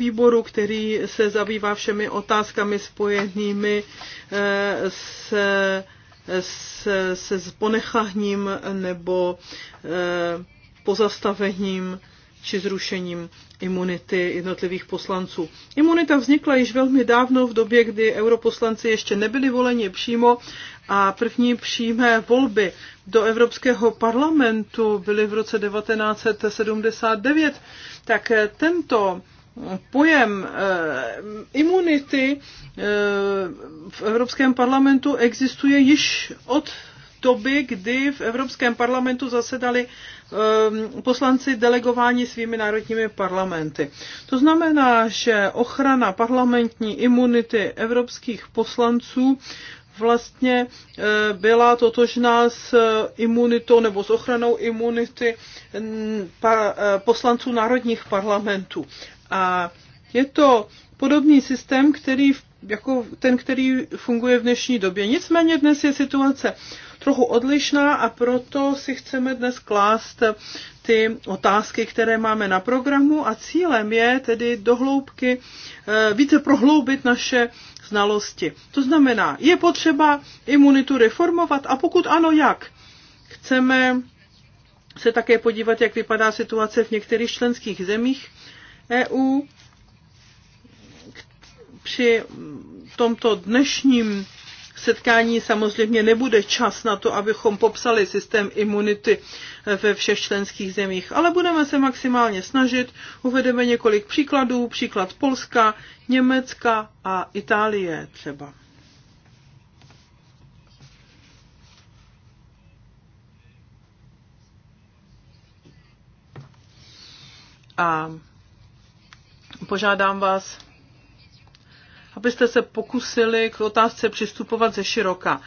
výboru, který se zabývá všemi otázkami spojenými eh, se, s, se s ponecháním nebo eh, pozastavením či zrušením imunity jednotlivých poslanců. Imunita vznikla již velmi dávno v době, kdy europoslanci ještě nebyli voleni přímo a první přímé volby do Evropského parlamentu byly v roce 1979. Tak eh, tento pojem eh, imunity eh, v Evropském parlamentu existuje již od doby, kdy v Evropském parlamentu zasedali eh, poslanci delegováni svými národními parlamenty. To znamená, že ochrana parlamentní imunity evropských poslanců vlastně byla totožná s imunitou nebo s ochranou imunity poslanců národních parlamentů. A je to podobný systém, který jako ten, který funguje v dnešní době. Nicméně dnes je situace trochu odlišná a proto si chceme dnes klást ty otázky, které máme na programu a cílem je tedy dohloubky eh, více prohloubit naše znalosti. To znamená, je potřeba imunitu reformovat a pokud ano, jak? Chceme se také podívat, jak vypadá situace v některých členských zemích, EU při tomto dnešním setkání samozřejmě nebude čas na to, abychom popsali systém imunity ve všech členských zemích, ale budeme se maximálně snažit. Uvedeme několik příkladů, příklad Polska, Německa a Itálie třeba. A požádám vás, abyste se pokusili k otázce přistupovat ze široka.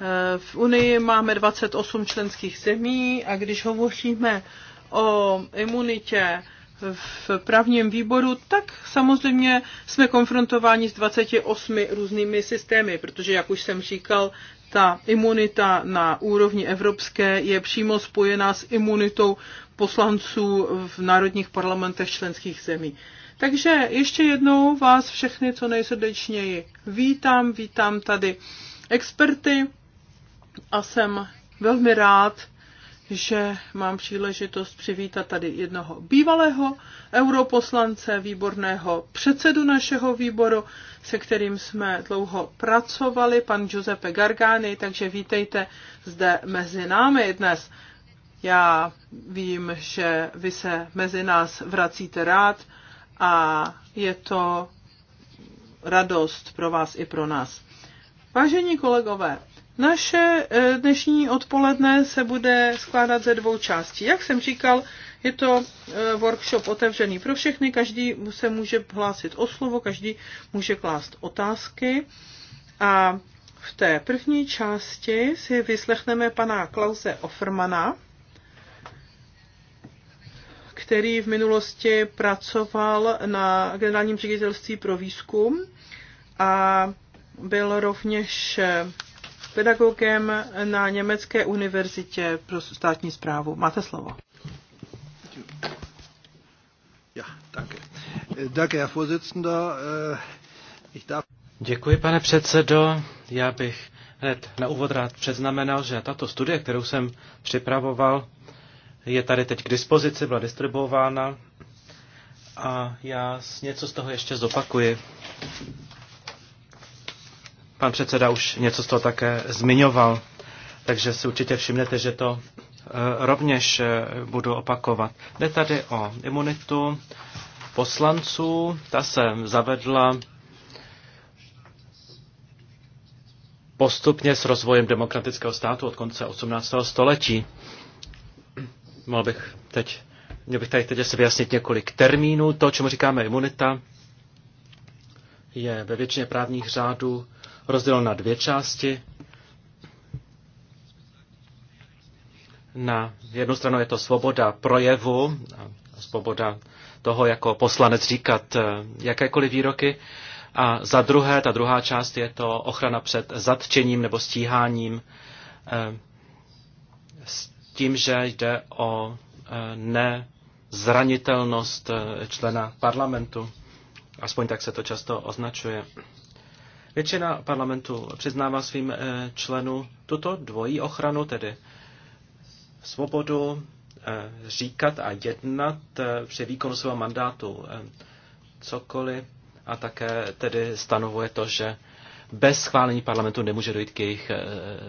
Eh, v Unii máme 28 členských zemí a když hovoříme o imunitě v právním výboru, tak samozřejmě jsme konfrontováni s 28 různými systémy, protože, jak už jsem říkal, ta imunita na úrovni evropské je přímo spojená s imunitou poslanců v národních parlamentech členských zemí. Takže ještě jednou vás všechny co nejsrdečněji vítám, vítám tady experty a jsem velmi rád, že mám příležitost přivítat tady jednoho bývalého europoslance, výborného předsedu našeho výboru, se kterým jsme dlouho pracovali, pan Giuseppe Gargani, takže vítejte zde mezi námi dnes. Já vím, že vy se mezi nás vracíte rád, a je to radost pro vás i pro nás. Vážení kolegové, naše eh, dnešní odpoledne se bude skládat ze dvou částí. Jak jsem říkal, je to eh, workshop otevřený pro všechny, každý se může hlásit o slovo, každý může klást otázky. A v té první části si vyslechneme pana Klause Offermana, který v minulosti pracoval na generálním ředitelství pro výzkum a byl rovněž pedagogem na Německé univerzitě pro státní zprávu. Máte slovo. Ja, danke. Danke, Herr Vorsitzender. Äh, ich darf... Děkuji, pane předsedo. Já bych hned na úvod rád předznamenal, že tato studie, kterou jsem připravoval, je tady teď k dispozici, byla distribuována a já něco z toho ještě zopakuji. Pan předseda už něco z toho také zmiňoval, takže si určitě všimnete, že to eh, rovněž eh, budu opakovat. Jde tady o imunitu poslanců, ta se zavedla postupně s rozvojem demokratického státu od konce 18. století mohl bych teď, měl bych tady teď asi vyjasnit několik termínů. To, čemu říkáme imunita, je ve většině právních řádů rozděleno na dvě části. Na jednu stranu je to svoboda projevu, svoboda toho jako poslanec říkat eh, jakékoliv výroky. A za druhé, ta druhá část je to ochrana před zatčením nebo stíháním eh, tím, že jde o e, nezranitelnost e, člena parlamentu. Aspoň tak se to často označuje. Většina parlamentu přiznává svým e, členům tuto dvojí ochranu, tedy svobodu říkat a jednat při výkonu svého mandátu cokoliv a také tedy stanovuje to, že bez schválení parlamentu nemůže dojít k jejich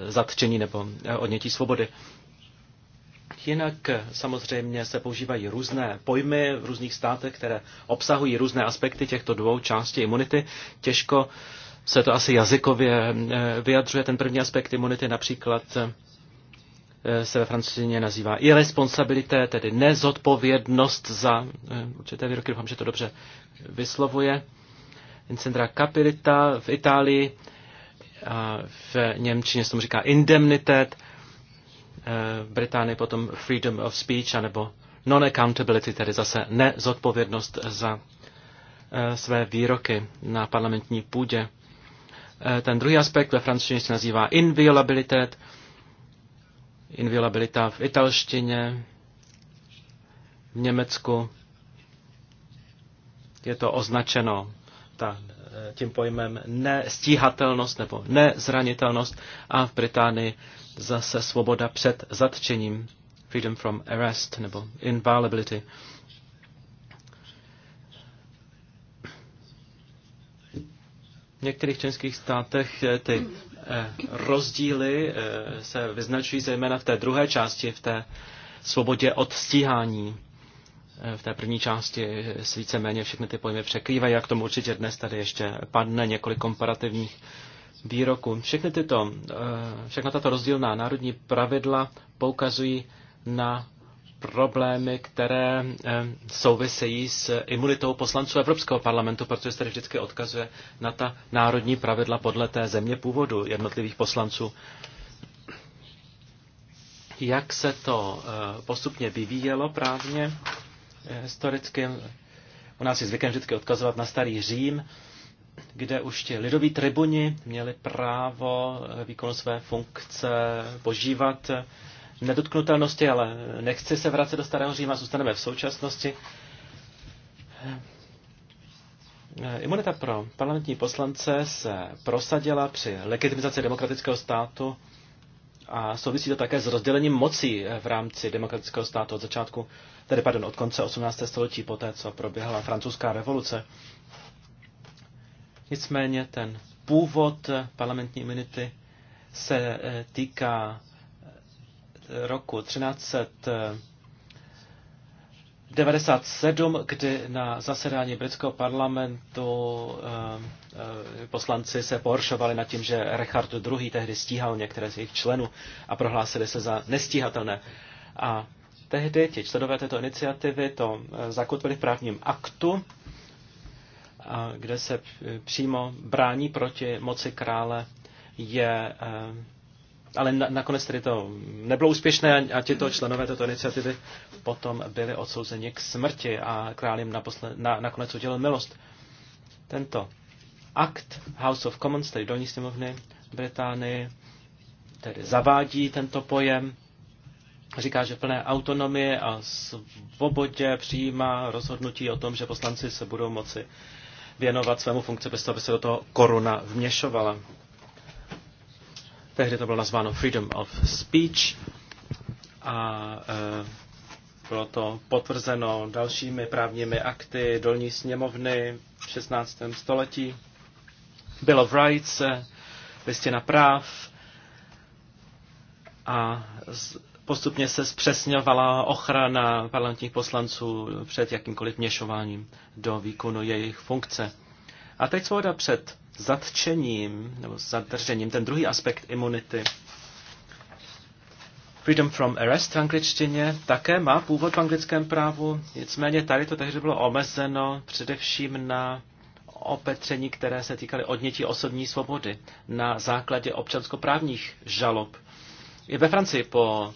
zatčení nebo odnětí svobody. Jinak samozřejmě se používají různé pojmy v různých státech, které obsahují různé aspekty těchto dvou částí imunity. Těžko se to asi jazykově eh, vyjadřuje. Ten první aspekt imunity například eh, se ve francouzštině nazývá irresponsabilité, tedy nezodpovědnost za eh, určité výroky. Doufám, že to dobře vyslovuje. Incendra capilita v Itálii, a v Němčině se tomu říká indemnitet Eh, v Británii potom freedom of speech, anebo non-accountability, tedy zase nezodpovědnost za eh, své výroky na parlamentní půdě. Eh, ten druhý aspekt ve francouzštině se nazývá inviolabilitet, inviolabilita v italštině, v Německu je to označeno ta, tím pojmem nestíhatelnost nebo nezranitelnost a v Británii zase svoboda před zatčením, freedom from arrest nebo inviolability. V některých členských státech eh, ty eh, rozdíly eh, se vyznačují zejména v té druhé části, v té svobodě od stíhání. V té první části se víceméně všechny ty pojmy překrývají, jak tomu určitě dnes tady ještě padne několik komparativních výroku. Všechny tyto, eh, všechna tato rozdílná národní pravidla poukazují na problémy, které eh, souvisejí s imunitou poslanců Evropského parlamentu, protože se tady vždycky odkazuje na ta národní pravidla podle té země původu jednotlivých poslanců. Jak se to eh, postupně vyvíjelo právně, historicky? U nás je zvykem vždycky odkazovat na starý Řím, kde už ti lidoví tribuni měli právo výkonu své funkce požívat nedotknutelnosti, ale nechci se vrátit do Starého Říma, zůstaneme v současnosti. Imunita pro parlamentní poslance se prosadila při legitimizaci demokratického státu a souvisí to také s rozdělením mocí v rámci demokratického státu od začátku, tedy pardon, od konce 18. století, poté co proběhla francouzská revoluce. Nicméně ten původ parlamentní imunity se eh, týká eh, roku 1397, kdy na zasedání britského parlamentu eh, poslanci se pohoršovali nad tím, že Richard II. tehdy stíhal některé z jejich členů a prohlásili se za nestíhatelné. A tehdy ti členové této iniciativy to zakotvili v právním aktu a kde se eh, přímo brání proti moci krále, je, eh, ale nakonec tedy to nebylo úspěšné a tyto členové této iniciativy potom byli odsouzeni k smrti a král jim naposled, na, nakonec udělal milost. Tento akt House of Commons, tedy dolní sněmovny Británii, tedy zavádí tento pojem, říká, že plné autonomie a svobodě přijímá rozhodnutí o tom, že poslanci se budou moci věnovat svému funkci bez toho, aby se do toho koruna vměšovala. Tehdy to bylo nazváno Freedom of Speech a e, bylo to potvrzeno dalšími právními akty dolní sněmovny v 16. století. Bill of Rights, e, listina práv a postupně se zpřesňovala ochrana parlamentních poslanců před jakýmkoliv měšováním do výkonu jejich funkce. A teď svoboda před zatčením nebo zadržením, ten druhý aspekt imunity. Freedom from arrest v angličtině také má původ v anglickém právu, nicméně tady to tehdy bylo omezeno především na opetření, které se týkaly odnětí osobní svobody na základě občanskoprávních žalob. I ve Francii po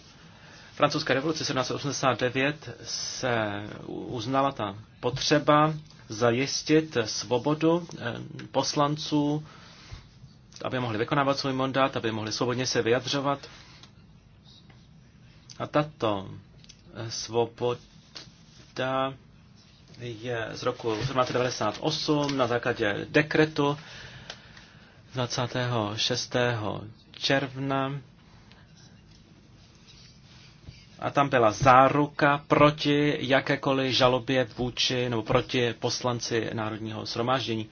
francouzské revoluce 1789 se uznala ta potřeba zajistit svobodu eh, poslanců, aby mohli vykonávat svůj mandát, aby mohli svobodně se vyjadřovat. A tato eh, svoboda je z roku 1798 na základě dekretu 26. června a tam byla záruka proti jakékoliv žalobě vůči nebo proti poslanci Národního shromáždění.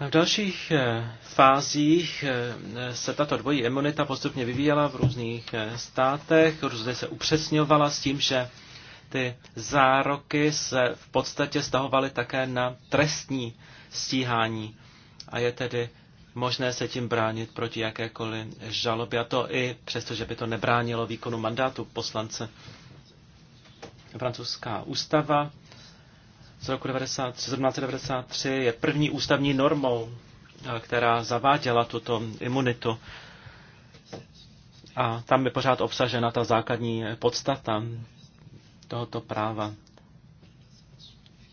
V dalších eh, fázích eh, se tato dvojí imunita postupně vyvíjela v různých eh, státech, různě se upřesňovala s tím, že ty zároky se v podstatě stahovaly také na trestní stíhání. A je tedy možné se tím bránit proti jakékoliv žalobě, a to i přesto, že by to nebránilo výkonu mandátu poslance. Francouzská ústava z roku 1793 je první ústavní normou, eh, která zaváděla tuto imunitu. A tam je pořád obsažena ta základní podstata tohoto práva.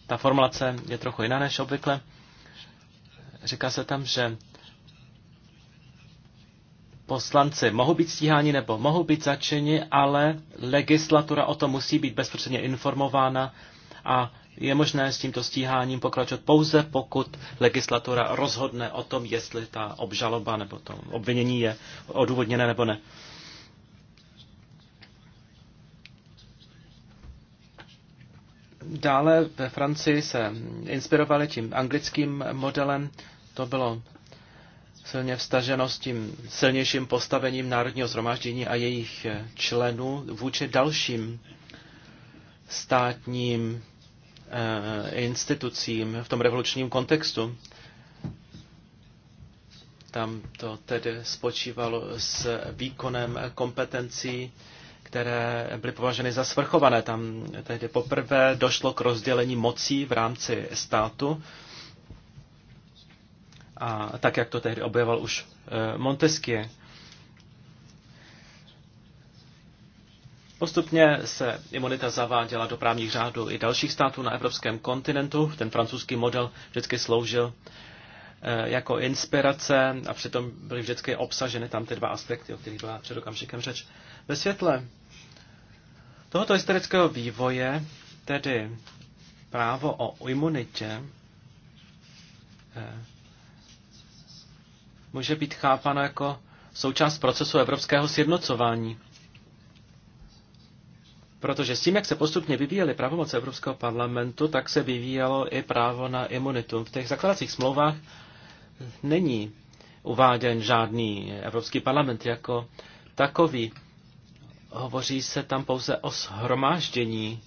Ta formulace je trochu jiná než obvykle. Říká se tam, že poslanci mohou být stíháni nebo mohou být začeni, ale legislatura o tom musí být bezprostředně informována a je možné s tímto stíháním pokračovat pouze, pokud legislatura rozhodne o tom, jestli ta obžaloba nebo to obvinění je odůvodněné nebo ne. Dále ve Francii se inspirovali tím anglickým modelem. To bylo silně vstaženo s tím silnějším postavením Národního zhromaždění a jejich eh, členů vůči dalším státním eh, institucím v tom revolučním kontextu. Tam to tedy spočívalo s výkonem kompetencí, které byly považeny za svrchované. Tam tehdy poprvé došlo k rozdělení mocí v rámci státu a tak, jak to tehdy objevoval už eh, Montesquieu. Postupně se imunita zaváděla do právních řádů i dalších států na evropském kontinentu. Ten francouzský model vždycky sloužil eh, jako inspirace a přitom byly vždycky obsaženy tam ty dva aspekty, o kterých byla před okamžikem řeč. Ve světle tohoto historického vývoje, tedy právo o imunitě, eh, může být chápáno jako součást procesu evropského sjednocování. Protože s tím, jak se postupně vyvíjely pravomoce Evropského parlamentu, tak se vyvíjelo i právo na imunitu. V těch zakladacích smlouvách není uváděn žádný Evropský parlament jako takový. Hovoří se tam pouze o shromáždění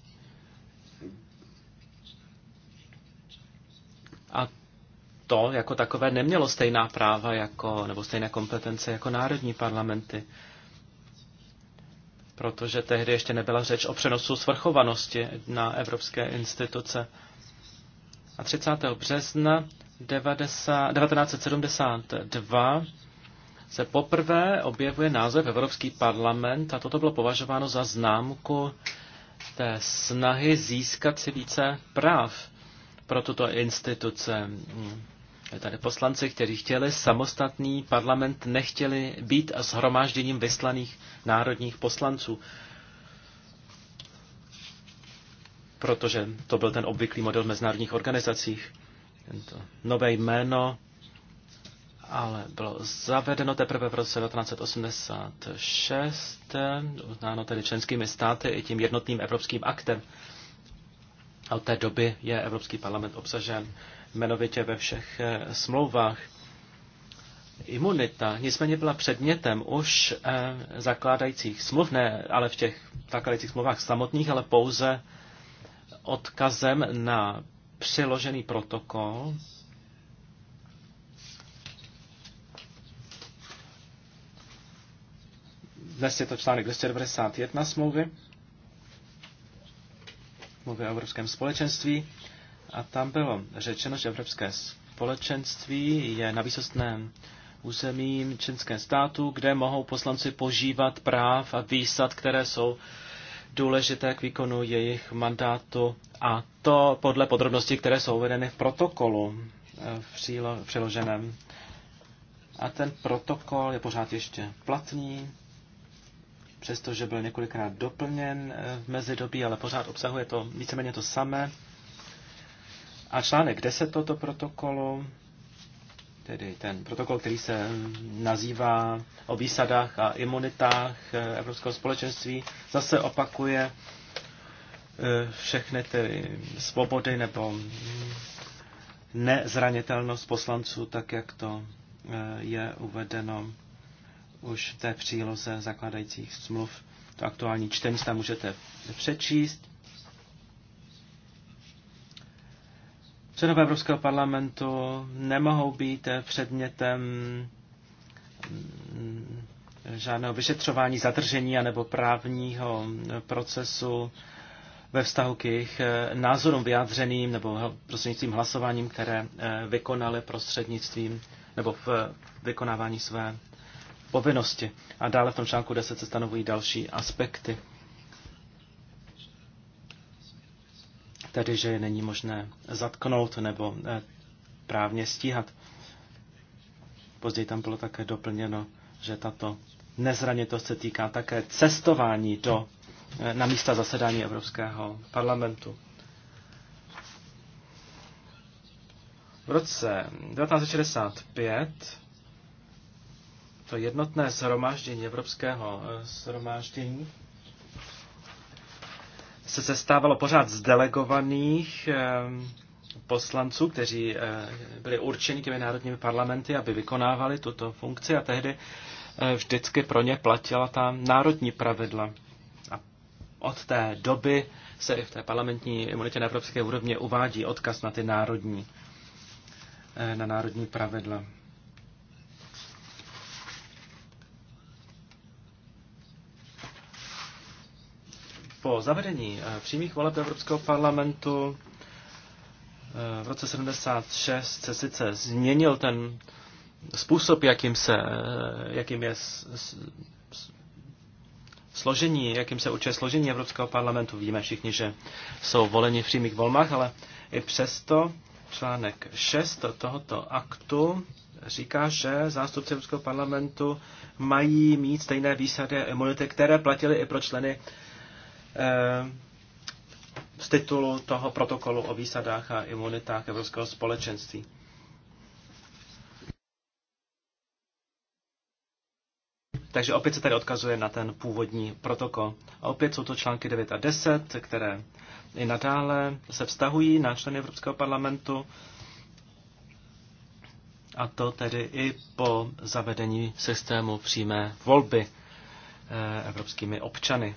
to jako takové nemělo stejná práva jako, nebo stejné kompetence jako národní parlamenty. Protože tehdy ještě nebyla řeč o přenosu svrchovanosti na evropské instituce. A 30. března 1972 se poprvé objevuje název Evropský parlament a toto bylo považováno za známku té snahy získat si více práv pro tuto instituce tady poslanci, kteří chtěli samostatný parlament, nechtěli být a shromážděním vyslaných národních poslanců. Protože to byl ten obvyklý model v mezinárodních organizacích. Tento nové jméno, ale bylo zavedeno teprve v roce 1986, uznáno tedy členskými státy i tím jednotným evropským aktem. A od té doby je Evropský parlament obsažen jmenovitě ve všech eh, smlouvách. Imunita nicméně byla předmětem už eh, zakládajících smluv, ne ale v těch zakládajících smlouvách samotných, ale pouze odkazem na přiložený protokol Dnes je to článek 291 smlouvy, smlouvy o Evropském společenství, a tam bylo řečeno, že Evropské společenství je na výsostném území čínské státu, kde mohou poslanci požívat práv a výsad, které jsou důležité k výkonu jejich mandátu a to podle podrobností, které jsou uvedeny v protokolu eh, v přiloženém. A ten protokol je pořád ještě platný, přestože byl několikrát doplněn eh, v mezidobí, ale pořád obsahuje to víceméně to samé. A článek 10 tohoto protokolu, tedy ten protokol, který se nazývá o výsadách a imunitách eh, Evropského společenství, zase opakuje eh, všechny ty svobody nebo nezranitelnost poslanců, tak jak to eh, je uvedeno už v té příloze zakladajících smluv. To aktuální čtení tam můžete přečíst. Členové Evropského parlamentu nemohou být předmětem mm, žádného vyšetřování, zadržení anebo právního procesu ve vztahu k jejich eh, názorům vyjádřeným nebo prostřednictvím hlasováním, které eh, vykonali prostřednictvím nebo v eh, vykonávání své povinnosti. A dále v tom článku 10 se stanovují další aspekty. tedy že je není možné zatknout nebo eh, právně stíhat. Později tam bylo také doplněno, že tato nezranitost se týká také cestování do, eh, na místa zasedání Evropského parlamentu. V roce 1965 to jednotné shromáždění Evropského eh, shromáždění se sestávalo pořád z delegovaných eh, poslanců, kteří eh, byli určeni těmi národními parlamenty, aby vykonávali tuto funkci a tehdy eh, vždycky pro ně platila ta národní pravidla. A od té doby se i v té parlamentní imunitě na evropské úrovně uvádí odkaz na ty národní, na národní pravidla. po zavedení eh, přímých voleb Evropského parlamentu eh, v roce 76 se sice změnil ten způsob, jakým, se, eh, jakým je složení, jakým se určuje složení Evropského parlamentu. Víme všichni, že jsou voleni v přímých volbách, ale i přesto článek 6 tohoto aktu říká, že zástupci Evropského parlamentu mají mít stejné výsady a imunity, které platily i pro členy Eh, z titulu toho protokolu o výsadách a imunitách Evropského společenství. Takže opět se tady odkazuje na ten původní protokol. A opět jsou to články 9 a 10, které i nadále se vztahují na členy Evropského parlamentu. A to tedy i po zavedení systému přímé volby eh, evropskými občany.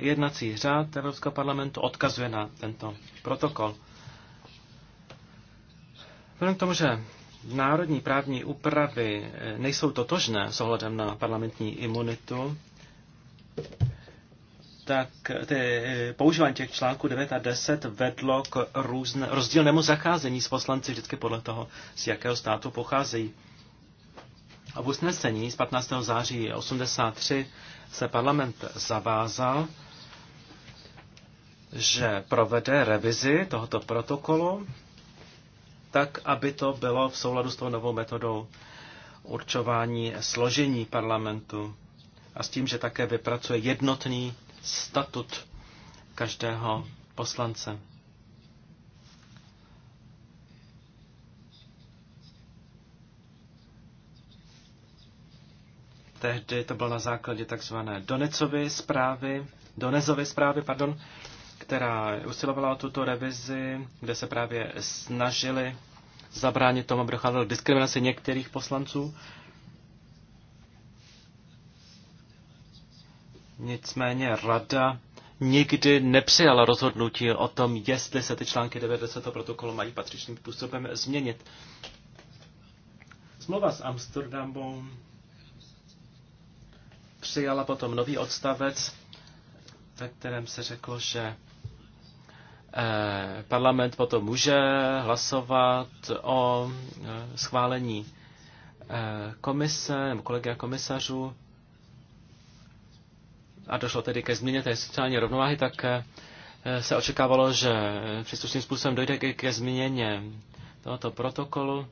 jednací řád Evropského parlamentu odkazuje na tento protokol. Vzhledem k tomu, že národní právní úpravy eh, nejsou totožné s ohledem na parlamentní imunitu, tak eh, ty, eh, používání těch článků 9 a 10 vedlo k různ, rozdílnému zacházení s poslanci vždycky podle toho, z jakého státu pocházejí. A v usnesení z 15. září 83 se parlament zavázal, že provede revizi tohoto protokolu, tak aby to bylo v souladu s tou novou metodou určování složení parlamentu a s tím, že také vypracuje jednotný statut každého poslance. Tehdy to bylo na základě takzvané Donecovy zprávy, Donezovy zprávy, pardon, která usilovala o tuto revizi, kde se právě snažili zabránit tomu, aby docházelo diskriminaci některých poslanců. Nicméně rada nikdy nepřijala rozhodnutí o tom, jestli se ty články 90. protokolu mají patřičným způsobem změnit. Smlouva s Amsterdamu přijala potom nový odstavec, ve kterém se řeklo, že Eh, parlament potom může hlasovat o eh, schválení eh, komise nebo kolegia komisařů a došlo tedy ke změně té sociální rovnováhy, tak se očekávalo, že příslušným způsobem dojde i ke změně tohoto protokolu.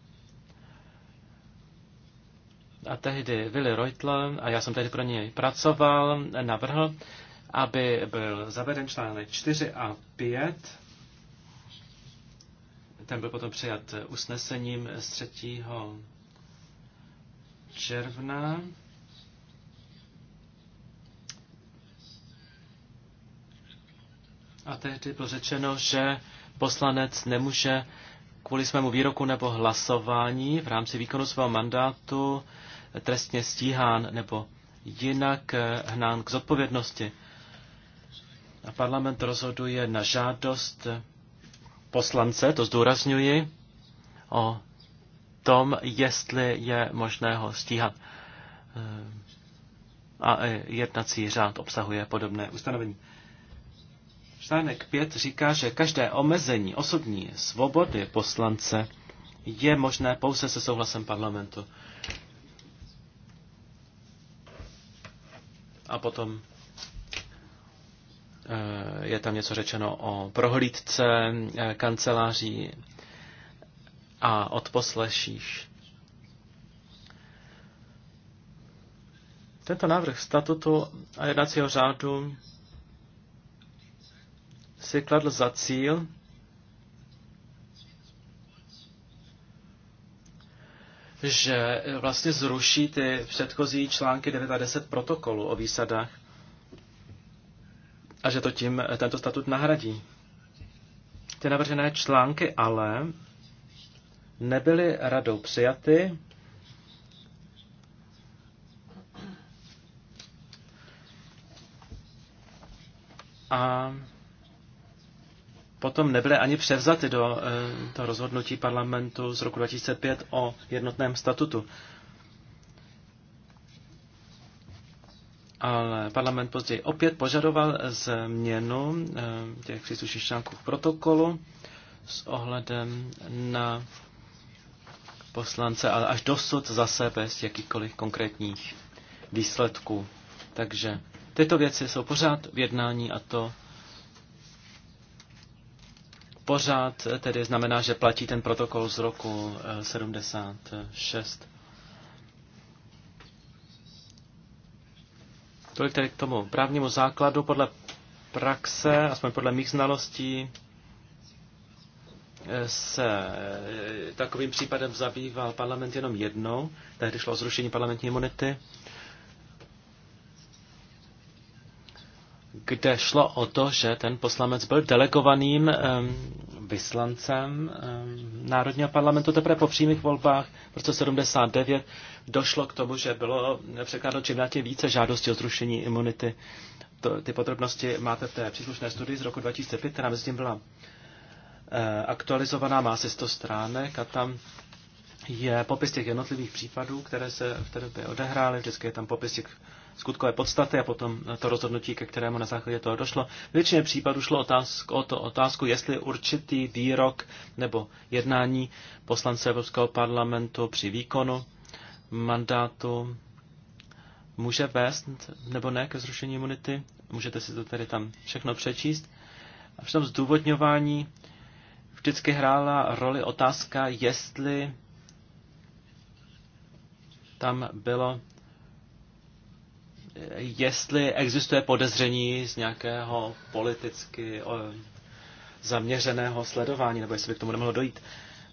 A tehdy Willy Reutler, a já jsem tehdy pro něj pracoval, navrhl, aby byl zaveden článek 4 a 5. Ten byl potom přijat usnesením z 3. června. A tehdy bylo řečeno, že poslanec nemůže kvůli svému výroku nebo hlasování v rámci výkonu svého mandátu trestně stíhán nebo jinak hnán k zodpovědnosti. Parlament rozhoduje na žádost poslance, to zdůrazňuji, o tom, jestli je možné ho stíhat. Eh, a eh, jednací řád obsahuje podobné ustanovení. Článek 5 říká, že každé omezení osobní svobody poslance je možné pouze se souhlasem parlamentu. A potom Eh, je tam něco řečeno o prohlídce eh, kanceláří a odposleších. Tento návrh statutu a jednacího řádu si kladl za cíl že vlastně zruší ty předchozí články 9 a 10 protokolu o výsadách a že to tím eh, tento statut nahradí. Ty navržené články ale nebyly radou přijaty. A potom nebyly ani převzaty do eh, toho rozhodnutí parlamentu z roku 2005 o jednotném statutu. ale parlament později opět požadoval změnu eh, těch příslušných článků protokolu s ohledem na poslance, ale až dosud zase bez jakýchkoliv konkrétních výsledků. Takže tyto věci jsou pořád v jednání a to pořád tedy znamená, že platí ten protokol z roku 76. Eh, Tolik tedy k tomu právnímu základu podle praxe, aspoň podle mých znalostí, eh, se eh, takovým případem zabýval parlament jenom jednou. Tehdy šlo o zrušení parlamentní imunity, kde šlo o to, že ten poslanec byl delegovaným vyslancem eh, Národního parlamentu teprve po přímých volbách v roce 79 došlo k tomu, že bylo překládno čím dál více žádostí o zrušení imunity. To, ty podrobnosti máte v té příslušné studii z roku 2005, která mezi tím byla eh, aktualizovaná, má asi 100 stránek a tam je popis těch jednotlivých případů, které se v té době odehrály, vždycky je tam popis těch skutkové podstaty a potom to rozhodnutí, ke kterému na základě toho došlo. V většině případů šlo otázku, o to otázku, jestli určitý výrok nebo jednání poslance Evropského parlamentu při výkonu mandátu může vést nebo ne ke zrušení imunity. Můžete si to tady tam všechno přečíst. A v tom zdůvodňování vždycky hrála roli otázka, jestli tam bylo jestli existuje podezření z nějakého politicky eh, zaměřeného sledování, nebo jestli by k tomu nemohlo dojít,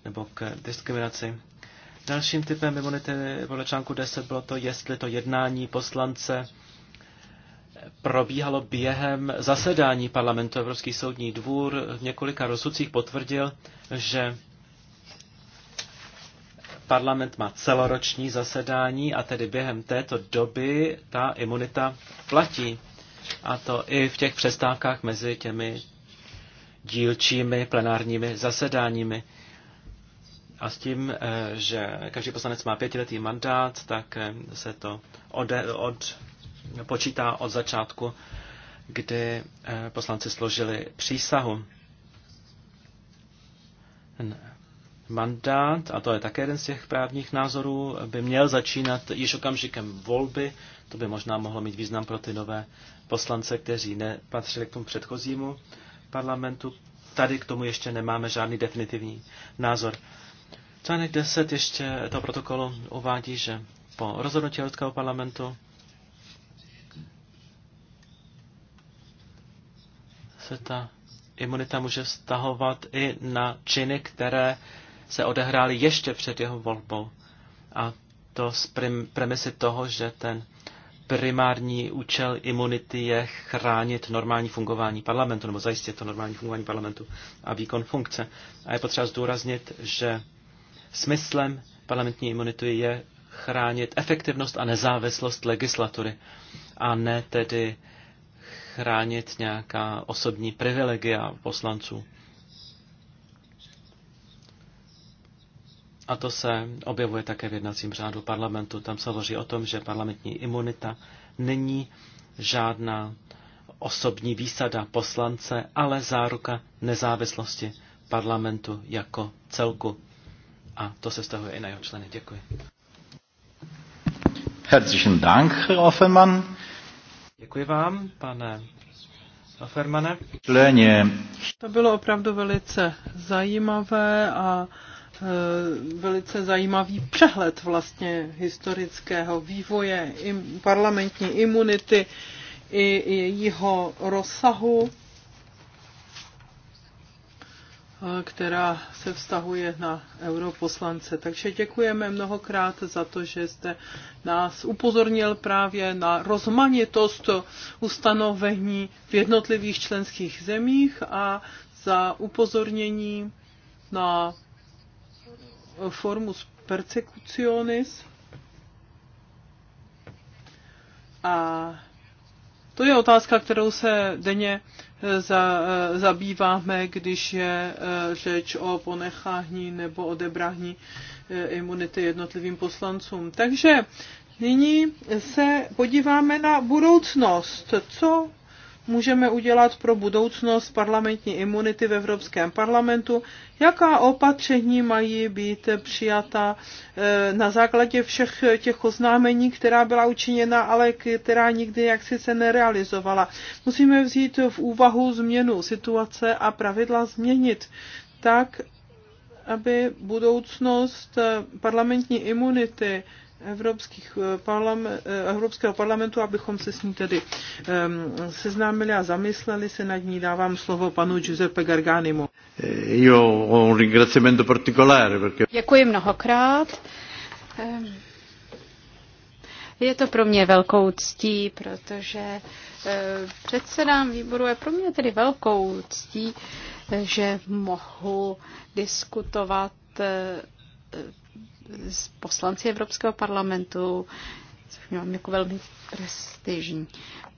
nebo k diskriminaci. Dalším typem imunity podle článku 10 bylo to, jestli to jednání poslance probíhalo během zasedání parlamentu Evropský soudní dvůr. V několika rozsudcích potvrdil, že parlament má celoroční zasedání a tedy během této doby ta imunita platí. A to i v těch přestávkách mezi těmi dílčími plenárními zasedáními. A s tím, eh, že každý poslanec má pětiletý mandát, tak eh, se to od, od, počítá od začátku, kdy eh, poslanci složili přísahu mandát, a to je také jeden z těch právních názorů, by měl začínat již okamžikem volby. To by možná mohlo mít význam pro ty nové poslance, kteří nepatřili k tomu předchozímu parlamentu. Tady k tomu ještě nemáme žádný definitivní názor. Článek 10 ještě toho protokolu uvádí, že po rozhodnutí Evropského parlamentu se ta imunita může vztahovat i na činy, které se odehrály ještě před jeho volbou. A to z premisy toho, že ten primární účel imunity je chránit normální fungování parlamentu, nebo zajistit to normální fungování parlamentu a výkon funkce. A je potřeba zdůraznit, že smyslem parlamentní imunity je chránit efektivnost a nezávislost legislatury a ne tedy chránit nějaká osobní privilegia poslanců. A to se objevuje také v jednacím řádu parlamentu. Tam se hovoří o tom, že parlamentní imunita není žádná osobní výsada poslance, ale záruka nezávislosti parlamentu jako celku. A to se stahuje i na jeho členy. Děkuji. Herzlichen Dank, Herr Děkuji vám, pane Offermane. To bylo opravdu velice zajímavé a Eh, velice zajímavý přehled vlastně historického vývoje im, parlamentní imunity i jejího rozsahu, eh, která se vztahuje na europoslance. Takže děkujeme mnohokrát za to, že jste nás upozornil právě na rozmanitost ustanovení v jednotlivých členských zemích a za upozornění na formus persecutionis. A to je otázka, kterou se denně eh, za, eh, zabýváme, když je eh, řeč o ponechání nebo odebrání imunity jednotlivým poslancům. Takže nyní se podíváme na budoucnost. Co můžeme udělat pro budoucnost parlamentní imunity v Evropském parlamentu, jaká opatření mají být přijata eh, na základě všech těch oznámení, která byla učiněna, ale která nikdy jaksi se nerealizovala. Musíme vzít v úvahu změnu situace a pravidla změnit tak, aby budoucnost eh, parlamentní imunity Evropských eh, parlament, eh, Evropského parlamentu, abychom se s ní tedy um, seznámili a zamysleli se nad ní. Dávám slovo panu Giuseppe Garganimu. Eh, Děkuji mnohokrát. Ehm, je to pro mě velkou ctí, protože předsedám výboru je pro mě tedy velkou ctí, že mohu diskutovat s poslanci Evropského parlamentu, což mám jako velmi prestižní.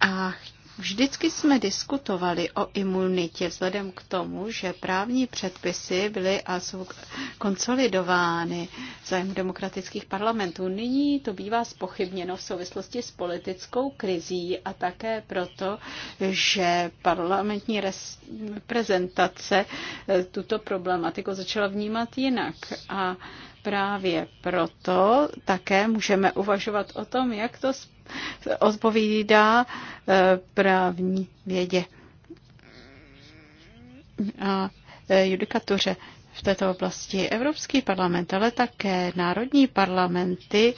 A Vždycky jsme diskutovali o imunitě vzhledem k tomu, že právní předpisy byly a jsou konsolidovány zájem demokratických parlamentů. Nyní to bývá spochybněno v souvislosti s politickou krizí a také proto, že parlamentní reprezentace eh, tuto problematiku začala vnímat jinak. A právě proto také můžeme uvažovat o tom, jak to odpovídá e, právní vědě a e, judikatuře v této oblasti. Evropský parlament, ale také národní parlamenty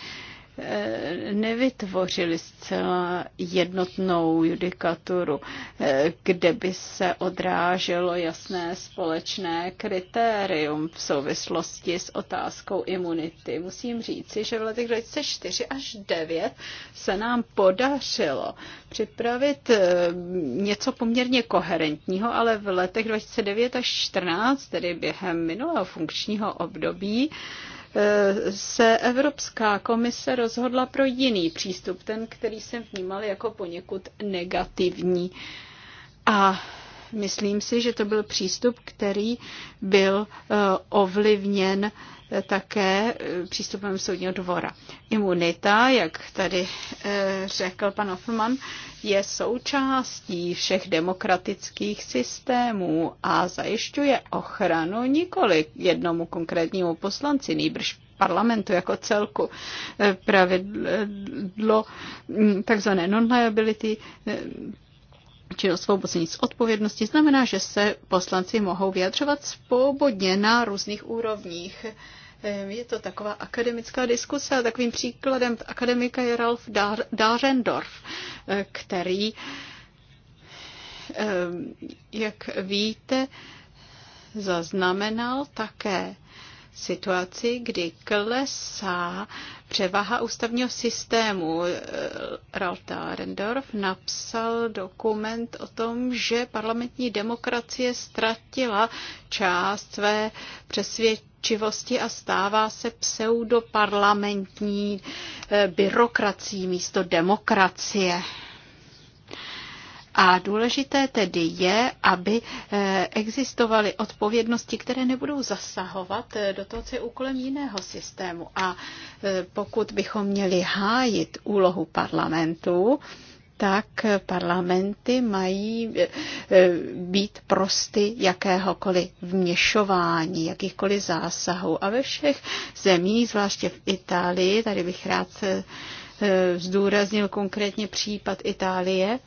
Eh, nevytvořili zcela jednotnou judikaturu, eh, kde by se odráželo jasné společné kritérium v souvislosti s otázkou imunity. Musím říci, že v letech 2004 až 2009 se nám podařilo připravit eh, něco poměrně koherentního, ale v letech 2009 až 2014, tedy během minulého funkčního období, se Evropská komise rozhodla pro jiný přístup, ten, který jsem vnímal jako poněkud negativní. A myslím si, že to byl přístup, který byl eh, ovlivněn také eh, přístupem soudního dvora. Imunita, jak tady eh, řekl pan Hoffman, je součástí všech demokratických systémů a zajišťuje ochranu nikoli jednomu konkrétnímu poslanci, nejbrž parlamentu jako celku. Eh, pravidlo hm, takzvané non-liability činnost osvobození z odpovědnosti znamená, že se poslanci mohou vyjadřovat svobodně na různých úrovních. Je to taková akademická diskuse a takovým příkladem akademika je Ralf Dahrendorf, eh, který, jak víte, zaznamenal také situaci, kdy klesá převaha ústavního systému. Eh, Ralf Dahrendorf napsal dokument o tom, že parlamentní demokracie ztratila část své přesvědčení čivosti a stává se pseudoparlamentní eh, byrokracií místo demokracie. A důležité tedy je, aby eh, existovaly odpovědnosti, které nebudou zasahovat eh, do toho, co je úkolem jiného systému. A pokud bychom měli hájit úlohu parlamentu, tak parlamenty mají eh, eh, být prosty jakéhokoliv vměšování, jakýchkoliv zásahů. A ve všech zemích, zvláště v Itálii, tady bych rád eh, zdůraznil konkrétně případ Itálie,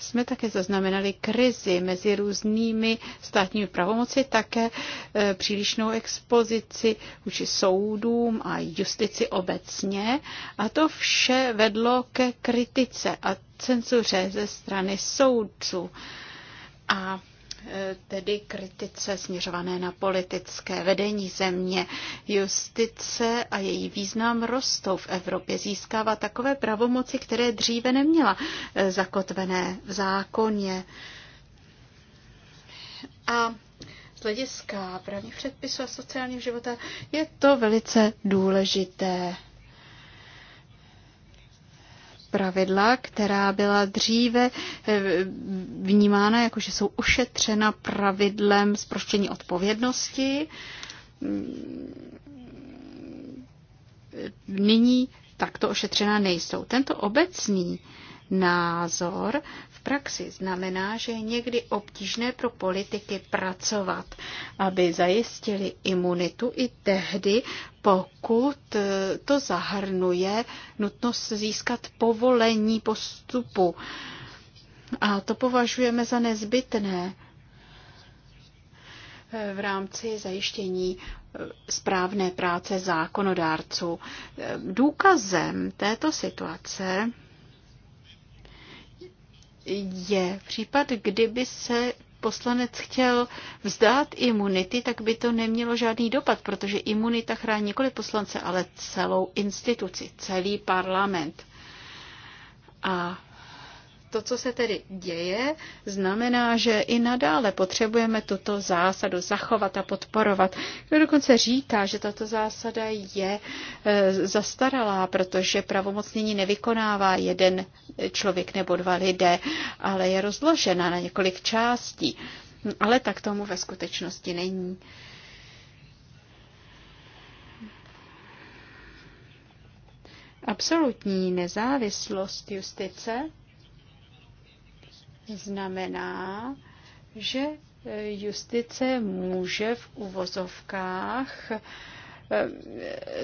jsme také zaznamenali krizi mezi různými státními pravomoci, také e, přílišnou expozici vůči soudům a justici obecně. A to vše vedlo ke kritice a cenzuře ze strany soudců. A tedy kritice směřované na politické vedení země. Justice a její význam rostou v Evropě. Získává takové pravomoci, které dříve neměla e, zakotvené v zákoně. A z hlediska právních předpisů a sociálního života je to velice důležité pravidla, která byla dříve eh, vnímána jako, že jsou ošetřena pravidlem zproštění odpovědnosti. Mm, nyní takto ošetřena nejsou. Tento obecný názor praxi znamená, že je někdy obtížné pro politiky pracovat, aby zajistili imunitu i tehdy, pokud e, to zahrnuje nutnost získat povolení postupu. A to považujeme za nezbytné e, v rámci zajištění e, správné práce zákonodárců. Důkazem této situace je případ, kdyby se poslanec chtěl vzdát imunity, tak by to nemělo žádný dopad, protože imunita chrání nikoli poslance, ale celou instituci, celý parlament. A to, co se tedy děje, znamená, že i nadále potřebujeme tuto zásadu zachovat a podporovat. Kdo dokonce říká, že tato zásada je e, zastaralá, protože pravomocnění nevykonává jeden člověk nebo dva lidé, ale je rozložena na několik částí. Ale tak tomu ve skutečnosti není. Absolutní nezávislost justice znamená, že eh, justice může v uvozovkách eh,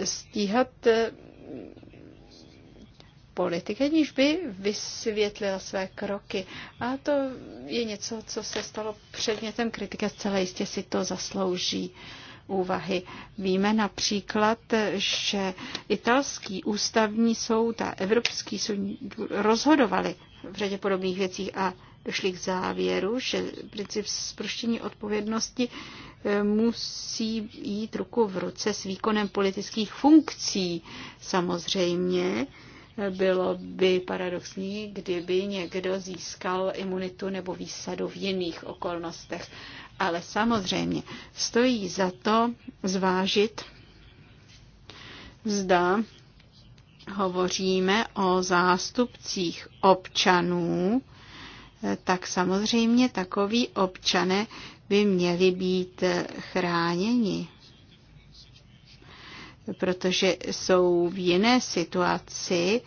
stíhat eh, politiky, aniž by vysvětlila své kroky. A to je něco, co se stalo předmětem kritiky, zcela jistě si to zaslouží úvahy. Víme například, že italský ústavní soud a Evropský soud rozhodovali v řadě podobných věcích a došli k závěru, že princip zproštění odpovědnosti eh, musí jít ruku v ruce s výkonem politických funkcí. Samozřejmě eh, bylo by paradoxní, kdyby někdo získal imunitu nebo výsadu v jiných okolnostech. Ale samozřejmě stojí za to zvážit, zda hovoříme o zástupcích občanů, tak samozřejmě takoví občané by měli být eh, chráněni, protože jsou v jiné situaci,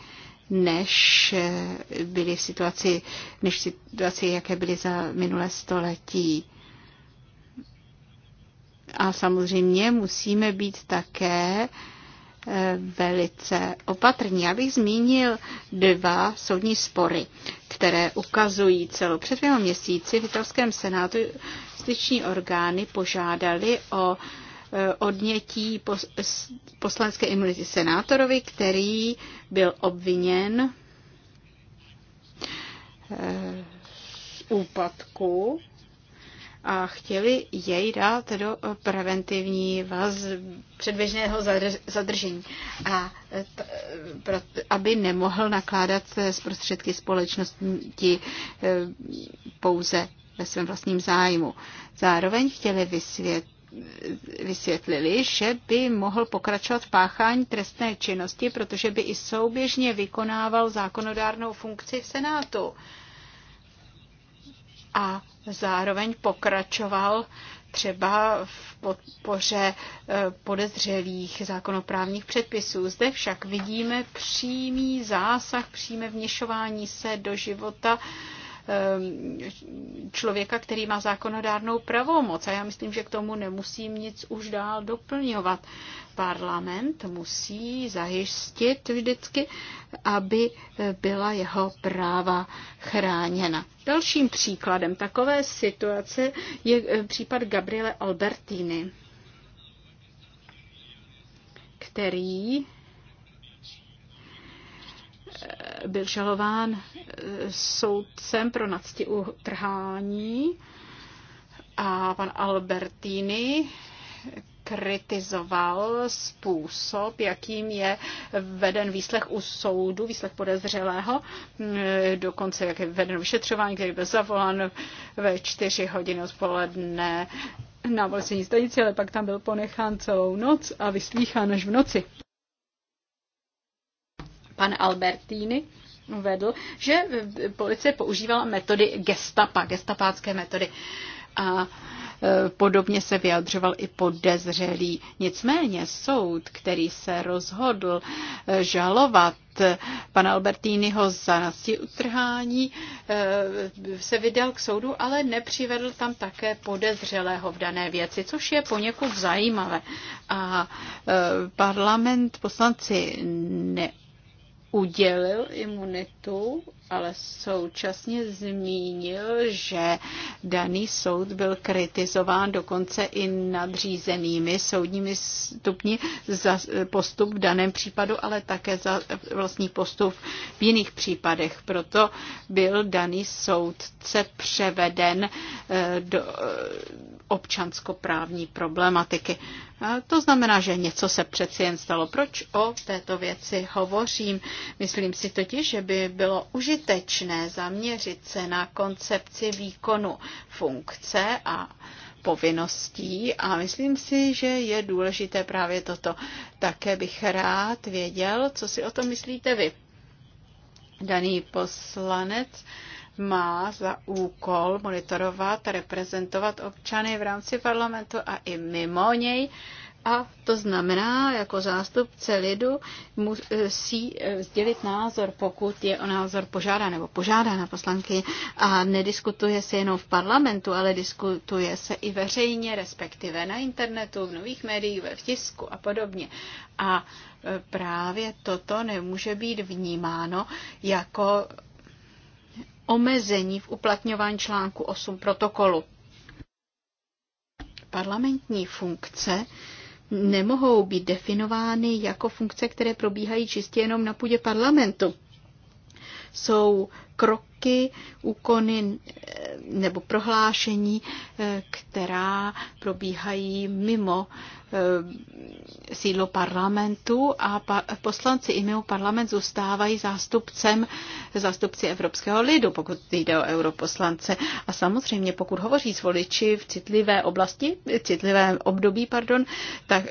než eh, byly v situaci, než v situaci, jaké byly za minulé století. A samozřejmě musíme být také velice opatrní. Já bych zmínil dva soudní spory, které ukazují celou. Před dvěma měsíci v italském senátu styční orgány požádali o e, odnětí poslanské imunity senátorovi, který byl obviněn e, z úpadku a chtěli jej dát do preventivní vaz předběžného zadržení, a aby nemohl nakládat z prostředky společnosti eh, pouze ve svém vlastním zájmu. Zároveň chtěli vysvětlit, vysvětlili, že by mohl pokračovat v páchání trestné činnosti, protože by i souběžně vykonával zákonodárnou funkci v Senátu a zároveň pokračoval třeba v podpoře e, podezřelých zákonoprávních předpisů. Zde však vidíme přímý zásah, přímé vněšování se do života Ehm, člověka, který má zákonodárnou pravomoc. A já myslím, že k tomu nemusím nic už dál doplňovat. Parlament musí zajistit vždycky, aby byla jeho práva chráněna. Dalším příkladem takové situace je eh, případ Gabriele Albertini který byl žalován eh, soudcem pro nadsti utrhání a pan Albertini kritizoval způsob, jakým je veden výslech u soudu, výslech podezřelého, eh, dokonce jak je veden vyšetřování, který byl zavolán ve čtyři hodiny odpoledne na volcení stanici, ale pak tam byl ponechán celou noc a vyslýchán až v noci pan Albertini vedl, že policie používala metody gestapa, gestapácké metody. A e, podobně se vyjadřoval i podezřelý. Nicméně soud, který se rozhodl e, žalovat e, pana Albertínyho za nasi utrhání, se vydal k soudu, ale nepřivedl tam také podezřelého v dané věci, což je poněkud zajímavé. A parlament poslanci ne udělil imunitu, ale současně zmínil, že daný soud byl kritizován dokonce i nadřízenými soudními stupni za postup v daném případu, ale také za vlastní postup v jiných případech. Proto byl daný soudce převeden eh, do občanskoprávní problematiky. To znamená, že něco se přeci jen stalo. Proč o této věci hovořím? Myslím si totiž, že by bylo užitečné zaměřit se na koncepci výkonu funkce a povinností a myslím si, že je důležité právě toto. Také bych rád věděl, co si o tom myslíte vy. Daný poslanec uh, má za úkol monitorovat, a reprezentovat občany v rámci parlamentu a i mimo něj. A to znamená, jako zástupce lidu musí eh, eh, sdělit názor, pokud je o názor požádá nebo požádá na poslanky. A nediskutuje se jenom v parlamentu, ale diskutuje se i veřejně, respektive na internetu, v nových médiích, ve tisku a podobně. A eh, právě toto nemůže být vnímáno jako omezení v uplatňování článku 8 protokolu. Parlamentní funkce nemohou být definovány jako funkce, které probíhají čistě jenom na půdě parlamentu jsou kroky, úkony eh, nebo prohlášení, eh, která probíhají mimo eh, sídlo parlamentu a poslanci i mimo parlament zůstávají zástupcem, zástupci Evropského lidu, pokud jde o europoslance. A samozřejmě, pokud hovoří s voliči v citlivé oblasti, citlivé období, pardon, tak,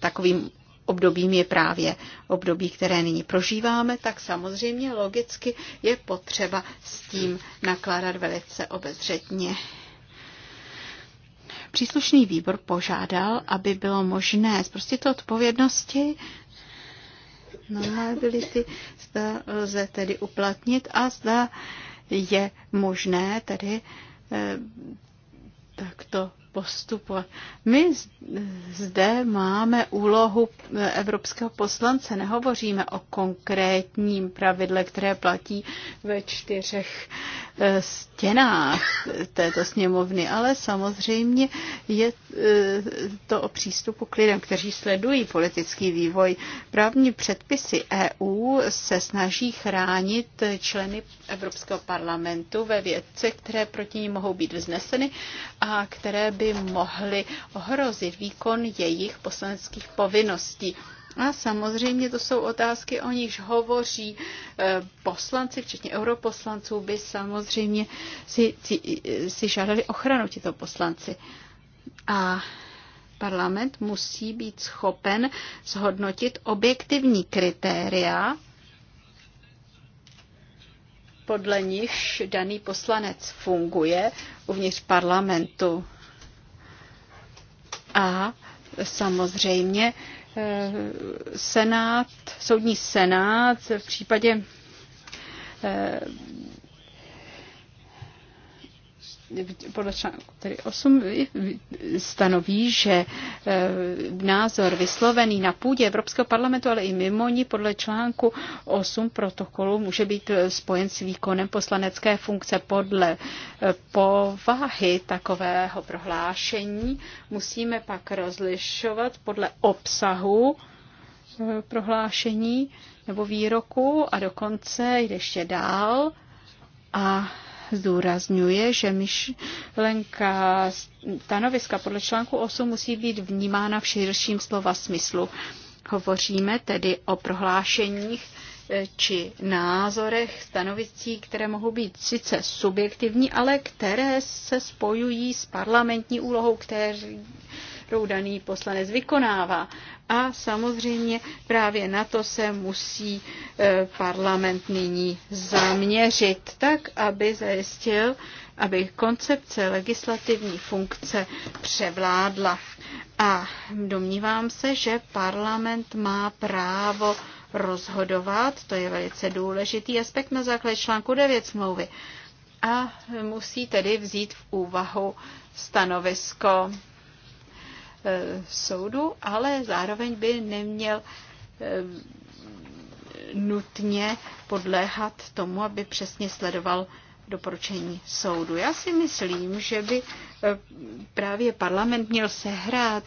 takovým obdobím je právě období, které nyní prožíváme, tak samozřejmě logicky je potřeba s tím nakládat velice obezřetně. Příslušný výbor požádal, aby bylo možné zprostit odpovědnosti No, liability zda lze tedy uplatnit a zda je možné tedy e, takto postupovat. My zde máme úlohu evropského poslance. Nehovoříme o konkrétním pravidle, které platí ve čtyřech Eh, stěnách této sněmovny, ale samozřejmě je eh, to o přístupu k lidem, kteří sledují politický vývoj. Právní předpisy EU se snaží chránit členy Evropského parlamentu ve věcech, které proti ní mohou být vzneseny a které by mohly ohrozit výkon jejich poslaneckých povinností. A samozřejmě to jsou otázky, o nichž hovoří eh, poslanci, včetně europoslanců, by samozřejmě si, si, si žádali ochranu tito poslanci. A parlament musí být schopen zhodnotit objektivní kritéria, podle nichž daný poslanec funguje uvnitř parlamentu. A Samozřejmě eh, senát, soudní senát v případě eh, podle článku 8 stanoví, že eh, názor vyslovený na půdě Evropského parlamentu, ale i mimo ní podle článku 8 protokolu může být eh, spojen s výkonem poslanecké funkce podle eh, povahy takového prohlášení. Musíme pak rozlišovat podle obsahu prohlášení nebo výroku a dokonce jde ještě dál a zdůrazňuje, že myšlenka stanoviska podle článku 8 musí být vnímána v širším slova smyslu. Hovoříme tedy o prohlášeních eh, či názorech, stanovicí, které mohou být sice subjektivní, ale které se spojují s parlamentní úlohou, které kterou daný poslanec vykonává. A samozřejmě právě na to se musí e, parlament nyní zaměřit, tak aby zajistil, aby koncepce legislativní funkce převládla. A domnívám se, že parlament má právo rozhodovat, to je velice důležitý aspekt na základě článku 9 smlouvy. A musí tedy vzít v úvahu stanovisko Eh, soudu, ale zároveň by neměl eh, nutně podléhat tomu, aby přesně sledoval doporučení soudu. Já si myslím, že by e, právě parlament měl sehrát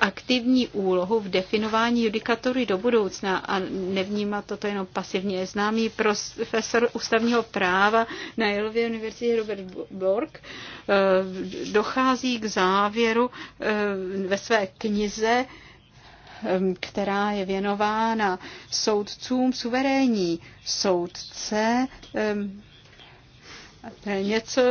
aktivní úlohu v definování judikatury do budoucna a nevnímat toto jenom pasivně. Známý profesor ústavního práva na Jelově univerzitě Robert Borg e, dochází k závěru e, ve své knize, která je věnována soudcům. Suverénní soudce to je něco,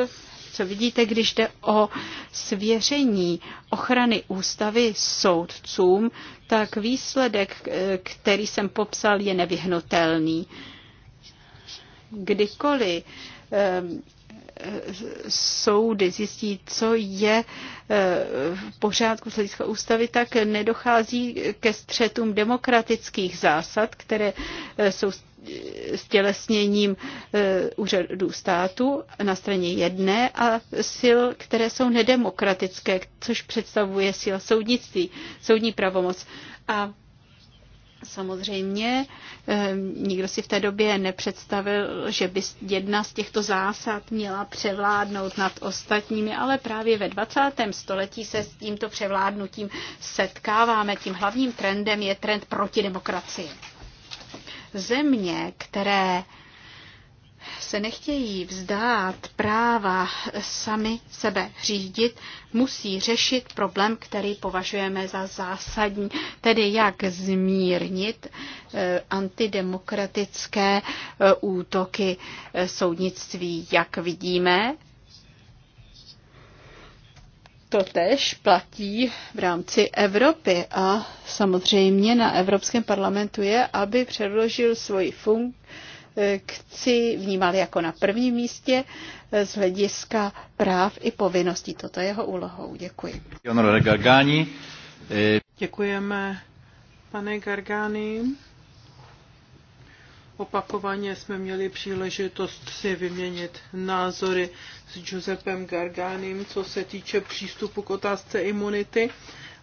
co vidíte, když jde o svěření ochrany ústavy soudcům, tak výsledek, který jsem popsal, je nevyhnutelný. Kdykoliv ehm, soudy zjistí, co je eh, v pořádku z hlediska ústavy, tak nedochází ke střetům demokratických zásad, které eh, jsou stělesněním eh, úřadů státu na straně jedné a sil, které jsou nedemokratické, což představuje síla soudnictví, soudní pravomoc. A Samozřejmě eh, nikdo si v té době nepředstavil, že by jedna z těchto zásad měla převládnout nad ostatními, ale právě ve 20. století se s tímto převládnutím setkáváme. Tím hlavním trendem je trend proti demokracii. Země, které se nechtějí vzdát práva sami sebe řídit, musí řešit problém, který považujeme za zásadní, tedy jak zmírnit eh, antidemokratické eh, útoky eh, soudnictví. Jak vidíme, to tež platí v rámci Evropy a samozřejmě na Evropském parlamentu je, aby předložil svoji funkci, eh, vnímal jako na prvním místě eh, z hlediska práv i povinností. Toto je jeho úlohou. Děkuji. Eh, Děkujeme, pane Gargani. Opakovaně jsme měli příležitost si vyměnit názory s Josepem Garganem, co se týče přístupu k otázce imunity.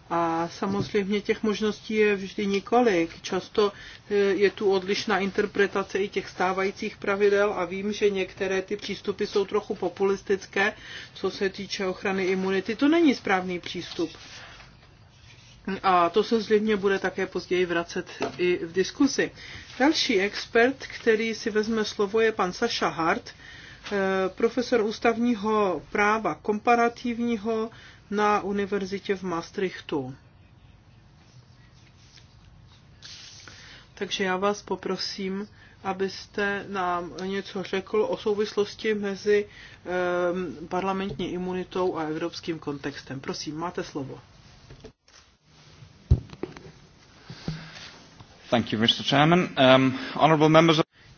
A samozřejmě těch možností je vždy několik. Často e, je tu odlišná interpretace i těch stávajících pravidel a vím, že některé ty přístupy jsou trochu populistické, co se týče ochrany imunity. To není správný přístup. A to se zřejmě bude také později vracet i v diskusi. Další expert, který si vezme slovo, je pan Saša Hart, eh, profesor ústavního práva komparativního na univerzitě v Maastrichtu. Takže já vás poprosím, abyste nám něco řekl o souvislosti mezi eh, parlamentní imunitou a evropským kontextem. Prosím, máte slovo. Um,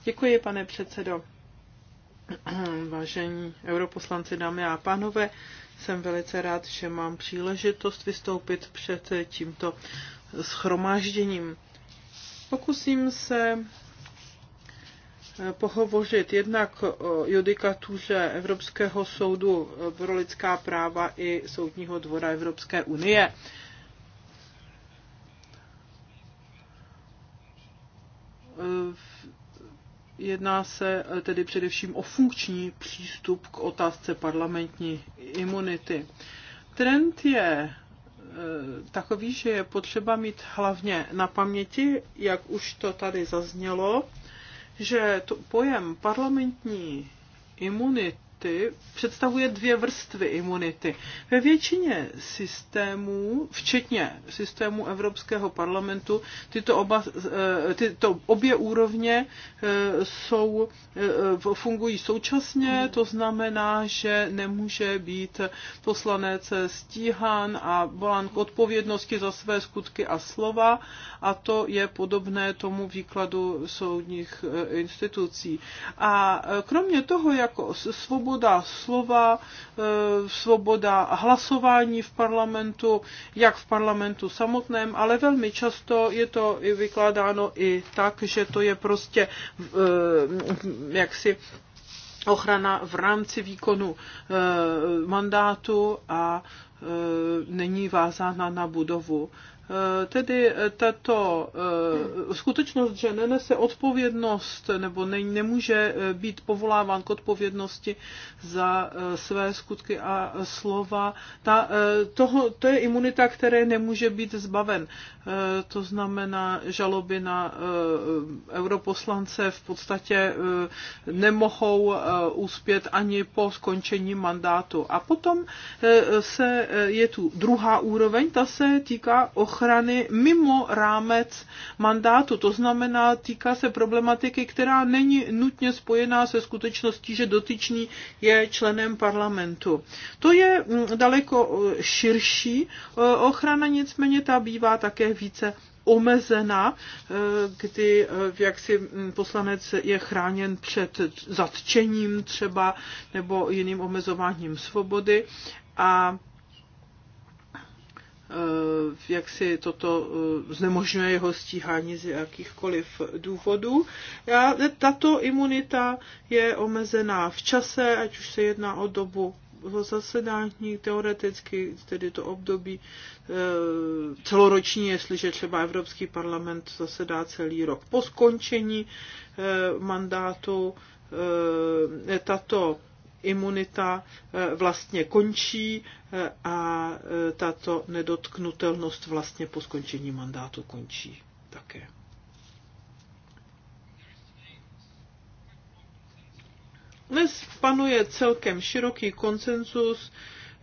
Děkuji, pane předsedo. Vážení europoslanci, dámy a pánové, jsem velice rád, že mám příležitost vystoupit před tímto schromážděním. Pokusím se eh, pohovořit jednak o judikatuře Evropského soudu pro lidská práva i Soudního dvora Evropské unie. Eh, jedná se eh, tedy především o funkční přístup k otázce parlamentní imunity. Trend je eh, takový, že je potřeba mít hlavně na paměti, jak už to tady zaznělo, že to pojem parlamentní imunity imunity představuje dvě vrstvy imunity. Ve většině systémů, včetně systému Evropského parlamentu, tyto, oba, eh, tyto obě úrovně eh, jsou, eh, fungují současně, to znamená, že nemůže být poslanec stíhan a volán k odpovědnosti za své skutky a slova a to je podobné tomu výkladu soudních institucí. A kromě toho, jako svoboda svoboda slova, e, svoboda hlasování v parlamentu, jak v parlamentu samotném, ale velmi často je to i vykládáno i tak, že to je prostě e, jaksi ochrana v rámci výkonu e, mandátu a není vázána na budovu. Eh, tedy eh, tato eh, skutečnost, že nenese odpovědnost nebo ne, nemůže být povoláván k odpovědnosti za své skutky a slova, ta, toho, to je imunita, které nemůže být zbaven. To znamená, žaloby na europoslance v podstatě nemohou úspět ani po skončení mandátu. A potom se je tu druhá úroveň, ta se týká ochrany ochrany mimo rámec mandátu. To znamená, týká se problematiky, která není nutně spojená se skutečností, že dotyčný je členem parlamentu. To je mm, daleko e, širší e, ochrana, nicméně ta bývá také více omezena, e, kdy jak si mm, poslanec je chráněn před zatčením třeba nebo jiným omezováním svobody. A Eh, jak si toto eh, znemožňuje jeho stíhání z jakýchkoliv důvodů. Já, tato imunita je omezená v čase, ať už se jedná o dobu zasedání, teoreticky tedy to období eh, celoroční, jestliže třeba Evropský parlament zasedá celý rok. Po skončení mandátu tato imunita eh, vlastně končí eh, a eh, tato nedotknutelnost vlastně po skončení mandátu končí také. Dnes panuje celkem široký konsenzus,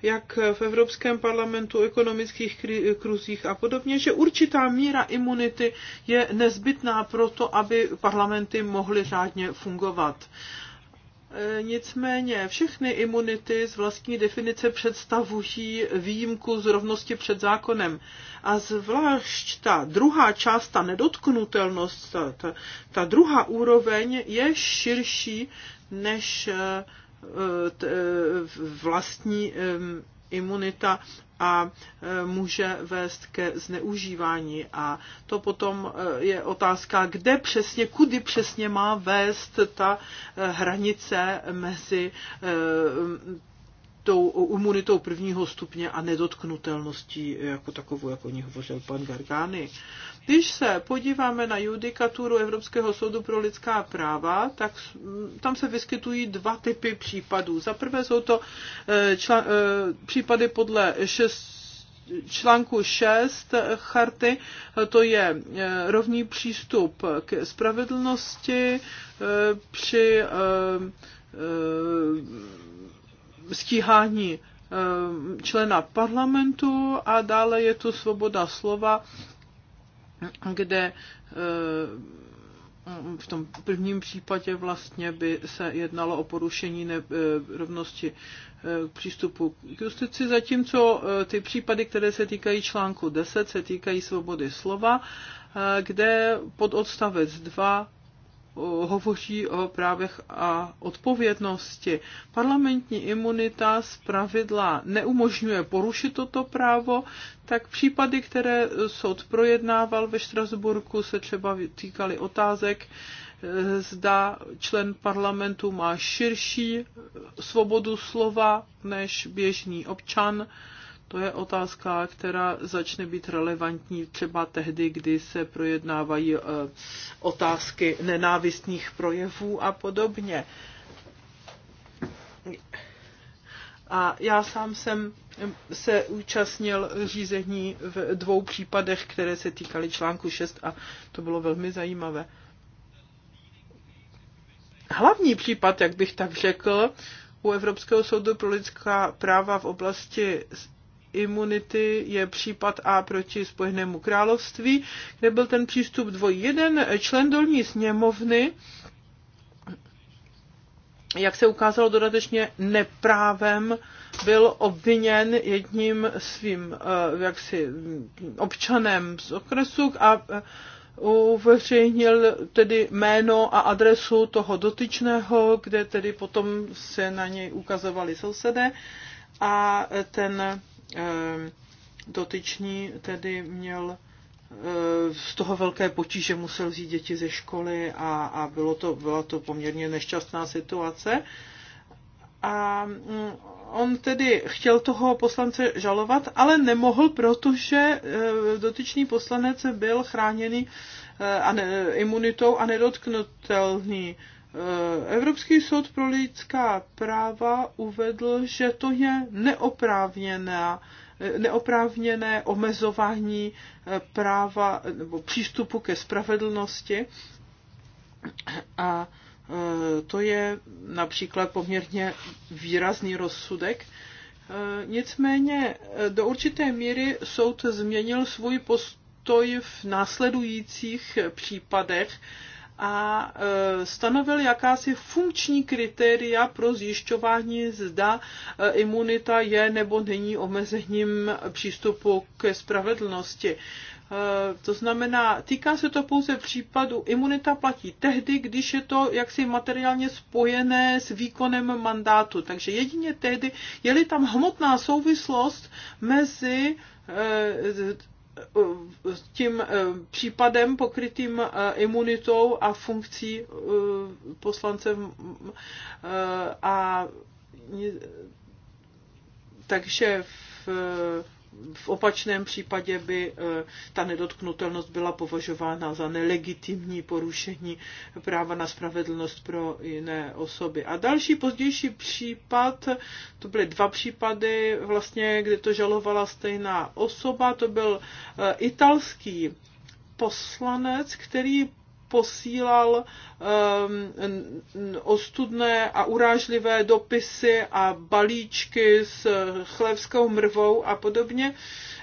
jak v Evropském parlamentu, ekonomických kruzích a podobně, že určitá míra imunity je nezbytná pro to, aby parlamenty mohly řádně fungovat. E, nicméně všechny imunity z vlastní definice představují výjimku z rovnosti před zákonem. A zvlášť ta druhá část, ta nedotknutelnost, ta, ta, ta druhá úroveň je širší než e, e, vlastní imunita a e, může vést ke zneužívání. A to potom e, je otázka, kde přesně, kudy přesně má vést ta e, hranice mezi tou imunitou prvního stupně a nedotknutelností jako takovou, jak o ní hovořil pan Gargány. Když se podíváme na judikaturu Evropského soudu pro lidská práva, tak tam se vyskytují dva typy případů. Za prvé jsou to eh, čla, eh, případy podle šest, článku 6 charty, to je eh, rovný přístup k spravedlnosti při stíhání člena parlamentu a dále je tu svoboda slova kde eh, mm, v tom prvním případě vlastně by se jednalo o porušení ne, eh, rovnosti k eh, přístupu k justici, zatímco ty případy, které se týkají článku 10, se týkají svobody slova, kde pod odstavec 2 hovoří o právech a odpovědnosti. Parlamentní imunita z pravidla neumožňuje porušit toto právo, tak případy, které soud projednával ve Štrasburku, se třeba týkaly otázek, eh, zda člen parlamentu má širší svobodu slova než běžný občan to je otázka, která začne být relevantní třeba tehdy, kdy se projednávají eh, otázky nenávistných projevů a podobně. A já sám jsem se účastnil řízení v dvou případech, které se týkaly článku 6 a to bylo velmi zajímavé. Hlavní případ, jak bych tak řekl, u Evropského soudu pro lidská práva v oblasti imunity je případ A proti Spojenému království, kde byl ten přístup dvojí. Jeden člen dolní sněmovny jak se ukázalo dodatečně neprávem, byl obviněn jedním svým eh, jaksi, občanem z okresu a eh, uveřejnil tedy jméno a adresu toho dotyčného, kde tedy potom se na něj ukazovali sousedé a ten Ehm, dotyčný tedy měl eh, z toho velké potíže musel vzít děti ze školy a, a bylo to, byla to poměrně nešťastná situace. A mm, on tedy chtěl toho poslance žalovat, ale nemohl, protože eh, dotyčný poslanec byl chráněný eh, imunitou a nedotknutelný. Evropský soud pro lidská práva uvedl, že to je neoprávněné, neoprávněné omezování eh, práva nebo přístupu ke spravedlnosti. A eh, to je například poměrně výrazný rozsudek. Eh, nicméně do určité míry soud změnil svůj postoj v následujících případech, a e, stanovil jakási funkční kritéria pro zjišťování, zda e, imunita je nebo není omezením přístupu ke spravedlnosti. E, to znamená, týká se to pouze případu, imunita platí tehdy, když je to jaksi materiálně spojené s výkonem mandátu. Takže jedině tehdy, je-li tam hmotná souvislost mezi tím eh, případem pokrytým eh, imunitou a funkcí eh, poslancem a takže v v opačném případě by eh, ta nedotknutelnost byla považována za nelegitimní porušení práva na spravedlnost pro jiné osoby. A další pozdější případ, to byly dva případy, vlastně, kdy to žalovala stejná osoba, to byl eh, italský poslanec, který posílal um, ostudné a urážlivé dopisy a balíčky s eh, chlevskou mrvou a podobně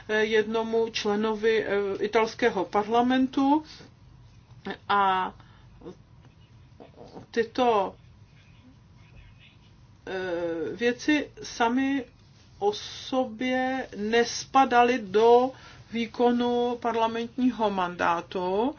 eh, jednomu členovi eh, italského parlamentu. A tyto věci sami o sobě nespadaly do výkonu parlamentního mandátu,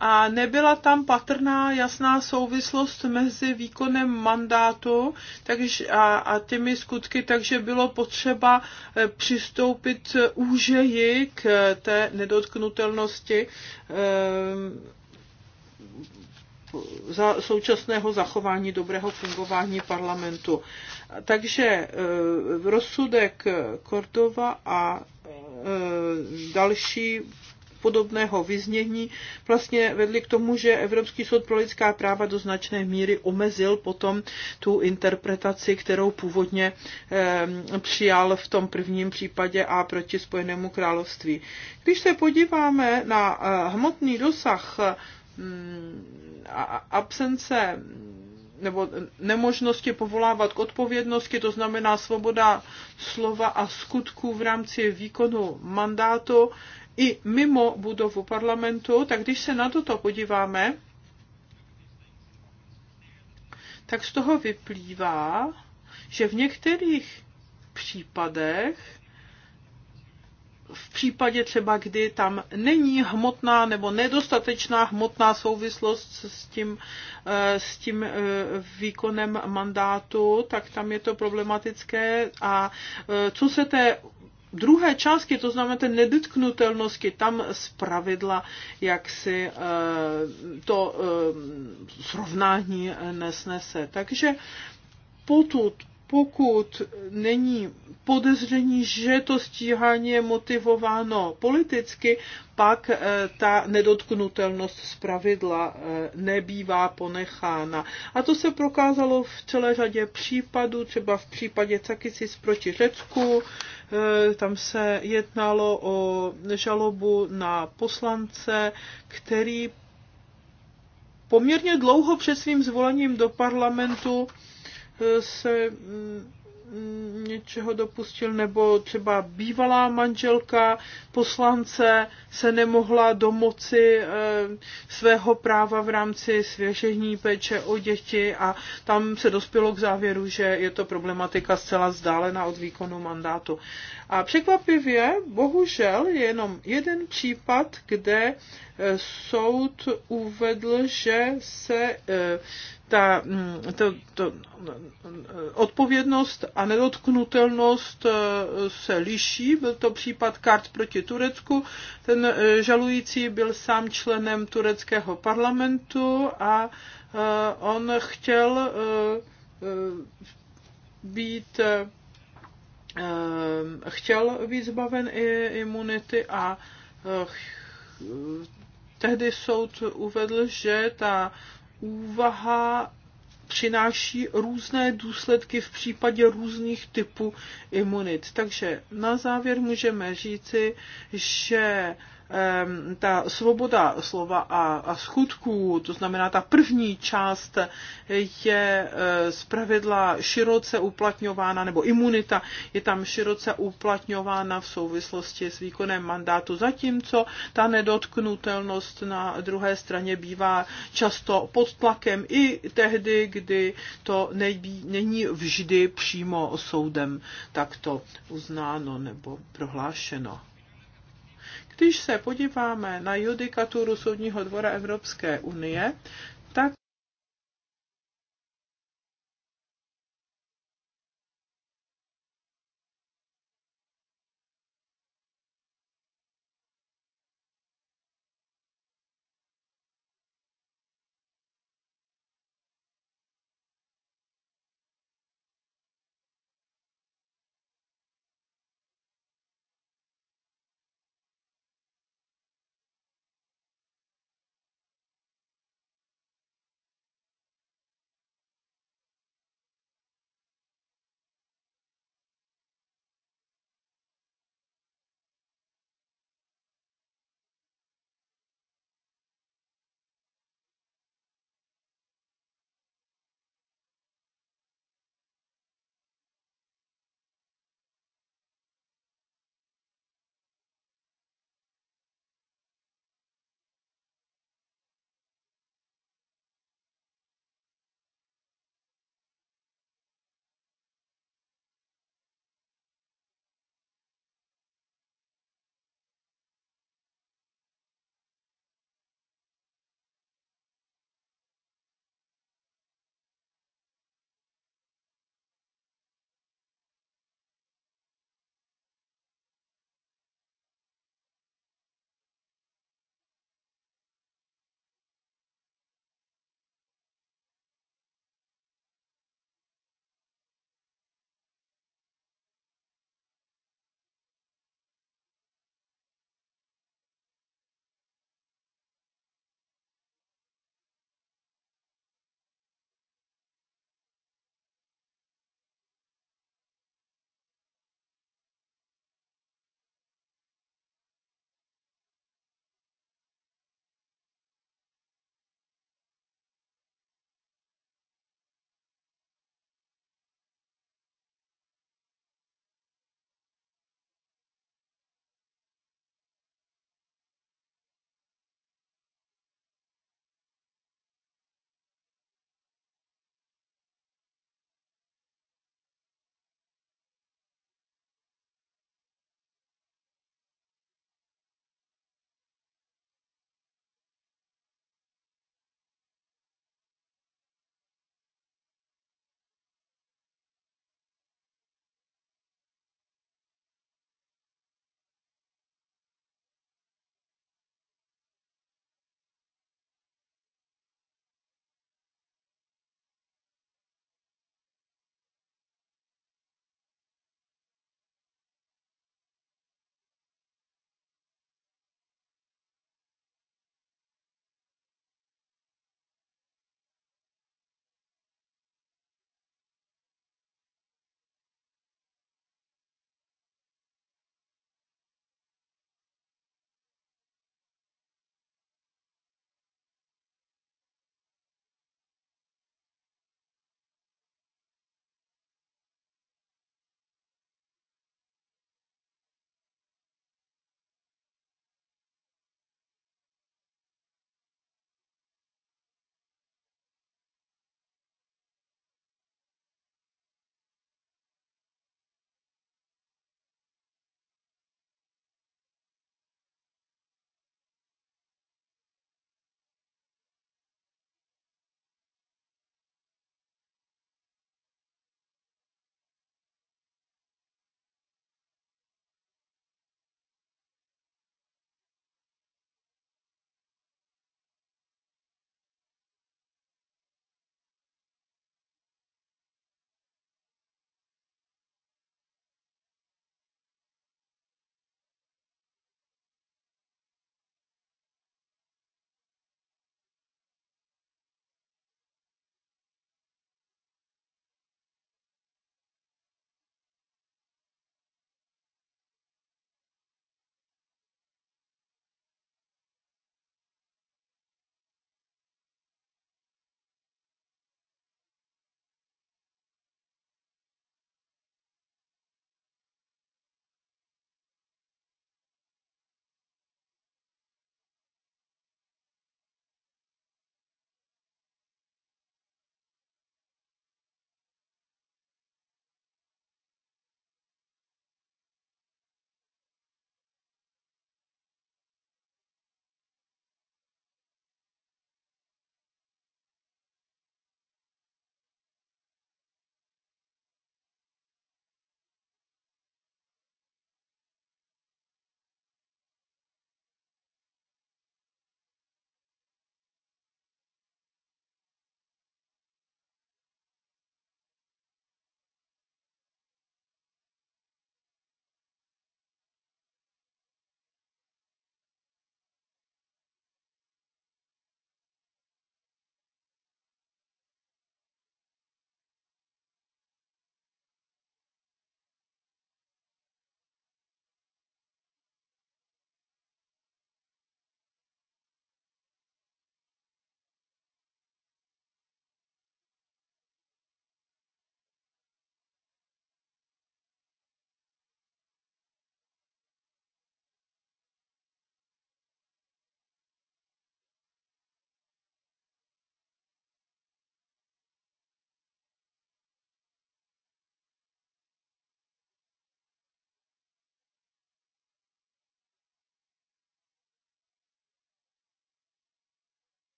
a nebyla tam patrná jasná souvislost mezi výkonem mandátu takže, a, a těmi skutky, takže bylo potřeba e, přistoupit úžeji k e, té nedotknutelnosti e, za současného zachování dobrého fungování parlamentu. Takže rozsudek Kordova a další podobného vyznění vlastně vedly k tomu, že Evropský soud pro lidská práva do značné míry omezil potom tu interpretaci, kterou původně eh, přijal v tom prvním případě a proti Spojenému království. Když se podíváme na eh, hmotný dosah mm, absence nebo nemožnosti povolávat k odpovědnosti, to znamená svoboda slova a skutků v rámci výkonu mandátu, i mimo budovu parlamentu, tak když se na toto podíváme, tak z toho vyplývá, že v některých případech, v případě třeba, kdy tam není hmotná nebo nedostatečná hmotná souvislost s tím, eh, s tím eh, výkonem mandátu, tak tam je to problematické. A eh, co se té druhé části, to znamená té nedotknutelnosti, tam z pravidla si eh, to eh, srovnání nesnese. Takže potud pokud není podezření, že to stíhání je motivováno politicky, pak eh, ta nedotknutelnost z pravidla eh, nebývá ponechána. A to se prokázalo v celé řadě případů, třeba v případě Cakisis proti Řecku, eh, tam se jednalo o žalobu na poslance, který poměrně dlouho před svým zvolením do parlamentu se mm, něčeho dopustil, nebo třeba bývalá manželka poslance se nemohla domoci eh, svého práva v rámci svěžení péče o děti a tam se dospělo k závěru, že je to problematika zcela vzdálená od výkonu mandátu. A překvapivě, bohužel, je jenom jeden případ, kde eh, soud uvedl, že se eh, ta mm, to, to, odpovědnost a nedotknutelnost eh, se liší. Byl to případ kart proti Turecku. Ten eh, žalující byl sám členem tureckého parlamentu a eh, on chtěl být chtěl být zbaven i imunity a tehdy soud uvedl, že ta úvaha přináší různé důsledky v případě různých typů imunit. Takže na závěr můžeme říci, že ta svoboda slova a, a to znamená ta první část je e, z pravidla široce uplatňována, nebo imunita je tam široce uplatňována v souvislosti s výkonem mandátu, zatímco ta nedotknutelnost na druhé straně bývá často pod tlakem i tehdy, kdy to nejbí, není vždy přímo soudem takto uznáno nebo prohlášeno. Když se podíváme na judikaturu Soudního dvora Evropské unie, tak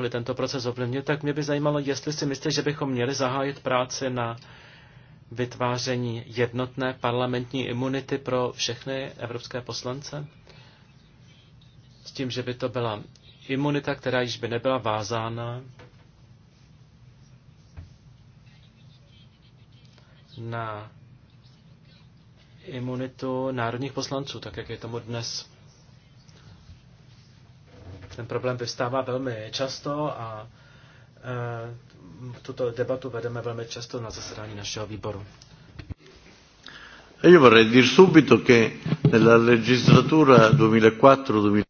mohli tento proces ovlivnit, tak mě by zajímalo, jestli si myslíte, že bychom měli zahájit práci na vytváření jednotné parlamentní imunity pro všechny evropské poslance? S tím, že by to byla imunita, která již by nebyla vázána na imunitu národních poslanců, tak jak je tomu dnes. Ten problém vystává velmi často a e, tuto debatu vedeme velmi často na zasedání našeho výboru. Io vorrei dire subito che nella legislatura 2004-2005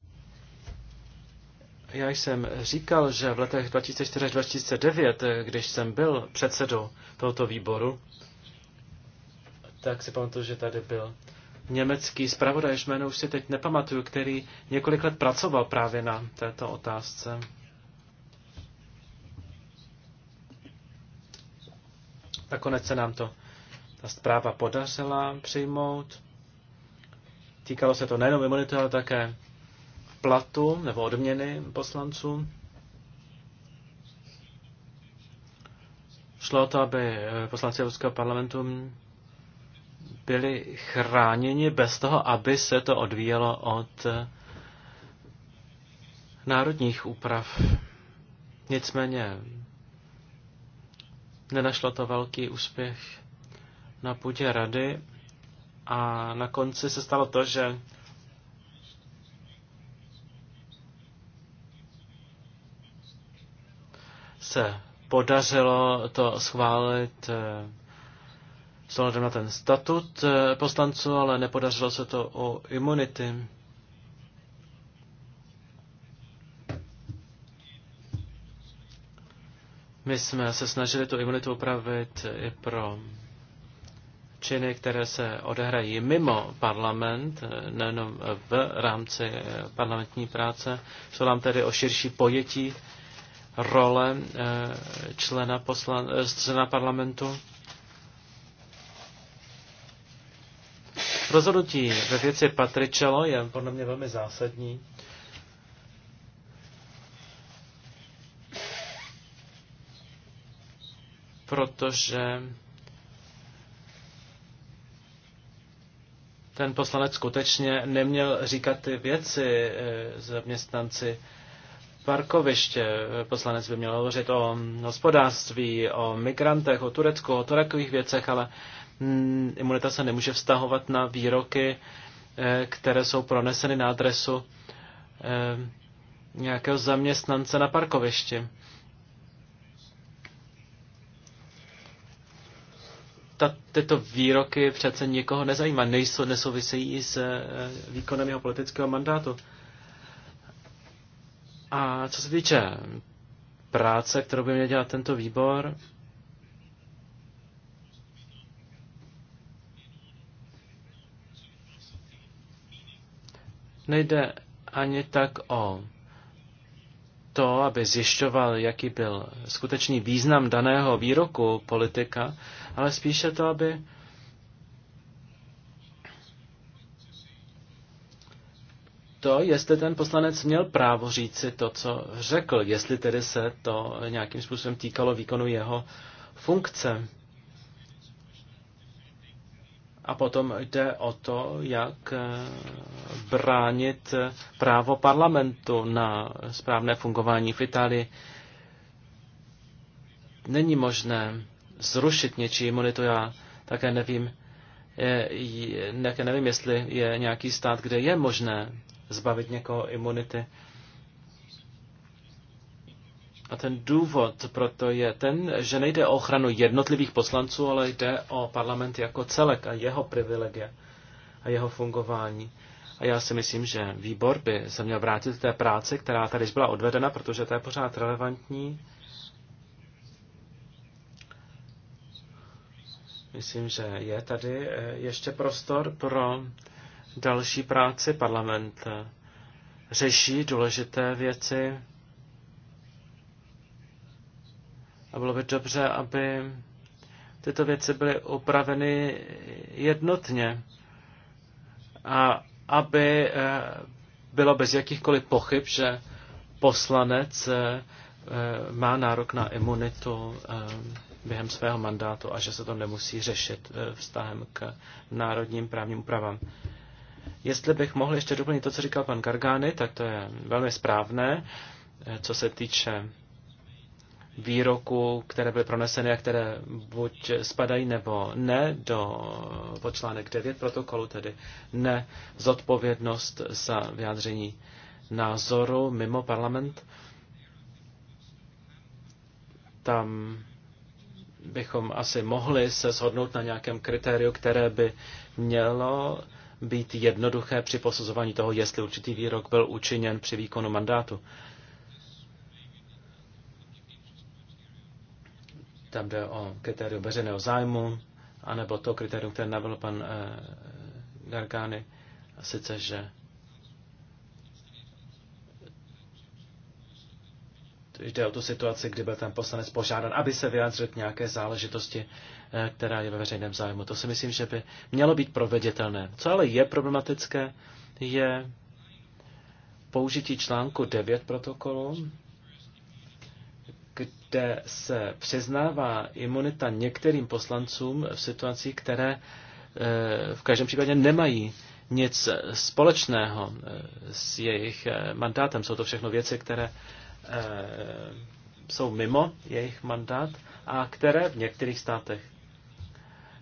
já jsem říkal, že v letech 2004 2009, když jsem byl předsedou tohoto výboru, tak si pamatuju, že tady byl německý zpravodaj, jméno už si teď nepamatuju, který několik let pracoval právě na této otázce. Nakonec se nám to ta zpráva podařila přijmout. Týkalo se to nejenom imunity, ale také platu nebo odměny poslanců. Šlo to, aby poslanci Evropského parlamentu byli chráněni bez toho, aby se to odvíjelo od eh, národních úprav. Nicméně nenašlo to velký úspěch na půdě rady a na konci se stalo to, že se podařilo to schválit eh, s na ten statut eh, poslanců, ale nepodařilo se to o imunity. My jsme se snažili tu imunitu upravit i pro činy, které se odehrají mimo parlament, eh, nejenom v rámci eh, parlamentní práce. Jsou nám tedy o širší pojetí role člena, poslan, člena parlamentu. Rozhodnutí ve věci Patričelo je podle mě velmi zásadní. Protože ten poslanec skutečně neměl říkat ty věci eh, zaměstnanci parkoviště. Poslanec by měl hovořit o hospodářství, o migrantech, o Turecku, o takových věcech, ale Hmm, imunita se nemůže vztahovat na výroky, eh, které jsou proneseny na adresu eh, nějakého zaměstnance na parkovišti. Ta, tyto výroky přece nikoho nezajímá, nejsou, nesouvisejí s eh, výkonem jeho politického mandátu. A co se týče práce, kterou by měl dělat tento výbor, Nejde ani tak o to, aby zjišťoval, jaký byl skutečný význam daného výroku politika, ale spíše to, aby to, jestli ten poslanec měl právo říci to, co řekl, jestli tedy se to nějakým způsobem týkalo výkonu jeho funkce. A potom jde o to, jak eh, bránit právo parlamentu na správné fungování v Itálii. Není možné zrušit něčí imunitu, já také nevím, je, je, nevím, jestli je nějaký stát, kde je možné zbavit někoho imunity. A ten důvod proto je ten, že nejde o ochranu jednotlivých poslanců, ale jde o parlament jako celek a jeho privilegie a jeho fungování. A já si myslím, že výbor by se měl vrátit k té práci, která tady byla odvedena, protože to je pořád relevantní. Myslím, že je tady eh, ještě prostor pro další práci. Parlament eh, řeší důležité věci A bylo by dobře, aby tyto věci byly upraveny jednotně a aby eh, bylo bez jakýchkoliv pochyb, že poslanec eh, eh, má nárok na imunitu během svého mandátu a že se to nemusí řešit vztahem k národním právním úpravám. Jestli bych mohl ještě doplnit to, co říkal pan Gargány, tak to je velmi správné, co se týče výroků, které byly proneseny a které buď spadají nebo ne do počlánek 9 protokolu, tedy ne zodpovědnost za vyjádření názoru mimo parlament. Tam bychom asi mohli se shodnout na nějakém kritériu, které by mělo být jednoduché při posuzování toho, jestli určitý výrok byl učiněn při výkonu mandátu. Tam jde o kritérium veřejného zájmu, anebo to kritérium, které navrhl pan eh, Gargány, a sice, že jde o tu situaci, kdy byl ten poslanec požádán, aby se vyjádřil k nějaké záležitosti, eh, která je ve veřejném zájmu. To si myslím, že by mělo být proveditelné. Co ale je problematické, je použití článku 9 protokolu, kde se přiznává imunita některým poslancům v situacích, které eh, v každém případě nemají nic společného eh, s jejich eh, mandátem. Jsou to všechno věci, které jsou mimo jejich mandát a které v některých státech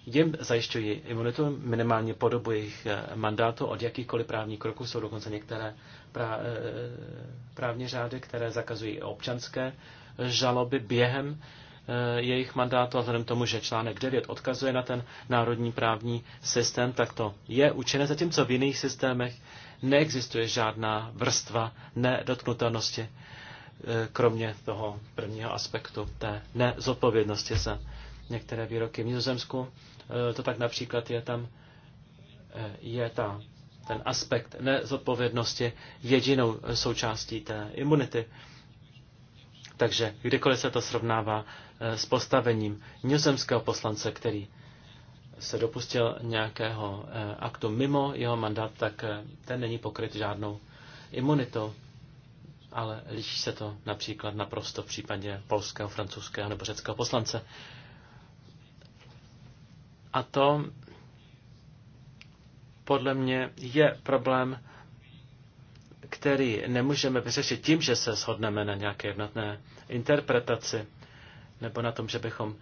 jim zajišťují imunitu, minimálně podobu jejich mandátu od jakýchkoliv právních kroků. Jsou dokonce některé právní řády, které zakazují občanské žaloby během eh, jejich mandátu a vzhledem tomu, že článek 9 odkazuje na ten národní právní systém, tak to je účinné, zatímco v jiných systémech neexistuje žádná vrstva nedotknutelnosti, eh, kromě toho prvního aspektu té nezodpovědnosti za některé výroky v Nizozemsku. Eh, to tak například je tam, je ta, ten aspekt nezodpovědnosti jedinou součástí té imunity. Takže kdykoliv se to srovnává eh, s postavením nizozemského poslance, který se dopustil nějakého eh, aktu mimo jeho mandát, tak eh, ten není pokryt žádnou imunitou. Ale liší se to například naprosto v případě polského, francouzského nebo řeckého poslance. A to podle mě je problém který nemůžeme vyřešit tím, že se shodneme na nějaké jednotné interpretaci nebo na tom, že bychom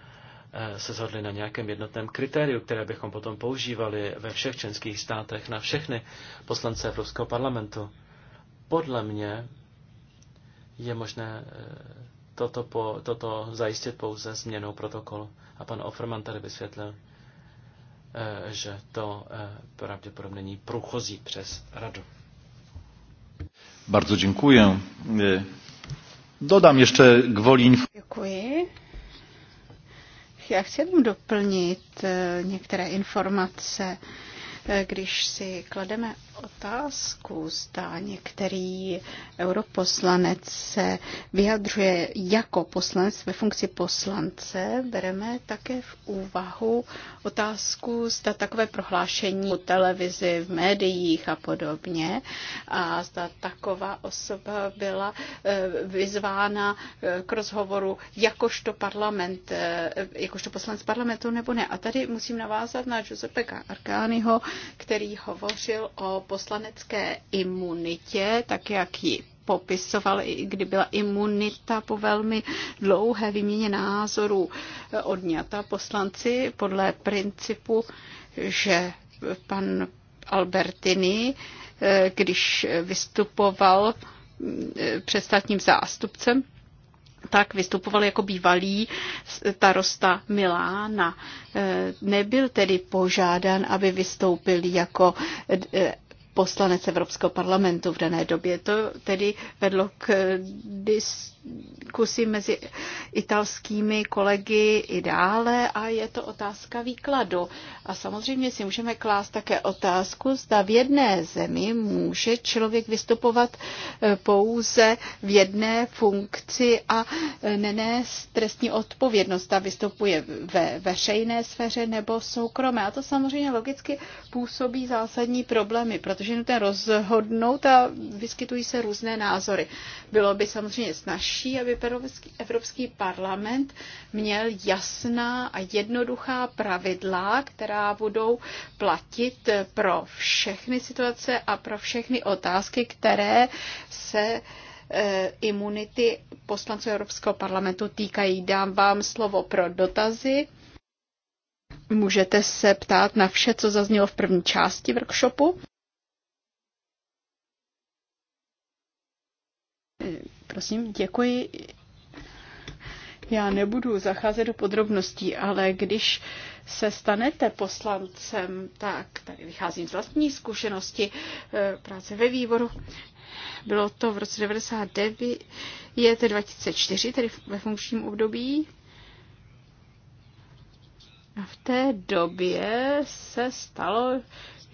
eh, se shodli na nějakém jednotném kritériu, které bychom potom používali ve všech členských státech na všechny poslance Evropského parlamentu. Podle mě je možné eh, toto, po, toto zajistit pouze změnou protokolu. A pan Offerman tady vysvětlil, eh, že to pravděpodobně není průchozí přes radu. Bardzo dziękuję. E, dodam jeszcze gwoli Děkuji. Já chci jenom doplnit e, některé informace. Když si klademe otázku, zda některý europoslanec se vyjadřuje jako poslanec ve funkci poslance, bereme také v úvahu otázku, zda takové prohlášení v televizi, v médiích a podobně, a zda taková osoba byla eh, vyzvána eh, k rozhovoru jakožto parlament, eh, jakožto poslanec parlamentu nebo ne. A tady musím navázat na Giuseppe Arcaniho, který hovořil o poslanecké imunitě, tak jak ji popisoval, kdy byla imunita po velmi dlouhé výměně názorů eh, odňata poslanci podle principu, že pan Albertini, eh, když vystupoval mm, eh, před státním zástupcem, tak vystupoval jako bývalý starosta Milána. E, nebyl tedy požádán, aby vystoupil jako e, poslanec Evropského parlamentu v dané době. To tedy vedlo k e, dis kusy mezi italskými kolegy i dále a je to otázka výkladu. A samozřejmě si můžeme klást také otázku, zda v jedné zemi může člověk vystupovat e, pouze v jedné funkci a e, nenést trestní odpovědnost. a vystupuje ve veřejné sféře nebo soukromé. A to samozřejmě logicky působí zásadní problémy, protože je nutné rozhodnout a vyskytují se různé názory. Bylo by samozřejmě snažší další, aby Evropský parlament měl jasná a jednoduchá pravidla, která budou platit pro všechny situace a pro všechny otázky, které se eh, imunity poslanců Evropského parlamentu týkají. Dám vám slovo pro dotazy. Můžete se ptát na vše, co zaznělo v první části workshopu. Prosím, děkuji. Já nebudu zacházet do podrobností, ale když se stanete poslancem, tak tady vycházím z vlastní zkušenosti eh, práce ve výboru. Bylo to v roce 99, je to 2004, tedy ve funkčním období. A v té době se stalo,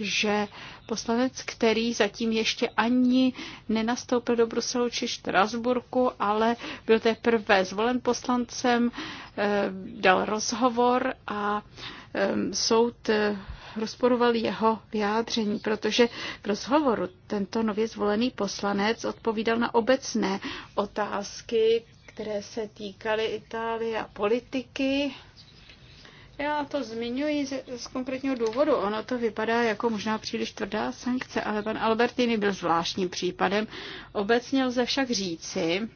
že poslanec, který zatím ještě ani nenastoupil do Bruselu či Štrasburku, ale byl teprve zvolen poslancem, eh, dal rozhovor a eh, soud eh, rozporoval jeho vyjádření, protože v rozhovoru tento nově zvolený poslanec odpovídal na obecné otázky, které se týkaly Itálie a politiky já to zmiňuji z, z konkrétního důvodu. Ono to vypadá jako možná příliš tvrdá sankce, ale pan Albertini byl zvláštním případem. Obecně lze však říci,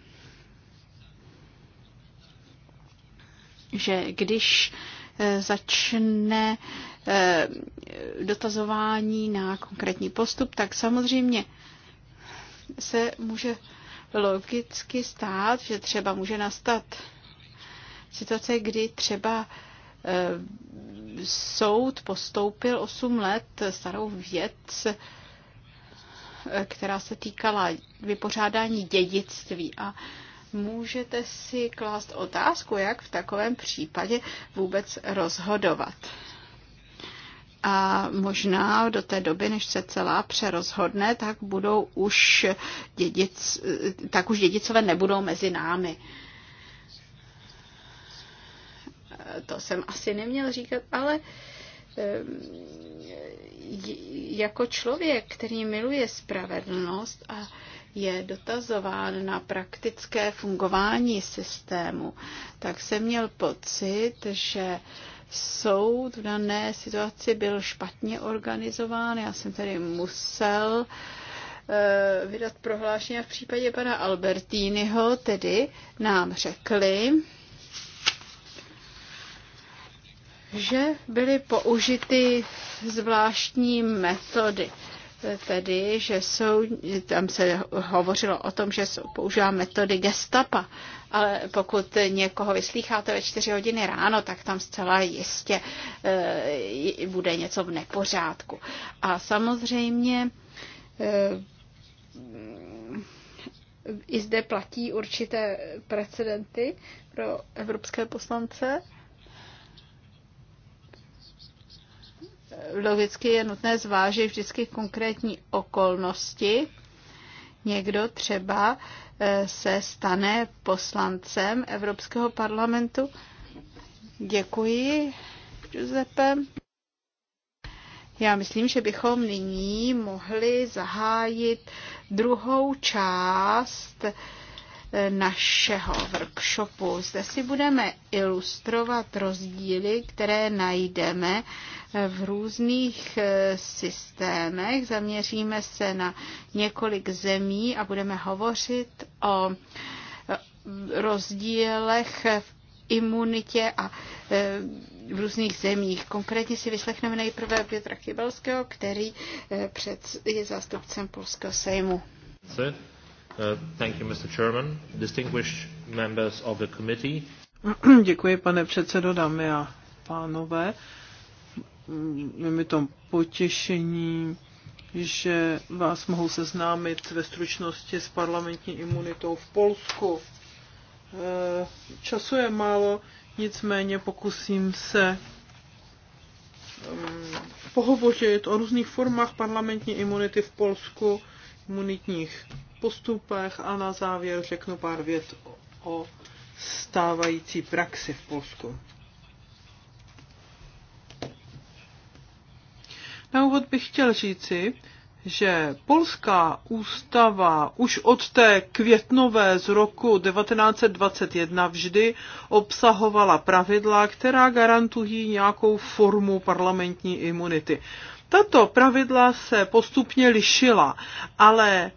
že když eh, začne eh, dotazování na konkrétní postup, tak samozřejmě se může logicky stát, že třeba může nastat situace, kdy třeba soud postoupil 8 let starou věc, která se týkala vypořádání dědictví a můžete si klást otázku, jak v takovém případě vůbec rozhodovat. A možná do té doby, než se celá přerozhodne, tak budou už dědic, tak už dědicové nebudou mezi námi. Uh, to jsem asi neměl říkat, ale jako člověk, který miluje spravedlnost a je dotazován na praktické fungování systému, tak jsem měl pocit, že soud v dané situaci byl špatně organizován. Já jsem tedy musel eh, vydat prohlášení a v případě pana Albertínyho tedy nám řekli, že byly použity zvláštní metody tedy, že jsou, tam se hovořilo o tom, že jsou, používá metody gestapa, ale pokud někoho vyslýcháte ve čtyři hodiny ráno, tak tam zcela jistě e, bude něco v nepořádku. A samozřejmě e, i zde platí určité precedenty pro evropské poslance, logicky je nutné zvážit vždycky konkrétní okolnosti. Někdo třeba eh, se stane poslancem Evropského parlamentu. Děkuji, Giuseppe. Já myslím, že bychom nyní mohli zahájit druhou část našeho workshopu. Zde si budeme ilustrovat rozdíly, které najdeme v různých eh, systémech. Zaměříme se na několik zemí a budeme hovořit o eh, rozdílech v imunitě a eh, v různých zemích. Konkrétně si vyslechneme nejprve Petra Kybelského, který je zástupcem Polského sejmu. Se? Uh, thank you, Mr. Chairman. Distinguished members of the committee. Děkuji, pane předsedo, dámy a pánové. Je mi to potěšení, že vás mohu seznámit ve stručnosti s parlamentní imunitou v Polsku. Eh, času je málo, nicméně pokusím se mm, pohovořit o různých formách parlamentní imunity v Polsku imunitních postupech a na závěr řeknu pár vět o stávající praxi v Polsku. Na úvod bych chtěl říci, že polská ústava už od té květnové z roku 1921 vždy obsahovala pravidla, která garantují nějakou formu parlamentní imunity. Tato pravidla se postupně lišila, ale e,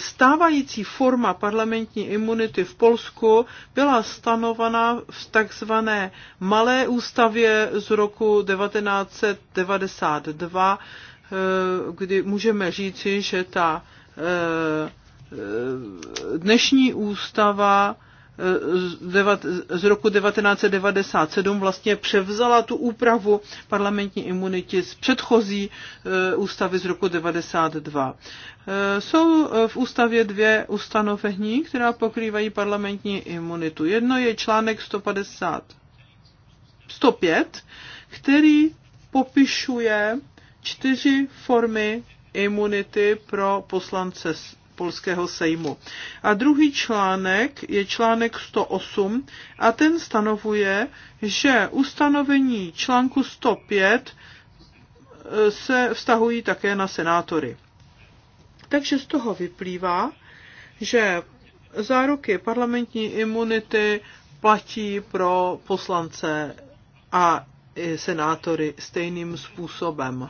stávající forma parlamentní imunity v Polsku byla stanovena v takzvané malé ústavě z roku 1992, e, kdy můžeme říci, že ta e, dnešní ústava z roku 1997 vlastně převzala tu úpravu parlamentní imunity z předchozí eh, ústavy z roku 1992. Eh, jsou eh, v ústavě dvě ustanovení, která pokrývají parlamentní imunitu. Jedno je článek 150, 105, který popišuje čtyři formy imunity pro poslance polského sejmu. A druhý článek je článek 108 a ten stanovuje, že ustanovení článku 105 e, se vztahují také na senátory. Takže z toho vyplývá, že záruky parlamentní imunity platí pro poslance a senátory stejným způsobem.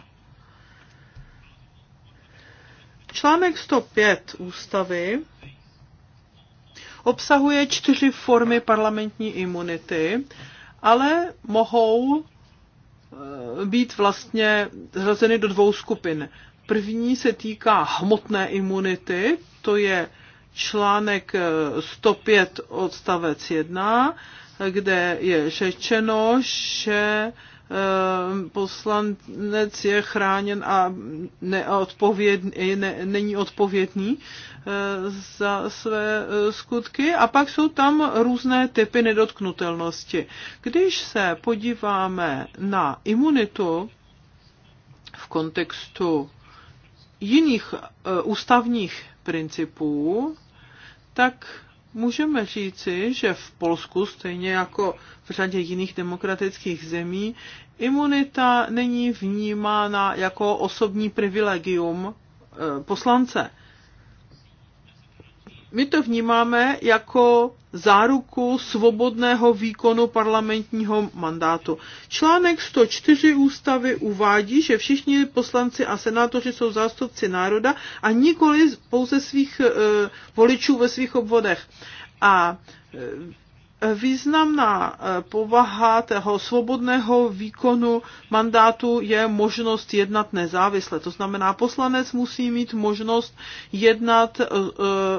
Článek 105 ústavy obsahuje čtyři formy parlamentní imunity, ale mohou eh, být vlastně zrazeny do dvou skupin. První se týká hmotné imunity, to je článek 105 eh, odstavec 1, kde je řečeno, že Ehm, poslanec je chráněn a neodpovědný, ne, není odpovědný eh, za své eh, skutky. A pak jsou tam různé typy nedotknutelnosti. Když se podíváme na imunitu v kontextu jiných eh, ústavních principů, tak můžeme říci, že v Polsku, stejně jako v řadě jiných demokratických zemí, imunita není vnímána jako osobní privilegium eh, poslance my to vnímáme jako záruku svobodného výkonu parlamentního mandátu. Článek 104 ústavy uvádí, že všichni poslanci a senátoři jsou zástupci národa a nikoli pouze svých e, voličů ve svých obvodech. A e, Významná eh, povaha toho svobodného výkonu mandátu je možnost jednat nezávisle. To znamená, poslanec musí mít možnost jednat eh, eh,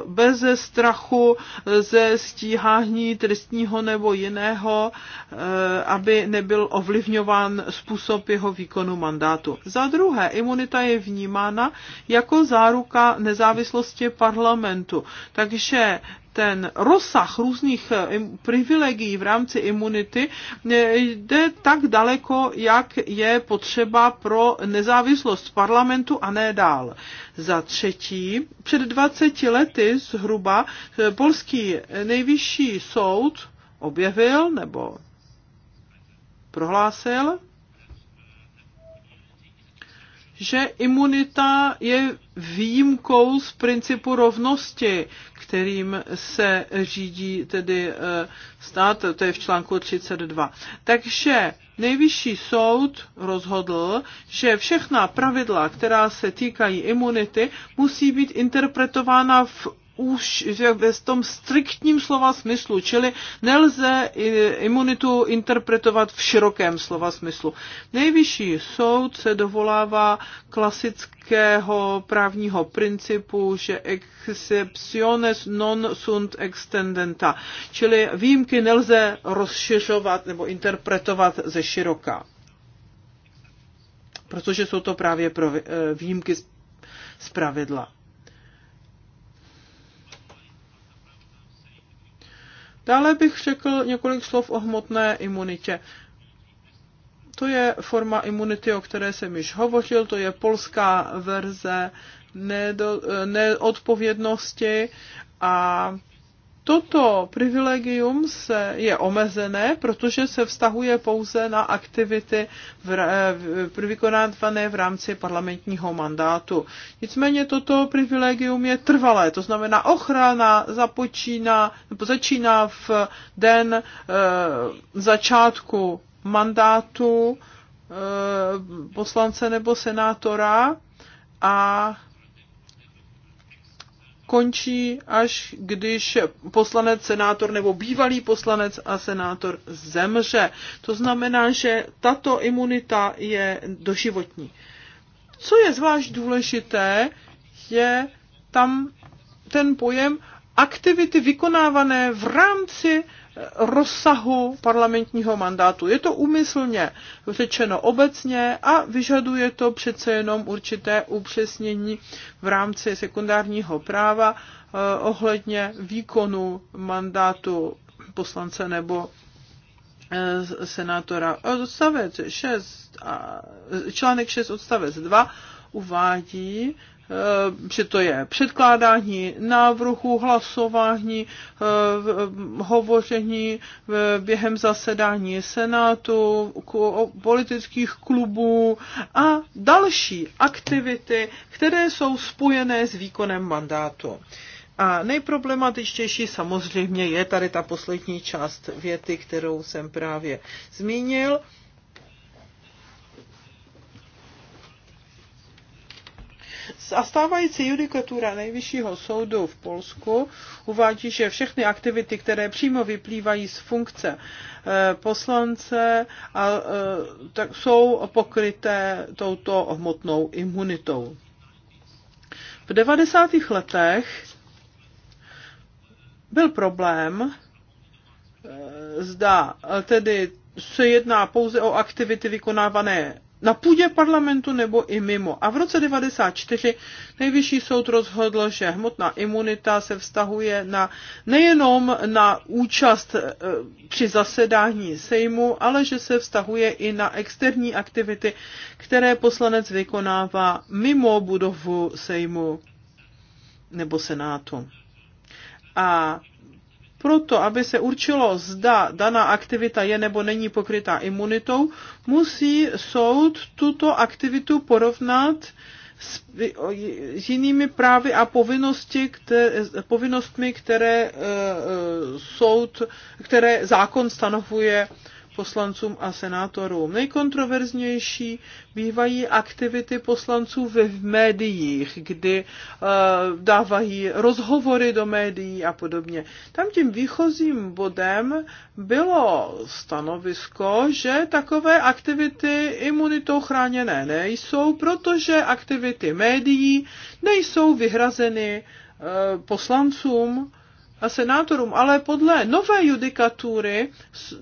bez strachu ze stíhání trestního nebo jiného, aby nebyl ovlivňován způsob jeho výkonu mandátu. Za druhé, imunita je vnímána jako záruka nezávislosti parlamentu. Takže ten rozsah různých eh, privilegií v rámci imunity eh, jde tak daleko, jak je potřeba pro nezávislost parlamentu a ne dál. Za třetí, před 20 lety zhruba eh, polský nejvyšší soud objevil nebo prohlásil, že imunita je výjimkou z principu rovnosti, kterým se řídí tedy eh, stát, to je v článku 32. Takže nejvyšší soud rozhodl, že všechna pravidla, která se týkají imunity, musí být interpretována v už v tom striktním slova smyslu, čili nelze imunitu interpretovat v širokém slova smyslu. Nejvyšší soud se dovolává klasického právního principu, že exceptiones non sunt extendenta, čili výjimky nelze rozšiřovat nebo interpretovat ze široka. Protože jsou to právě pro eh, výjimky z pravidla. Dále bych řekl několik slov o hmotné imunitě. To je forma imunity, o které jsem již hovořil, to je polská verze neodpovědnosti a Toto privilegium se je omezené, protože se vztahuje pouze na aktivity v, v, vykonávané v rámci parlamentního mandátu. Nicméně toto privilegium je trvalé, to znamená ochrana započíná, nebo začíná v den e, začátku mandátu e, poslance nebo senátora a končí, až když poslanec, senátor nebo bývalý poslanec a senátor zemře. To znamená, že tato imunita je doživotní. Co je zvlášť důležité, je tam ten pojem aktivity vykonávané v rámci rozsahu parlamentního mandátu. Je to úmyslně řečeno obecně a vyžaduje to přece jenom určité upřesnění v rámci sekundárního práva eh, ohledně výkonu mandátu poslance nebo eh, senátora. Odstavec 6, článek 6 odstavec 2 uvádí, Eh, že to je předkládání návrhu, hlasování, eh, hovoření eh, během zasedání Senátu, politických klubů a další aktivity, které jsou spojené s výkonem mandátu. A nejproblematičtější samozřejmě je tady ta poslední část věty, kterou jsem právě zmínil. A stávající judikatura nejvyššího soudu v Polsku uvádí, že všechny aktivity, které přímo vyplývají z funkce eh, poslance, a, eh, tak jsou pokryté touto hmotnou imunitou. V 90. letech byl problém, eh, zda tedy se jedná pouze o aktivity vykonávané na půdě parlamentu nebo i mimo. A v roce 1994 nejvyšší soud rozhodl, že hmotná imunita se vztahuje na nejenom na účast e, při zasedání sejmu, ale že se vztahuje i na externí aktivity, které poslanec vykonává mimo budovu sejmu nebo senátu. A proto, aby se určilo, zda daná aktivita je nebo není pokrytá imunitou, musí soud tuto aktivitu porovnat s, s jinými právy a povinnosti, které, povinnostmi, které, e, soud, které zákon stanovuje poslancům a senátorům. Nejkontroverznější bývají aktivity poslanců ve v médiích, kdy uh, dávají rozhovory do médií a podobně. Tam tím výchozím bodem bylo stanovisko, že takové aktivity imunitou chráněné nejsou, protože aktivity médií nejsou vyhrazeny eh, poslancům a senátorům, ale podle nové judikatury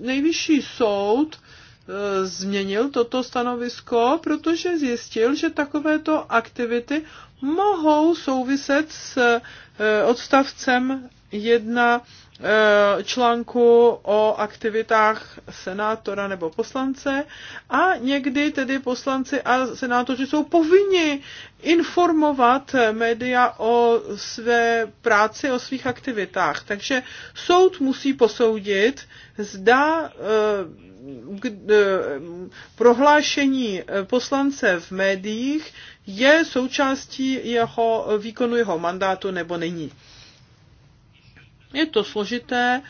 nejvyšší soud e, změnil toto stanovisko, protože zjistil, že takovéto aktivity mohou souviset s e, odstavcem 1 Eh, článku o aktivitách senátora nebo poslance a někdy tedy poslanci a senátoři jsou povinni informovat média o své práci, o svých aktivitách. Takže soud musí posoudit, zda eh, eh, prohlášení poslance v médiích je součástí jeho výkonu jeho mandátu nebo není. Je to složité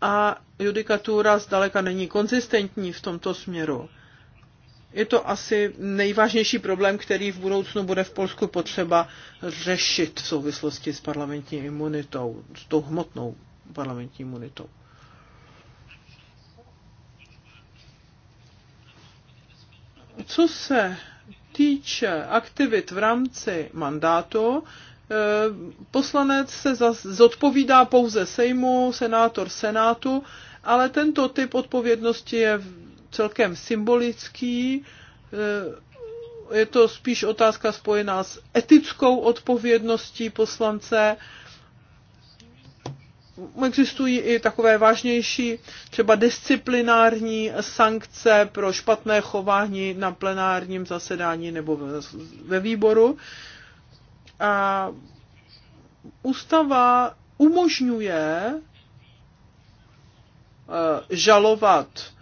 a judikatura zdaleka není konzistentní v tomto směru. Je to asi nejvážnější problém, který v budoucnu bude v Polsku potřeba řešit v souvislosti s parlamentní imunitou, s tou hmotnou parlamentní imunitou. Co se týče aktivit v rámci mandátu, Eh, poslanec se zodpovídá pouze Sejmu, senátor Senátu, ale tento typ odpovědnosti je celkem symbolický. Eh, je to spíš otázka spojená s etickou odpovědností poslance. Existují i takové vážnější, třeba disciplinární sankce pro špatné chování na plenárním zasedání nebo ve výboru. A ústava umožňuje eh, žalovat eh,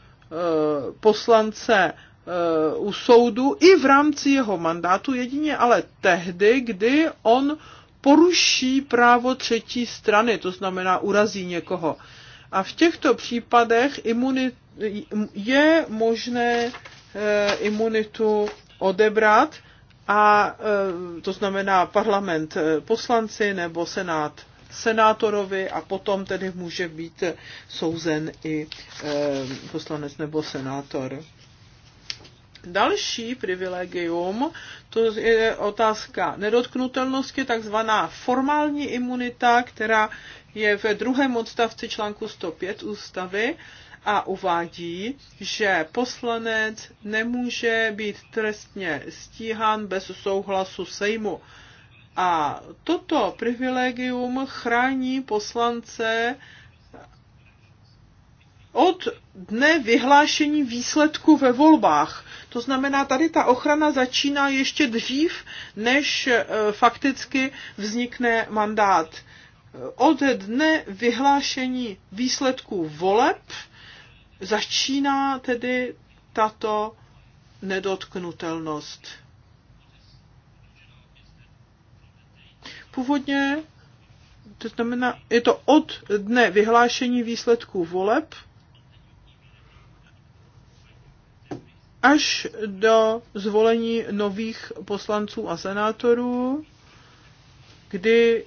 poslance eh, u soudu i v rámci jeho mandátu jedině ale tehdy, kdy on poruší právo třetí strany, to znamená urazí někoho. A v těchto případech imunit, je možné imunitu odebrat a e, to znamená parlament e, poslanci nebo senát senátorovi a potom tedy může být souzen i e, poslanec nebo senátor. Další privilegium, to je otázka nedotknutelnosti, takzvaná formální imunita, která je ve druhém odstavci článku 105 ústavy a uvádí, že poslanec nemůže být trestně stíhán bez souhlasu Sejmu. A toto privilegium chrání poslance od dne vyhlášení výsledku ve volbách. To znamená, tady ta ochrana začíná ještě dřív, než e, fakticky vznikne mandát od dne vyhlášení výsledků voleb začíná tedy tato nedotknutelnost. Původně, to znamená, je to od dne vyhlášení výsledků voleb až do zvolení nových poslanců a senátorů, kdy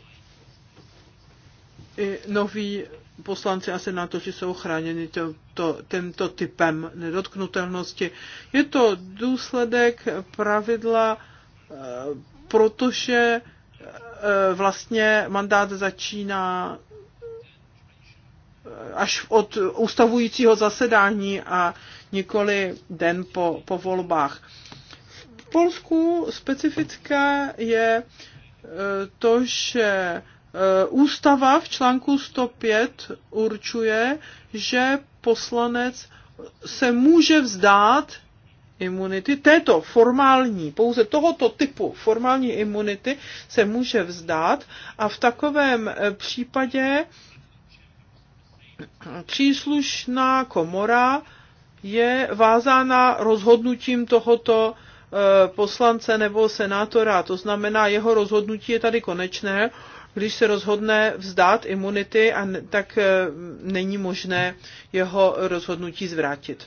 i noví poslanci a senátoři jsou chráněni to, to, tento typem nedotknutelnosti. Je to důsledek pravidla, e, protože e, vlastně mandát začíná e, až od ustavujícího zasedání a nikoli den po, po volbách. V Polsku specifické je to, že Eh, ústava v článku 105 určuje, že poslanec se může vzdát imunity, této formální, pouze tohoto typu formální imunity se může vzdát a v takovém eh, případě příslušná komora je vázána rozhodnutím tohoto eh, poslance nebo senátora. To znamená, jeho rozhodnutí je tady konečné když se rozhodne vzdát imunity, a tak e, není možné jeho rozhodnutí zvrátit.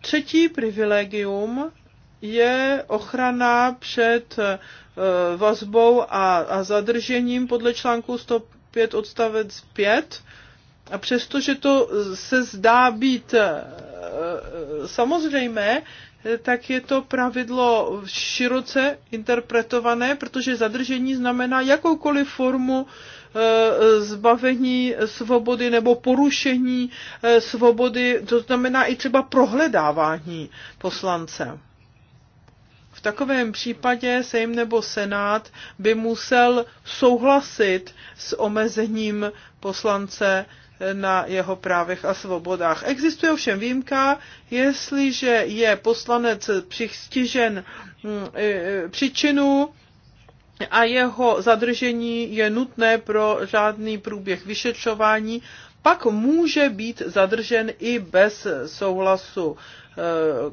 Třetí privilegium je ochrana před e, vazbou a, a zadržením podle článku 105 odstavec 5. A přestože to se zdá být e, samozřejmé, tak je to pravidlo široce interpretované, protože zadržení znamená jakoukoliv formu e, zbavení svobody nebo porušení e, svobody, to znamená i třeba prohledávání poslance. V takovém případě Sejm nebo Senát by musel souhlasit s omezením poslance na jeho právech a svobodách. Existuje ovšem výjimka, jestliže je poslanec přistižen mm, e, e, příčinu a jeho zadržení je nutné pro žádný průběh vyšetřování, pak může být zadržen i bez souhlasu e,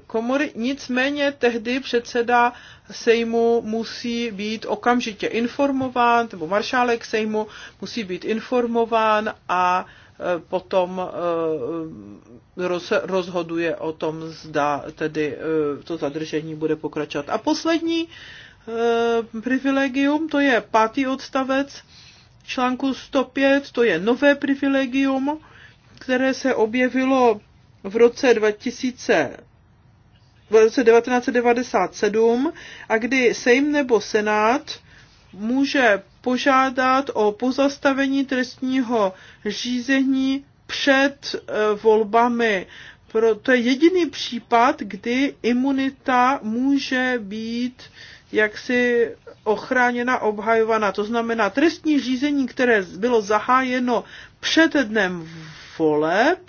komory. Nicméně tehdy předseda Sejmu musí být okamžitě informován, nebo maršálek Sejmu musí být informován a Eh, potom eh, rozhoduje o tom, zda tedy eh, to zadržení bude pokračovat. A poslední privilegium, to je pátý odstavec článku 105, to je nové privilegium, které se objevilo v roce 2000 v roce 1997 a kdy Sejm nebo Senát může požádat o pozastavení trestního řízení před e, volbami. Pro, to je jediný případ, kdy imunita může být jaksi ochráněna, obhajovaná. To znamená, trestní řízení, které bylo zahájeno před dnem voleb,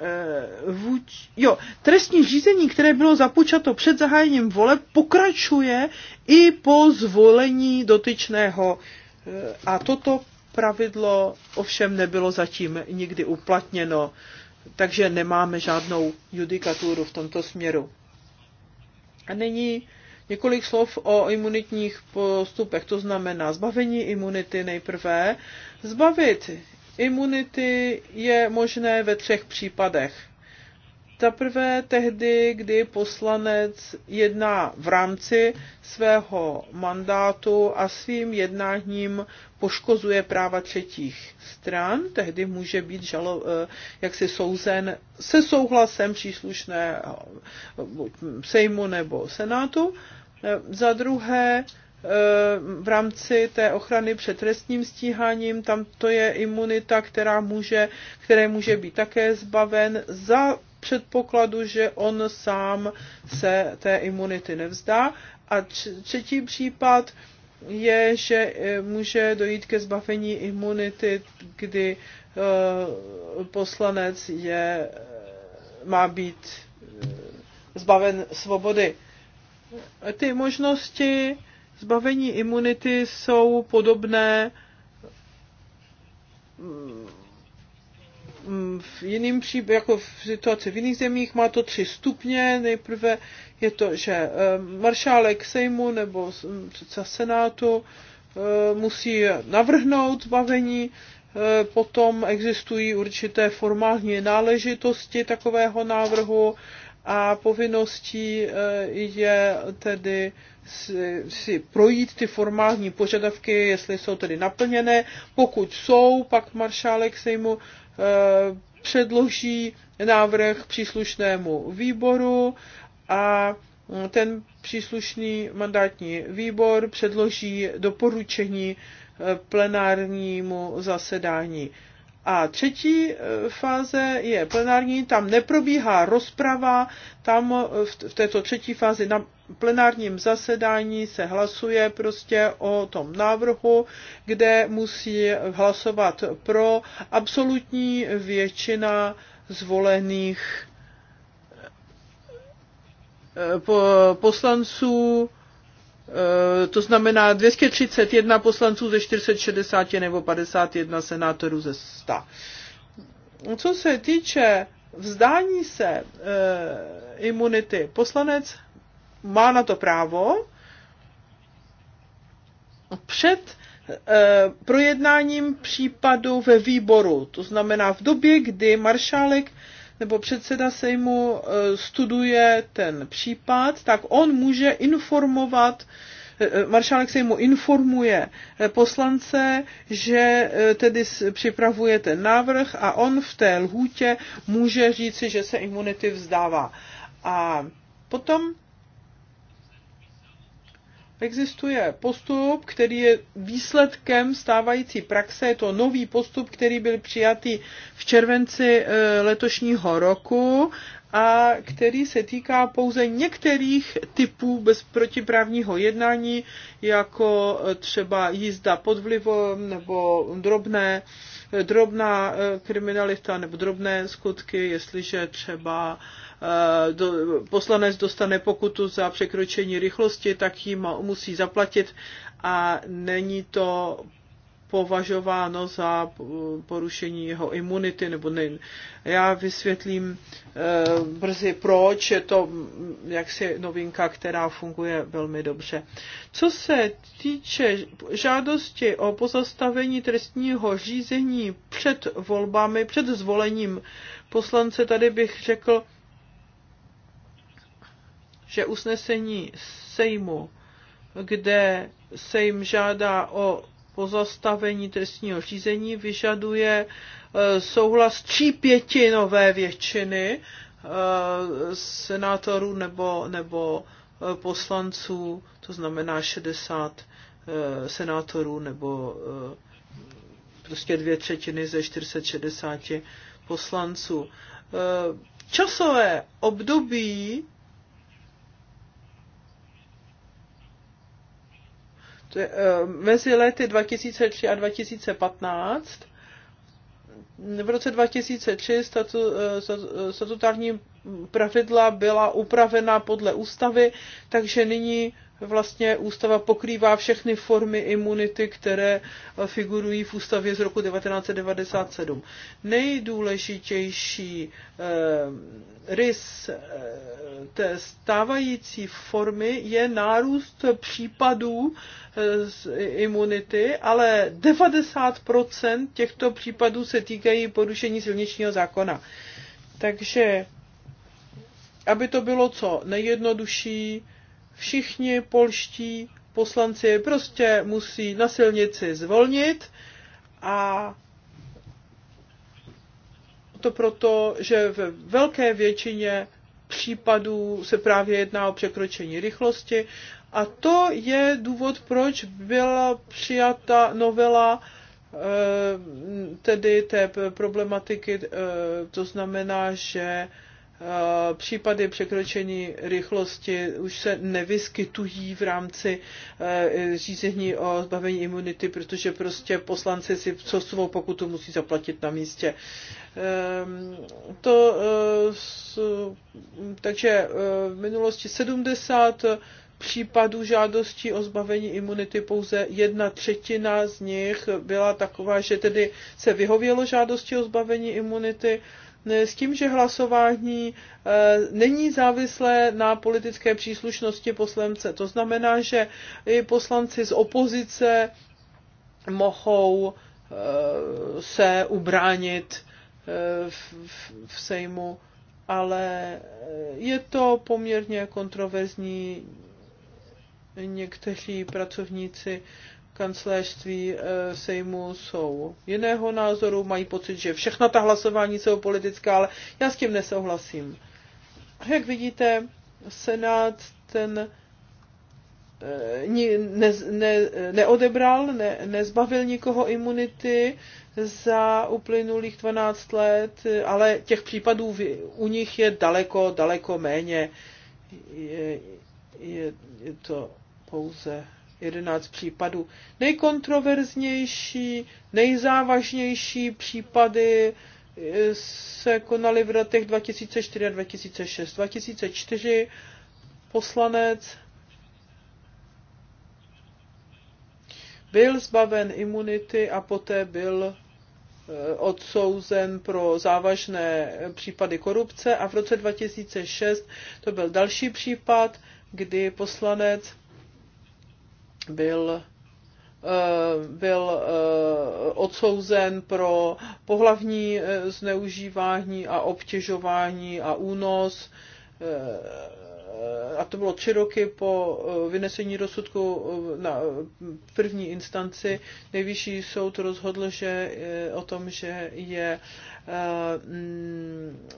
Eh, vůč, jo, trestní řízení, které bylo započato před zahájením voleb, pokračuje i po zvolení dotyčného. Eh, a toto pravidlo ovšem nebylo zatím nikdy uplatněno, takže nemáme žádnou judikaturu v tomto směru. A nyní několik slov o imunitních postupech, to znamená zbavení imunity nejprve. Zbavit imunity je možné ve třech případech. Za prvé tehdy, kdy poslanec jedná v rámci svého mandátu a svým jednáním poškozuje práva třetích stran, tehdy může být žalo, eh, jaksi souzen se souhlasem příslušného sejmu nebo senátu. Eh, za druhé, Eh, v rámci té ochrany před trestním stíháním, tam to je imunita, která může, které může být také zbaven za předpokladu, že on sám se té imunity nevzdá. A třetí případ je, že eh, může dojít ke zbavení imunity, kdy eh, poslanec je, má být zbaven svobody. Ty možnosti zbavení imunity jsou podobné mm, v jiným příběhu, jako v situaci v jiných zemích, má to tři stupně. Nejprve je to, že eh, maršálek Sejmu nebo předseda Senátu eh, musí navrhnout zbavení, eh, potom existují určité formální náležitosti takového návrhu a povinností je tedy si, si projít ty formální požadavky, jestli jsou tedy naplněné. Pokud jsou, pak maršálek Sejmu e, předloží návrh příslušnému výboru a ten příslušný mandátní výbor předloží doporučení eh, plenárnímu zasedání. A třetí e, fáze je plenární, tam neprobíhá rozprava, tam e, v této třetí fázi na plenárním zasedání se hlasuje prostě o tom návrhu, kde musí hlasovat pro absolutní většina zvolených e, poslanců Eh, to znamená 231 poslanců ze 460 nebo 51 senátorů ze 100. Co se týče vzdání se uh, imunity, poslanec má na to právo před eh, projednáním případu ve výboru, to znamená v době, kdy maršálek nebo předseda Sejmu eh, studuje ten případ, tak on může informovat eh, eh, maršálek se mu informuje poslance, že tedy připravuje ten návrh a on v té lhůtě může říci, že se imunity vzdává. A potom existuje postup, který je výsledkem stávající praxe. Je to nový postup, který byl přijatý v červenci eh, letošního roku a který se týká pouze některých typů bezprotiprávního jednání, jako eh, třeba jízda pod vlivem nebo drobné drobná eh, kriminalita nebo drobné skutky, jestliže třeba eh, do, poslanec dostane pokutu za překročení rychlosti, tak ji musí zaplatit a není to považováno za eh, porušení jeho imunity, nebo ne. Já vysvětlím eh, brzy, proč je to mm, jaksi novinka, která funguje velmi dobře. Co se týče žádosti o pozastavení trestního řízení před volbami, před zvolením poslance, tady bych řekl, že usnesení Sejmu, kde Sejm žádá o pozastavení trestního řízení vyžaduje eh, souhlas tří pětinové většiny eh, senátorů nebo, nebo eh, poslanců, to znamená 60 senátorů nebo prostě dvě třetiny ze 460 poslanců. Časové období Eh, mezi lety 2003 a 2015. V roce 2003 statu, eh, eh, statutární pravidla byla upravena podle ústavy, takže nyní vlastně ústava pokrývá všechny formy imunity, které eh, figurují v ústavě z roku 1997. Nejdůležitější eh, rys eh, té stávající formy je nárůst případů eh, z imunity, ale 90% těchto případů se týkají porušení silničního zákona. Takže aby to bylo co nejjednodušší, všichni polští poslanci prostě musí na silnici zvolnit a to proto, že ve velké většině případů se právě jedná o překročení rychlosti a to je důvod, proč byla přijata novela eh, tedy té problematiky, eh, to znamená, že Eh, případy překročení rychlosti už se nevyskytují v rámci eh, řízení o zbavení imunity, protože prostě poslanci si co svou pokutu musí zaplatit na místě. Ehm, to, eh, takže v minulosti 70 případů žádostí o zbavení imunity pouze jedna třetina z nich byla taková, že tedy se vyhovělo žádosti o zbavení imunity E, s tím, že hlasování e, není závislé na politické příslušnosti poslance. To znamená, že i poslanci z opozice mohou e, se ubránit v Sejmu, ale je to poměrně kontroverzní. Někteří pracovníci kancelářství eh, Sejmu jsou jiného názoru, mají pocit, že všechna ta hlasování jsou politická, ale já s tím nesouhlasím. Jak vidíte, Senát ten eh, ne, ne, neodebral, ne, nezbavil nikoho imunity za uplynulých 12 let, ale těch případů v, u nich je daleko, daleko méně. Je, je, je to pouze 11 případů. Nejkontroverznější, nejzávažnější případy eh, se konaly v letech 2004 a 2006. 2004 poslanec byl zbaven imunity a poté byl eh, odsouzen pro závažné případy korupce a v roce 2006 to byl další případ, kdy poslanec byl eh, byl eh, odsouzen pro pohlavní eh, zneužívání a obtěžování a únos. A to bylo tři roky po vynesení rozsudku na první instanci. Nejvyšší soud rozhodl, že o tom, že je mm,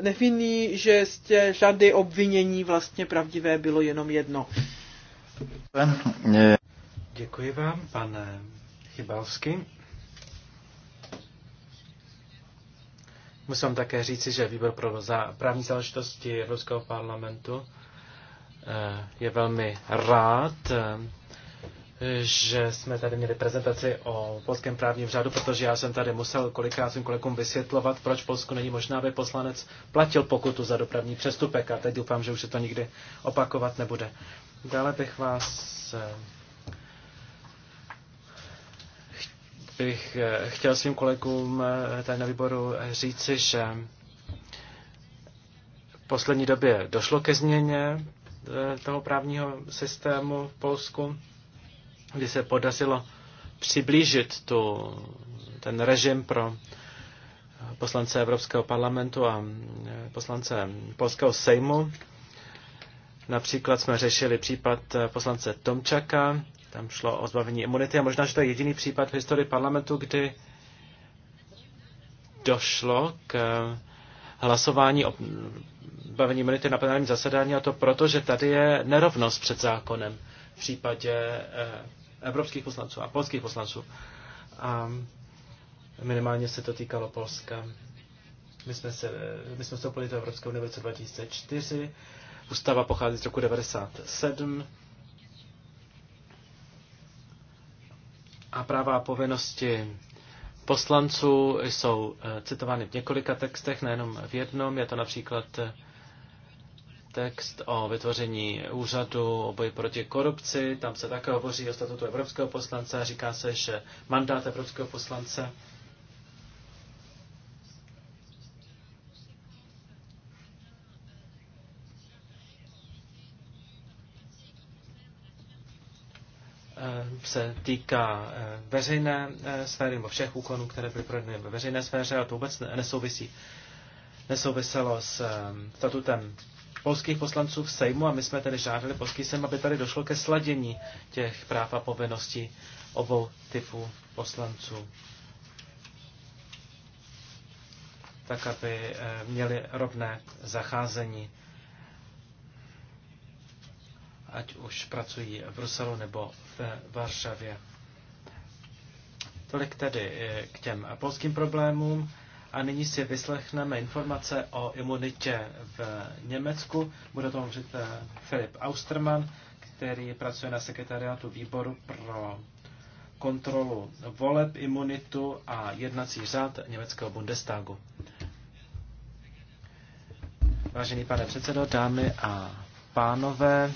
nevinný, že z těch řady obvinění vlastně pravdivé bylo jenom jedno. Děkuji vám, pane Chybalsky. Musím také říci, že výbor pro právní záležitosti Evropského parlamentu eh, je velmi rád, eh, že jsme tady měli prezentaci o polském právním řádu, protože já jsem tady musel kolikrát svým kolegům vysvětlovat, proč v Polsku není možné, aby poslanec platil pokutu za dopravní přestupek. A teď doufám, že už se to nikdy opakovat nebude. Dále bych vás eh, bych eh, chtěl svým kolegům eh, tady na výboru říci, že v poslední době došlo ke změně eh, toho právního systému v Polsku, kdy se podařilo přiblížit tu, ten režim pro poslance Evropského parlamentu a poslance Polského sejmu. Například jsme řešili případ poslance Tomčaka, tam šlo o zbavení imunity a možná, že to je jediný případ v historii parlamentu, kdy došlo k eh, hlasování o zbavení imunity na plenárním zasedání a to proto, že tady je nerovnost před zákonem v případě eh, evropských poslanců a polských poslanců. A minimálně se to týkalo Polska. My jsme, se, eh, my jsme vstoupili do Evropské unie v roce 2004. Ústava pochází z roku 1997 a práva a povinnosti poslanců jsou eh, citovány v několika textech, nejenom v jednom. Je to například eh, text o vytvoření úřadu o boji proti korupci. Tam se také hovoří o statutu evropského poslance a říká se, že mandát evropského poslance se týká eh, veřejné eh, sféry nebo všech úkonů, které byly projednány ve veřejné sféře a to vůbec nesouvisí. Nesouviselo s eh, statutem polských poslanců v Sejmu a my jsme tedy žádali polský Sejm, aby tady došlo ke sladění těch práv a povinností obou typů poslanců. Tak, aby měli rovné zacházení ať už pracují v Bruselu nebo v Varšavě. Tolik tedy eh, k těm polským problémům. A nyní si vyslechneme informace o imunitě v Německu. Bude to mluvit eh, Filip Austerman, který pracuje na sekretariátu výboru pro kontrolu voleb, imunitu a jednací řád německého Bundestagu. Vážený pane předsedo, dámy a pánové,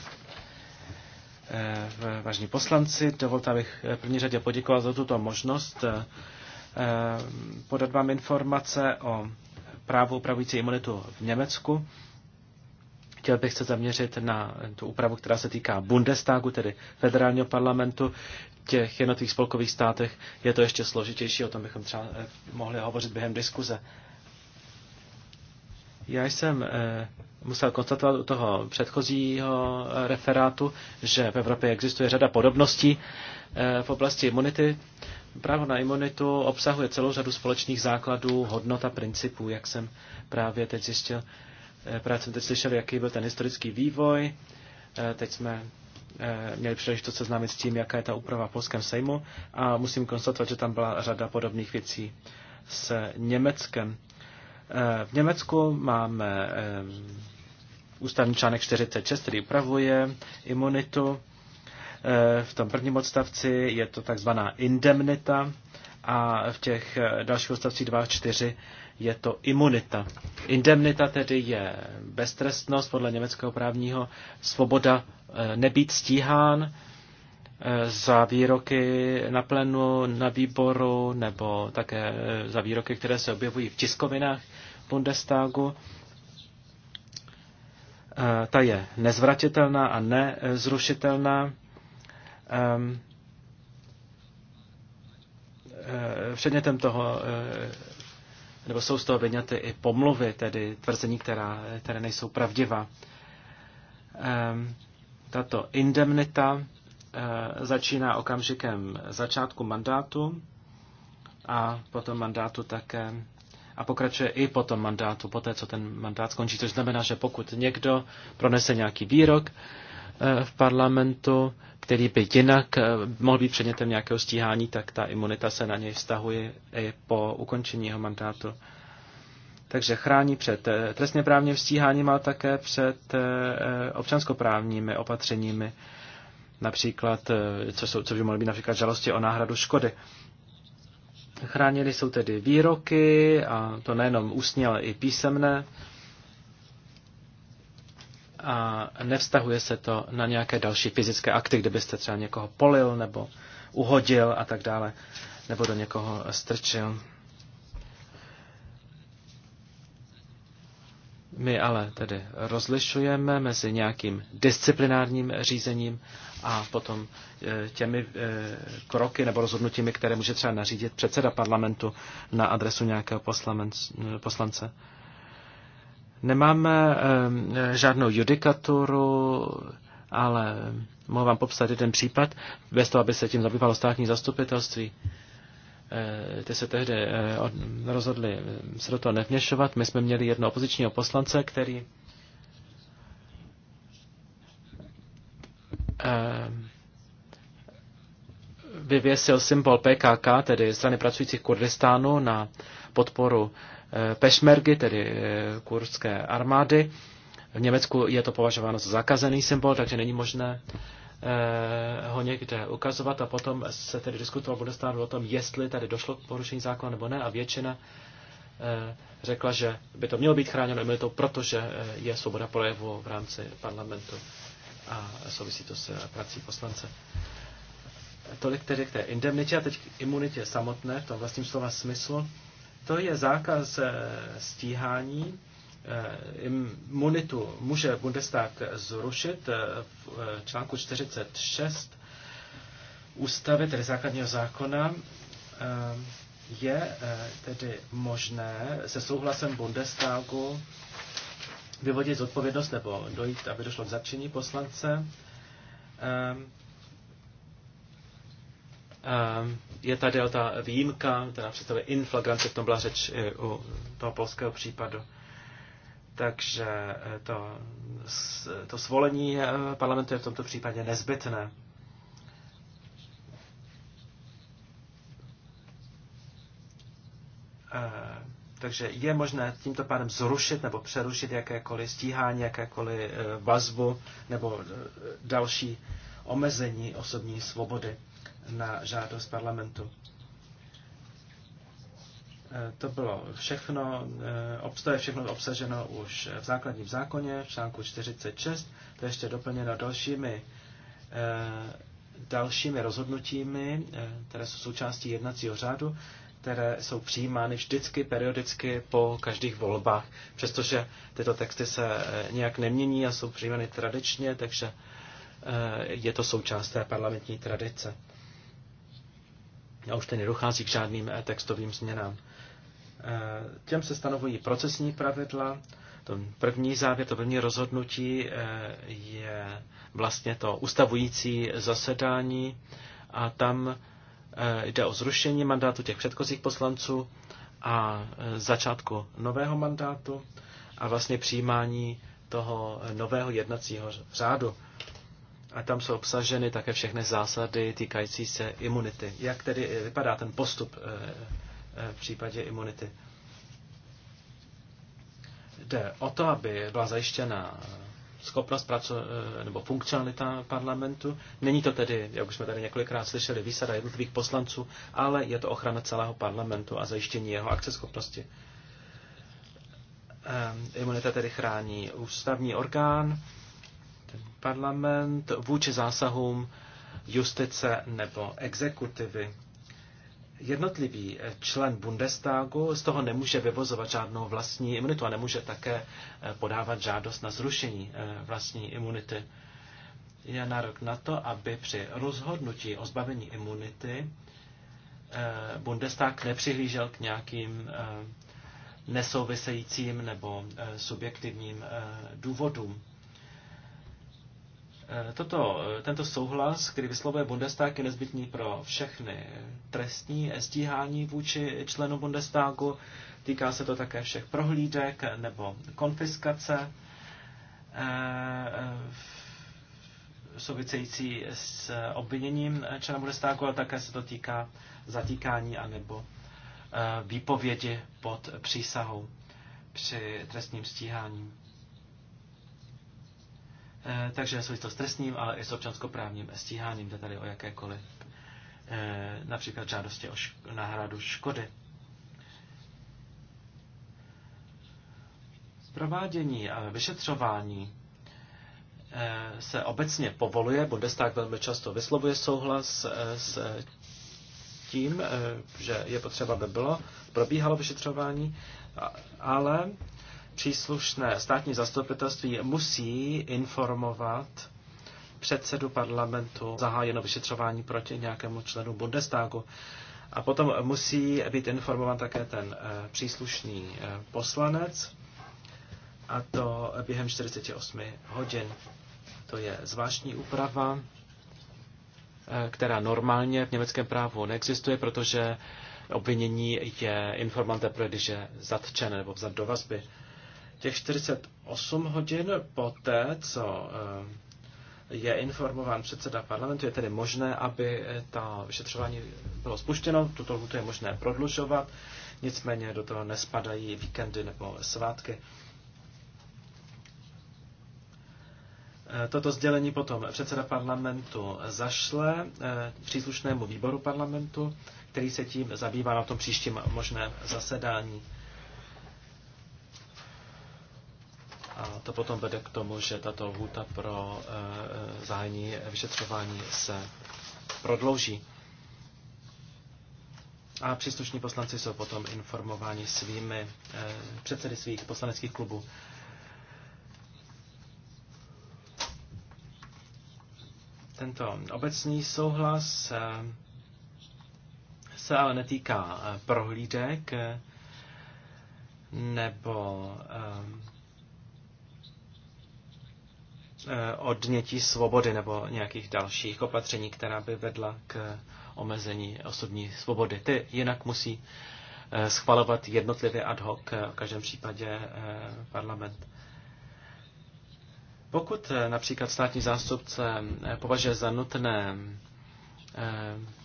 Eh, vážní poslanci. Dovolte, abych eh, v první řadě poděkoval za tuto možnost eh, podat vám informace o právu upravující imunitu v Německu. Chtěl bych se zaměřit na tu úpravu, která se týká Bundestagu, tedy federálního parlamentu. V těch jednotlivých spolkových státech je to ještě složitější, o tom bychom třeba mohli hovořit během diskuze. Já jsem eh, musel konstatovat u toho předchozího eh, referátu, že v Evropě existuje řada podobností eh, v oblasti imunity. Právo na imunitu obsahuje celou řadu společných základů, hodnot a principů, jak jsem právě teď zjistil. Právě jsem teď slyšel, jaký byl ten historický vývoj. Teď jsme měli příležitost seznámit s tím, jaká je ta úprava v Polském sejmu a musím konstatovat, že tam byla řada podobných věcí s Německem. Eh, v Německu máme eh, ústavní článek 46, který upravuje imunitu. Eh, v tom prvním odstavci je to takzvaná indemnita a v těch dalších odstavcích 2 a 4 je to imunita. Indemnita tedy je beztrestnost podle německého právního svoboda nebýt stíhán, za výroky na plenu, na výboru nebo také za výroky, které se objevují v tiskovinách Bundestagu. Eh, ta je nezvratitelná a nezrušitelná. Ehm, eh, předmětem toho, eh, nebo jsou z toho vyňaty i pomluvy, tedy tvrzení, která, které nejsou pravdivá. Ehm, tato indemnita Eh, začíná okamžikem začátku mandátu a potom mandátu také a pokračuje i po tom mandátu, po té, co ten mandát skončí. Což znamená, že pokud někdo pronese nějaký výrok eh, v parlamentu, který by jinak eh, mohl být předmětem nějakého stíhání, tak ta imunita se na něj vztahuje i po ukončení jeho mandátu. Takže chrání před trestně právním stíháním, ale také před občanskoprávními opatřeními například, eh, co, jsou, co by mohly být například žalosti o náhradu škody. Chráněny jsou tedy výroky, a to nejenom ústně, ale i písemné. A nevztahuje se to na nějaké další fyzické akty, byste třeba někoho polil nebo uhodil a tak dále, nebo do někoho strčil. My ale tedy rozlišujeme mezi nějakým disciplinárním řízením a potom e, těmi e, kroky nebo rozhodnutími, které může třeba nařídit předseda parlamentu na adresu nějakého e, poslance. Nemáme žádnou judikaturu, ale mohu vám popsat jeden případ, bez toho, aby se tím zabývalo státní zastupitelství. Eh, ty se tehdy eh, rozhodli se do toho nevměšovat. My jsme měli jedno opozičního poslance, který eh, vyvěsil symbol PKK, tedy strany pracujících Kurdistánu, na podporu pešmergy, tedy kurdské armády. V Německu je to považováno za zakazený symbol, takže není možné Eh, ho někde ukazovat a potom se tedy diskutoval stát o tom, jestli tady došlo k porušení zákona nebo ne a většina eh, řekla, že by to mělo být chráněno imunitou, protože eh, je svoboda projevu v rámci parlamentu a souvisí to s prací poslance. Tolik tedy k té indemnitě a teď k imunitě samotné v tom vlastním slova smyslu. To je zákaz stíhání Eh, imunitu může Bundestag zrušit eh, v eh, článku 46 ústavy, tedy základního zákona, je tedy možné se souhlasem Bundestagu vyvodit zodpovědnost nebo dojít, aby došlo k zatčení poslance. Je tady ta výjimka, která představuje inflagrance, v tom byla řeč u toho polského případu. Takže eh, to, to svolení eh, parlamentu je v tomto případě nezbytné. Eh, takže je možné tímto pádem zrušit nebo přerušit jakékoliv stíhání, jakékoliv vazbu nebo další omezení osobní svobody na žádost parlamentu. Eh, to bylo všechno, eh, to je všechno obsaženo už v základním zákoně, v článku 46, to je ještě doplněno dalšími, eh, dalšími rozhodnutími, které jsou součástí jednacího řádu, které jsou přijímány vždycky periodicky po každých volbách, přestože tyto texty se nějak nemění a jsou přijímány tradičně, takže je to součást té parlamentní tradice. A už tedy dochází k žádným textovým změnám. Eh, těm se stanovují procesní pravidla. To první závěr, to první rozhodnutí eh, je vlastně to ustavující zasedání a tam eh, jde o zrušení mandátu těch předchozích poslanců a začátku nového mandátu a vlastně přijímání toho nového jednacího řádu. A tam jsou obsaženy také všechny zásady týkající se imunity. Jak tedy vypadá ten postup Eh, v případě imunity. Jde o to, aby byla zajištěna eh, schopnost praco- eh, nebo funkcionalita parlamentu. Není to tedy, jak už jsme tady několikrát slyšeli, výsada jednotlivých poslanců, ale je to ochrana celého parlamentu a zajištění jeho akceschopnosti. Imunita tedy chrání ústavní orgán, ten parlament, vůči zásahům justice nebo exekutivy jednotlivý eh, člen Bundestagu z toho nemůže vyvozovat žádnou vlastní imunitu a nemůže také eh, podávat žádost na zrušení eh, vlastní imunity. Je nárok na to, aby při rozhodnutí o zbavení imunity Bundestag nepřihlížel k nějakým nesouvisejícím nebo subjektivním důvodům. Eh, toto, eh, tento souhlas, který vyslovuje Bundestag, je nezbytný pro všechny trestní stíhání vůči členu Bundestagu. Týká se to také všech prohlídek nebo konfiskace eh, související s obviněním člena Bundestagu, ale také se to týká zatýkání anebo výpovědi pod přísahou při trestním stíhání. Eh, takže jsou to s trestním, ale i s občanskoprávním stíháním, jde tady o jakékoliv eh, například žádosti o šk- náhradu škody. Provádění a vyšetřování eh, se obecně povoluje, Bundestag velmi často vyslovuje souhlas s tím, že je potřeba, aby bylo, probíhalo vyšetřování, ale příslušné státní zastupitelství musí informovat předsedu parlamentu zahájeno vyšetřování proti nějakému členu Bundestagu. A potom musí být informován také ten eh, příslušný eh, poslanec, a to během 48 hodin. To je zvláštní úprava, eh, která normálně v německém právu neexistuje, protože obvinění je informanté, teprve, když je zatčen nebo vzat do vazby těch 48 hodin poté, co eh, je informován předseda parlamentu, je tedy možné, aby eh, ta vyšetřování bylo spuštěno, tuto lhutu je možné prodlužovat, nicméně do toho nespadají víkendy nebo svátky. Eh, toto sdělení potom předseda parlamentu zašle příslušnému výboru parlamentu, který se tím zabývá na tom příštím možném zasedání. A to potom vede k tomu, že tato lhůta pro e, zahájení vyšetřování se prodlouží. A příslušní poslanci jsou potom informováni svými e, předsedy svých poslaneckých klubů. Tento obecný souhlas e, se ale netýká prohlídek nebo e, Eh, odnětí svobody nebo nějakých dalších opatření, která by vedla k omezení osobní svobody. Ty jinak musí eh, schvalovat jednotlivě ad hoc, eh, v každém případě parlament. Pokud například státní zástupce považuje za nutné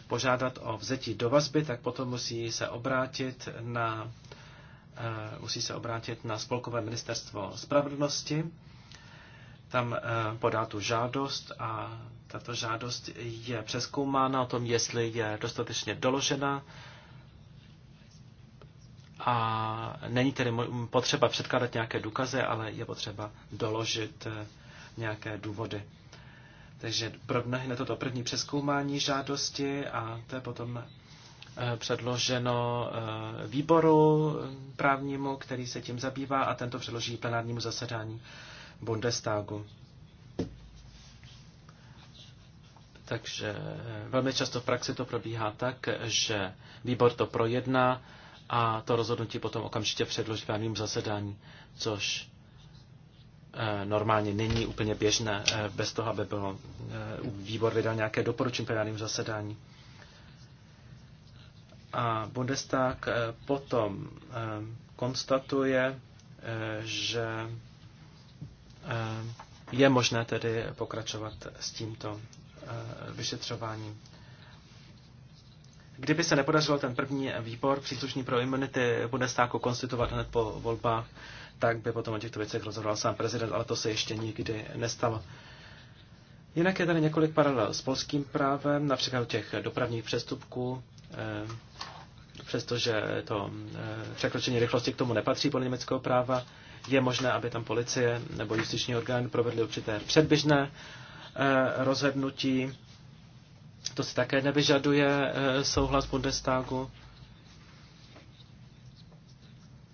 požádat o vzetí do vazby, tak potom musí se obrátit na, musí se obrátit na Spolkové ministerstvo spravedlnosti, tam eh, podá tu žádost a tato žádost je přeskoumána o tom, jestli je dostatečně doložena a není tedy potřeba předkládat nějaké důkazy, ale je potřeba doložit eh, nějaké důvody. Takže proběhne toto první přeskoumání žádosti a to je potom eh, předloženo výboru právnímu, který se tím zabývá a tento předloží plenárnímu zasedání. Bundestagu. Takže eh, velmi často v praxi to probíhá tak, že výbor to projedná a to rozhodnutí potom okamžitě předloží plénům zasedání, což eh, normálně není úplně běžné, eh, bez toho, aby bylo, výbor vydal nějaké doporučení plenárním zasedání. A Bundestag potom konstatuje, že Eh, je možné tedy pokračovat s tímto eh, vyšetřováním. Kdyby se nepodařilo ten první výbor příslušný pro imunity Bundestagu konstituovat hned po volbách, tak by potom o těchto věcech rozhodoval sám prezident, ale to se ještě nikdy nestalo. Jinak je tady několik paralel s polským právem, například těch dopravních přestupků, eh, přestože to překročení rychlosti k tomu nepatří podle německého práva, je možné, aby tam policie nebo justiční orgány provedly určité předběžné eh, rozhodnutí. To si také nevyžaduje eh, souhlas Bundestagu.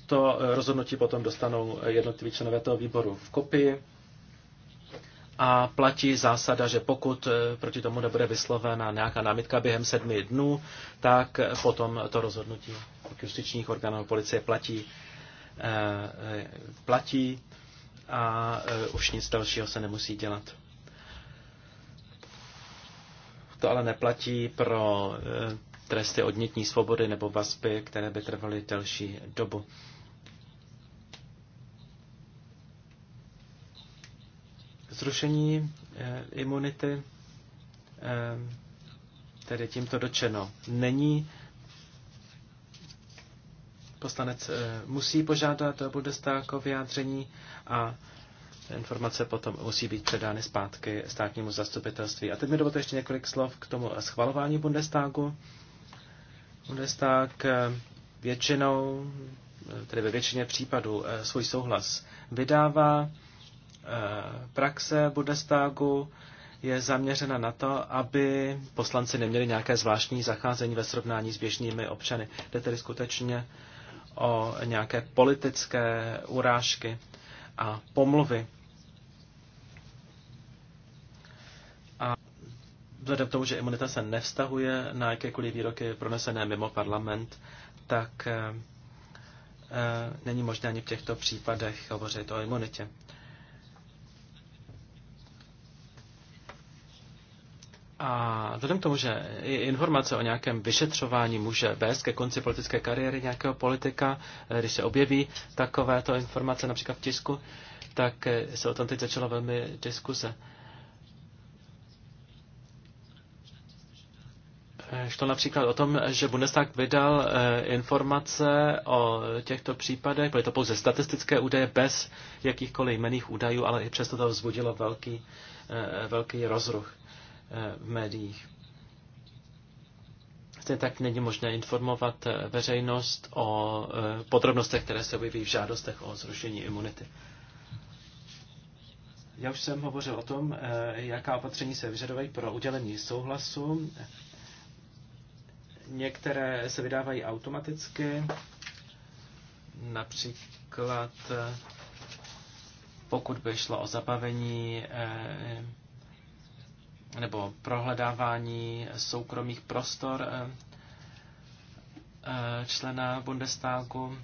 To eh, rozhodnutí potom dostanou jednotliví členové toho výboru v kopii. A platí zásada, že pokud proti tomu nebude vyslovena nějaká námitka během sedmi dnů, tak potom to rozhodnutí justičních orgánů policie platí Eh, eh, platí a eh, už nic dalšího se nemusí dělat. To ale neplatí pro tresty odnětní svobody nebo vazby, které by trvaly delší dobu. Zrušení imunity tedy tímto dočeno není. Poslanec eh, musí požádat Bundestag o vyjádření a informace potom musí být předány zpátky státnímu zastupitelství. A teď mi dovolte ještě několik slov k tomu schvalování Bundestagu. Bundestag eh, většinou, eh, tedy ve většině případů, svůj souhlas vydává. Praxe Bundestagu je zaměřena na to, aby poslanci neměli nějaké zvláštní zacházení ve srovnání s běžnými občany. Jde tedy skutečně o nějaké politické urážky a pomluvy. A vzhledem k tomu, že imunita se nevztahuje na jakékoliv výroky pronesené mimo parlament, tak eh, eh, není možné ani v těchto případech hovořit o imunitě. A vzhledem k tomu, že informace o nějakém vyšetřování může vést ke konci politické kariéry nějakého politika, eh, když se objeví takovéto informace například v tisku, tak eh, se o tom teď začala velmi diskuse. Eh, šlo například o tom, že Bundestag vydal informace o těchto případech, byly to pouze statistické údaje bez jakýchkoliv jmených údajů, ale i přesto to vzbudilo velký, velký rozruch v médiích. Stejně tak není možné informovat eh, veřejnost o eh, podrobnostech, které se objeví v žádostech o zrušení imunity. Já už jsem hovořil o tom, eh, jaká opatření se vyžadovají pro udělení souhlasu. Některé se vydávají automaticky, například pokud by šlo o zabavení nebo prohledávání soukromých prostor eh, eh, člena Bundestagu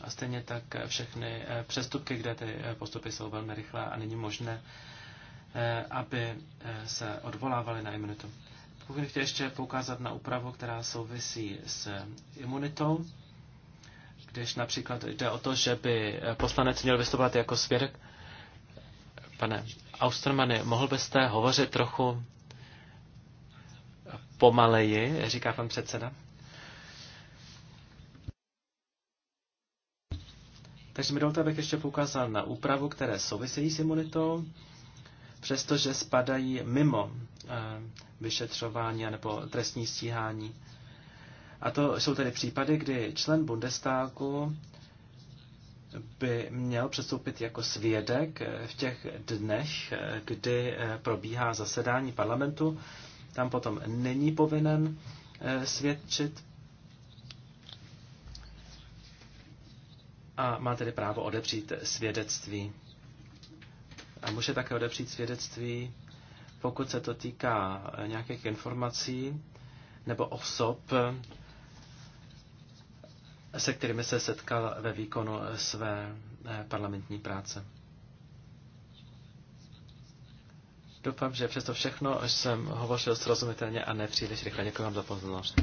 a stejně tak všechny eh, přestupky, kde ty postupy jsou velmi rychlé a není možné, aby se odvolávali na imunitu. Pokud bych chtěl ještě poukázat na úpravu, která souvisí s imunitou, když například jde o to, že by poslanec měl vystupovat jako svědek, Pane Austermany, mohl byste hovořit trochu pomaleji, říká pan předseda. Takže mi dovolte, abych ještě poukázal na úpravu, které souvisejí s imunitou, přestože spadají mimo eh, vyšetřování nebo trestní stíhání. A to jsou tedy případy, kdy člen Bundestagu by měl přestoupit jako svědek eh, v těch dnech, eh, kdy eh, probíhá zasedání parlamentu. Tam potom není povinen svědčit a má tedy právo odepřít svědectví. A může také odepřít svědectví, pokud se to týká nějakých informací nebo osob, se kterými se setkal ve výkonu své eh, parlamentní práce. Doufám, že přesto všechno jsem hovořil srozumitelně a nepříliš rychle. Děkuji vám za pozornost.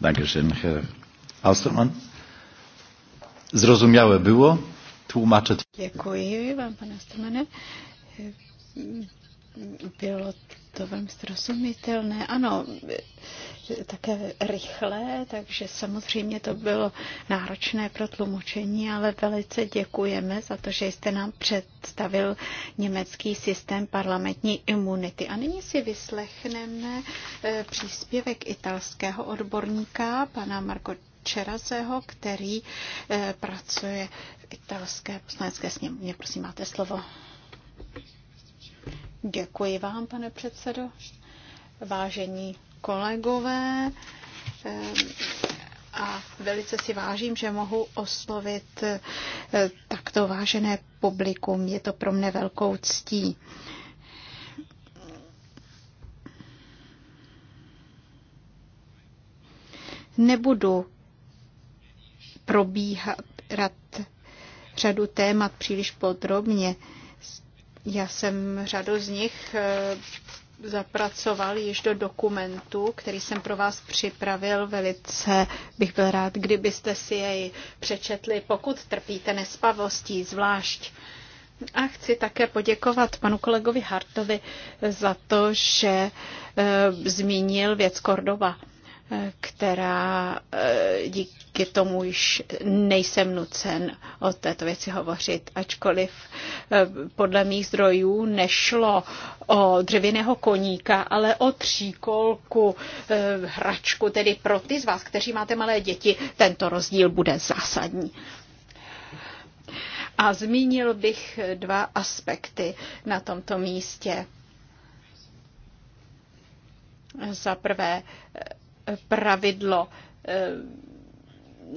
Dankeschön, Herr Austermann. Zrozumiałe było. Tłumaczę. Děkuji vám, pane Austermane. Bylo to velmi srozumitelné. Ano, také rychlé, takže samozřejmě to bylo náročné pro tlumočení, ale velice děkujeme za to, že jste nám představil německý systém parlamentní imunity. A nyní si vyslechneme eh, příspěvek italského odborníka, pana Marko Čerazeho, který eh, pracuje v italské poslanecké sněmovně. Prosím, máte slovo. Děkuji vám, pane předsedo. Vážení kolegové, eh, a velice si vážím, že mohu oslovit eh, takto vážené publikum. Je to pro mne velkou ctí. Nebudu probíhat řadu témat příliš podrobně. Já jsem řadu z nich eh, zapracoval již do dokumentu, který jsem pro vás připravil. Velice bych byl rád, kdybyste si jej přečetli, pokud trpíte nespavostí zvlášť. A chci také poděkovat panu kolegovi Hartovi za to, že e, zmínil věc Kordova která eh, díky tomu již nejsem nucen o této věci hovořit, ačkoliv eh, podle mých zdrojů nešlo o dřevěného koníka, ale o tříkolku, eh, hračku, tedy pro ty z vás, kteří máte malé děti, tento rozdíl bude zásadní. A zmínil bych dva aspekty na tomto místě. Za prvé, pravidlo eh,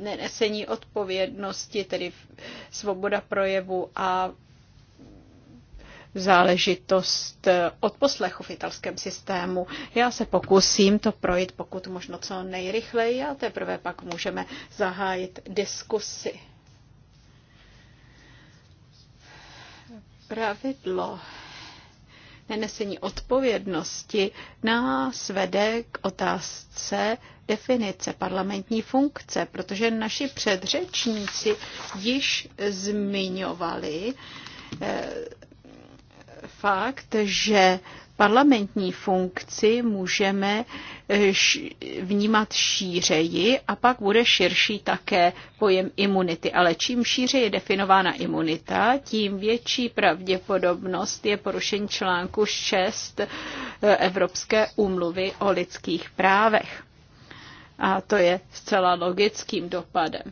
nenesení odpovědnosti, tedy svoboda projevu a záležitost eh, od poslechu v italském systému. Já se pokusím to projít pokud možno co nejrychleji a teprve pak můžeme zahájit diskusy. Pravidlo nenesení odpovědnosti nás vede k otázce definice parlamentní funkce, protože naši předřečníci již zmiňovali eh, fakt, že parlamentní funkci můžeme eh, vnímat šířeji a pak bude širší také pojem imunity. Ale čím šířeji je definována imunita, tím větší pravděpodobnost je porušení článku 6 eh, Evropské úmluvy o lidských právech. A to je zcela logickým dopadem,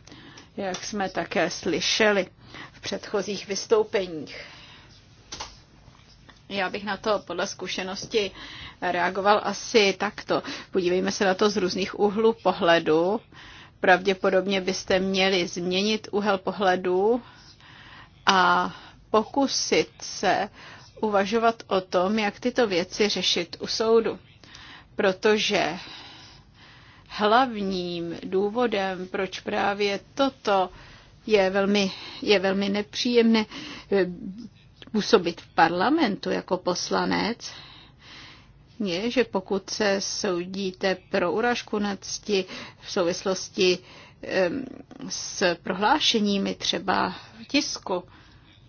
jak jsme také slyšeli v předchozích vystoupeních. Já bych na to podle zkušenosti reagoval asi takto. Podívejme se na to z různých úhlů pohledu. Pravděpodobně byste měli změnit úhel pohledu a pokusit se uvažovat o tom, jak tyto věci řešit u soudu. Protože hlavním důvodem, proč právě toto je velmi, je velmi nepříjemné, působit v parlamentu jako poslanec, je, že pokud se soudíte pro urážku na cti v souvislosti s prohlášeními třeba v tisku,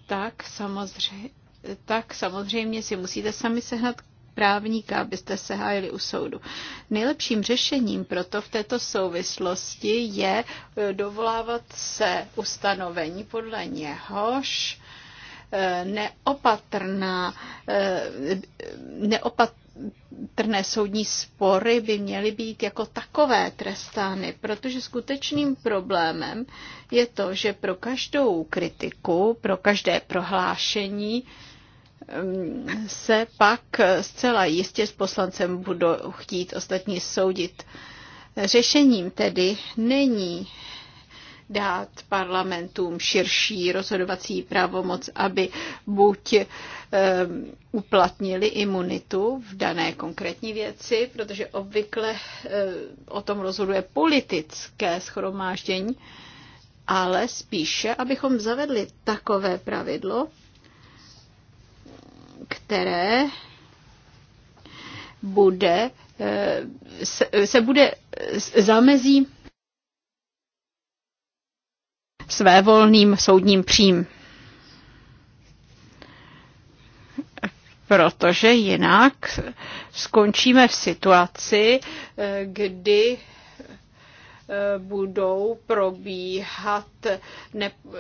tak samozřejmě, tak samozřejmě si musíte sami sehnat právníka, abyste se hájili u soudu. Nejlepším řešením proto v této souvislosti je eh, dovolávat se ustanovení, podle něhož Eh, neopatrná, eh, neopatrné soudní spory by měly být jako takové trestány, protože skutečným problémem je to, že pro každou kritiku, pro každé prohlášení mm, se pak zcela jistě s poslancem budou chtít ostatní soudit. Řešením tedy není dát parlamentům širší rozhodovací pravomoc, aby buď ehm, uplatnili imunitu v dané konkrétní věci, protože obvykle eh, o tom rozhoduje politické schromáždění, ale spíše, abychom zavedli takové pravidlo, které bude, eh, se, se bude zamezí svévolným soudním přím. Protože jinak skončíme v situaci, eh, kdy eh, budou probíhat ne, eh,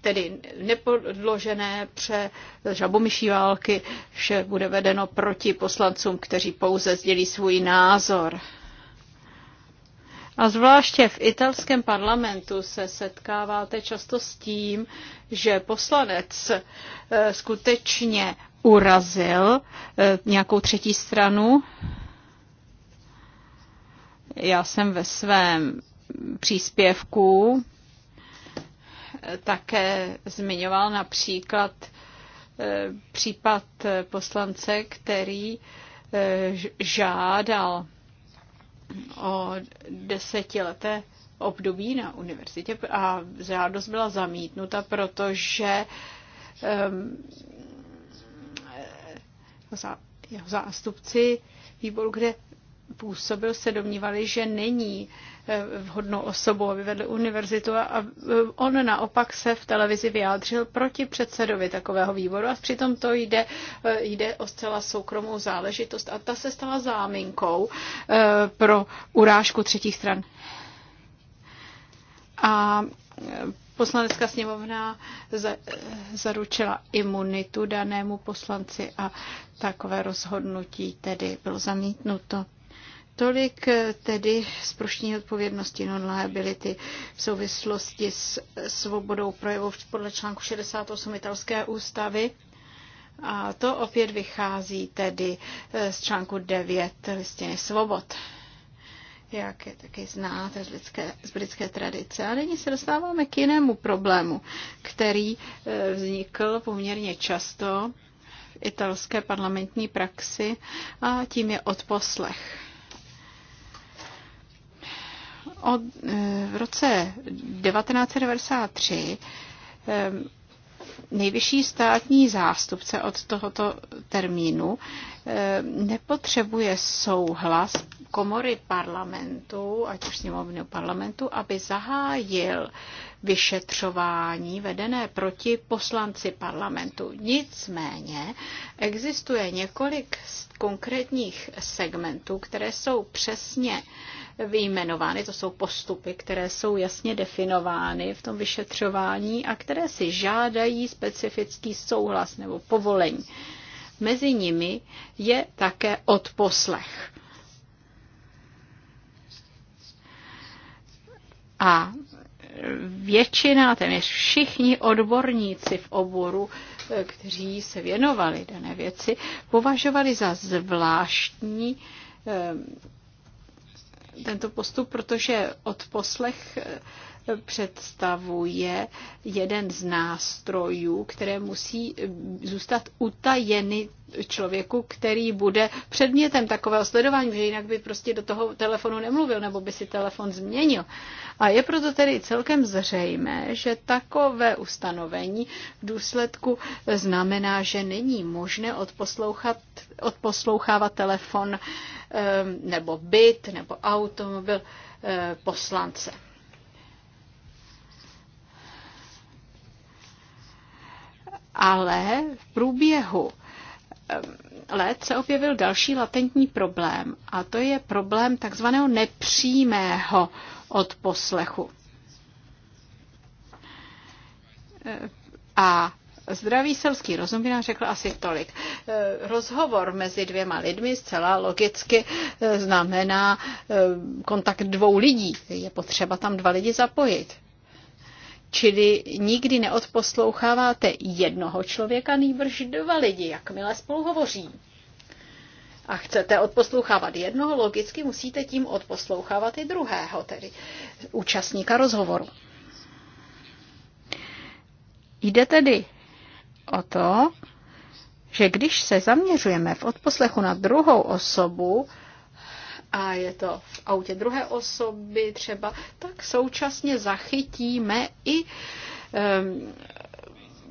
tedy nepodložené pře žabomyší války, vše bude vedeno proti poslancům, kteří pouze sdělí svůj názor. A zvláště v italském parlamentu se setkáváte často s tím, že poslanec eh, skutečně urazil eh, nějakou třetí stranu. Já jsem ve svém příspěvku eh, také zmiňoval například případ poslance, který žádal o desetileté období na univerzitě a žádost byla zamítnuta, protože um, jeho zástupci výboru, kde působil, se domnívali, že není Eh, vhodnou osobu, aby vedl univerzitu a on naopak se v televizi vyjádřil proti předsedovi takového výboru a přitom to jde, eh, jde o zcela soukromou záležitost a ta se stala záminkou eh, pro urážku třetích stran. A poslanecká sněmovna za, zaručila imunitu danému poslanci a takové rozhodnutí tedy bylo zamítnuto. Tolik eh, tedy zproštění odpovědnosti non-liability v souvislosti s svobodou projevu podle článku 68 italské ústavy. A to opět vychází tedy eh, z článku 9 listiny svobod jak je taky znáte z, lidské, z britské tradice. A nyní se dostáváme k jinému problému, který eh, vznikl poměrně často v italské parlamentní praxi a tím je odposlech. Od, eh, v roce 1993 eh, nejvyšší státní zástupce od tohoto termínu eh, nepotřebuje souhlas komory parlamentu, ať už sněmovny parlamentu, aby zahájil vyšetřování vedené proti poslanci parlamentu. Nicméně existuje několik konkrétních segmentů, které jsou přesně eh, vyjmenovány. To jsou postupy, které jsou jasně definovány v tom vyšetřování a které si žádají specifický souhlas nebo povolení. Mezi nimi je také odposlech. A většina, téměř všichni odborníci v oboru, kteří se věnovali dané věci, považovali za zvláštní tento postup, protože od poslech představuje jeden z nástrojů, které musí zůstat utajeny člověku, který bude předmětem takového sledování, že jinak by prostě do toho telefonu nemluvil nebo by si telefon změnil. A je proto tedy celkem zřejmé, že takové ustanovení v důsledku znamená, že není možné odposlouchat, odposlouchávat telefon eh, nebo byt nebo automobil eh, poslance. ale v průběhu let se objevil další latentní problém a to je problém takzvaného nepřímého odposlechu. A zdravý selský rozum by nám řekl asi tolik. Eh, rozhovor mezi dvěma lidmi zcela logicky eh, znamená eh, kontakt dvou lidí. Je potřeba tam dva lidi zapojit. Čili nikdy neodposloucháváte jednoho člověka, nýbrž dva lidi, jakmile spolu hovoří. A chcete odposlouchávat jednoho, logicky musíte tím odposlouchávat i druhého, tedy účastníka rozhovoru. Jde tedy o to, že když se zaměřujeme v odposlechu na druhou osobu, a je to v autě druhé osoby třeba, tak současně zachytíme i um,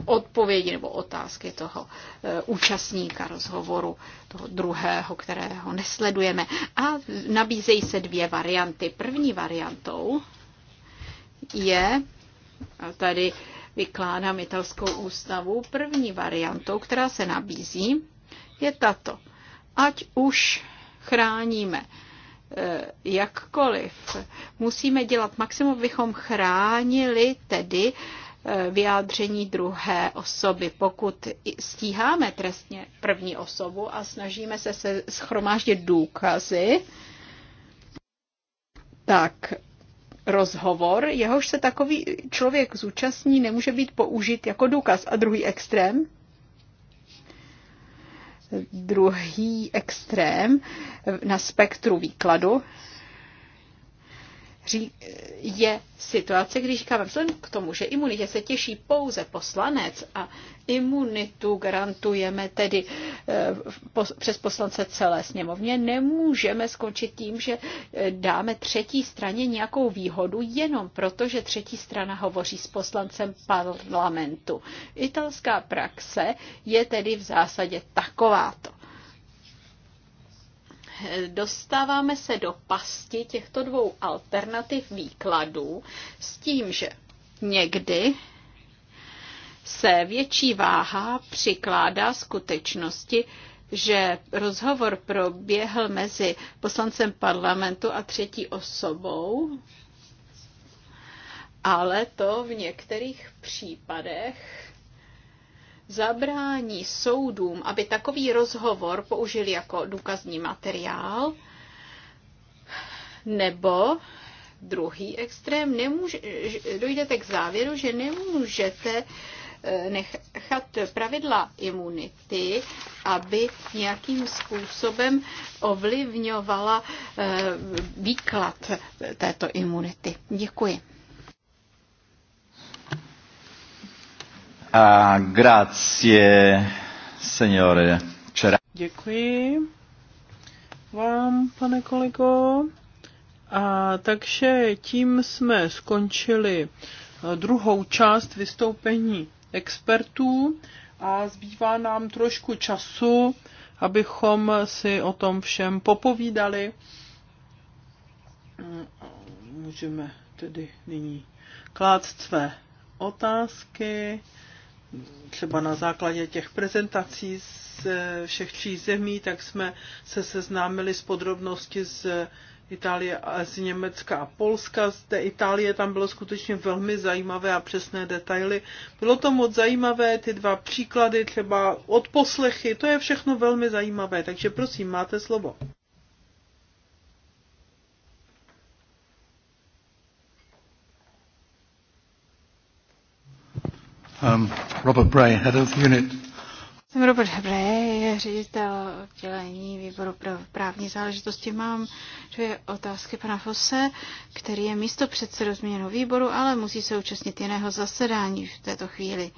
odpovědi nebo otázky toho eh, účastníka rozhovoru, toho druhého, kterého nesledujeme. A nabízejí se dvě varianty. První variantou je, a tady vykládám italskou ústavu, první variantou, která se nabízí, je tato. Ať už chráníme Eh, jakkoliv. Musíme dělat maximum, bychom chránili tedy eh, vyjádření druhé osoby. Pokud stíháme trestně první osobu a snažíme se, se schromáždit důkazy, tak rozhovor, jehož se takový člověk zúčastní, nemůže být použit jako důkaz. A druhý extrém, druhý extrém na spektru výkladu je situace, když říkáme vzhledem k tomu, že imunitě se těší pouze poslanec a imunitu garantujeme tedy eh, přes poslance celé sněmovně, nemůžeme skončit tím, že eh, dáme třetí straně nějakou výhodu jenom proto, že třetí strana hovoří s poslancem parlamentu. Italská praxe je tedy v zásadě takováto dostáváme se do pasti těchto dvou alternativ výkladů s tím, že někdy se větší váha přikládá skutečnosti, že rozhovor proběhl mezi poslancem parlamentu a třetí osobou, ale to v některých případech zabrání soudům, aby takový rozhovor použili jako důkazní materiál, nebo druhý extrém, nemůže, dojdete k závěru, že nemůžete eh, nechat pravidla imunity, aby nějakým způsobem ovlivňovala eh, výklad této imunity. Děkuji. A grazie, signore. Cera. Děkuji vám, pane kolego. A takže tím jsme skončili eh, druhou část vystoupení expertů a zbývá nám trošku času, abychom si o tom všem popovídali. Mm, můžeme tedy nyní klást své otázky třeba na základě těch prezentací z eh, všech tří zemí, tak jsme se seznámili s podrobnosti z Itálie a z Německa a Polska. Z té Itálie tam bylo skutečně velmi zajímavé a přesné detaily. Bylo to moc zajímavé, ty dva příklady, třeba od poslechy to je všechno velmi zajímavé, takže prosím, máte slovo. Um, Robert Bray, head of unit. Jsem Robert Bray, ředitel oddělení výboru pro právní záležitosti. Mám dvě otázky pana Fose, který je místo předsedu změněného výboru, ale musí se účastnit jiného zasedání v této chvíli.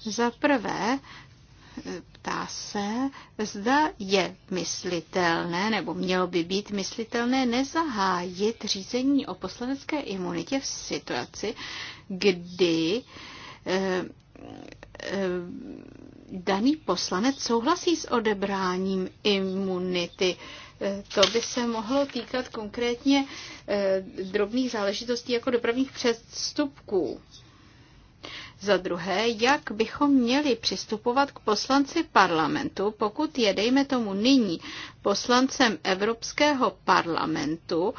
Za prvé, ptá se, zda je myslitelné, nebo mělo by být myslitelné, nezahájit řízení o poslanecké imunitě v situaci, kdy eh, eh, daný poslanec souhlasí s odebráním imunity. Eh, to by se mohlo týkat konkrétně drobných záležitostí jako dopravních přestupků. Za druhé, jak bychom měli přistupovat k poslanci parlamentu, pokud je, dejme tomu nyní, poslancem Evropského parlamentu,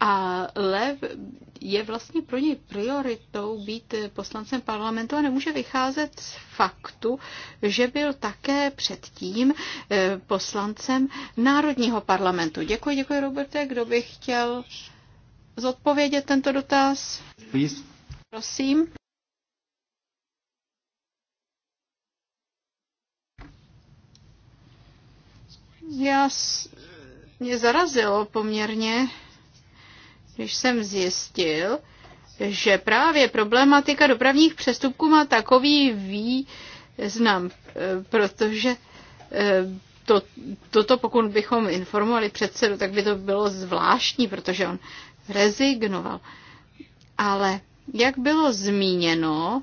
ale je vlastně pro něj prioritou být poslancem parlamentu a nemůže vycházet z faktu, že byl také předtím eh, poslancem Národního parlamentu. Děkuji, děkuji, Roberte. Kdo by chtěl zodpovědět tento dotaz? Please. Prosím. Já mě zarazilo poměrně, když jsem zjistil, že právě problematika dopravních přestupků má takový význam, e, protože e, to, toto, pokud bychom informovali předsedu, tak by to bylo zvláštní, protože on rezignoval. Ale jak bylo zmíněno,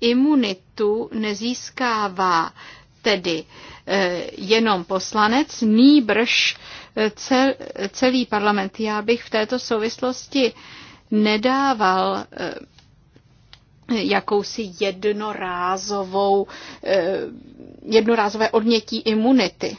imunitu nezískává tedy eh, jenom poslanec, nýbrž eh, cel, celý parlament. Já bych v této souvislosti nedával eh, jakousi jednorázovou, jednorázové odnětí imunity.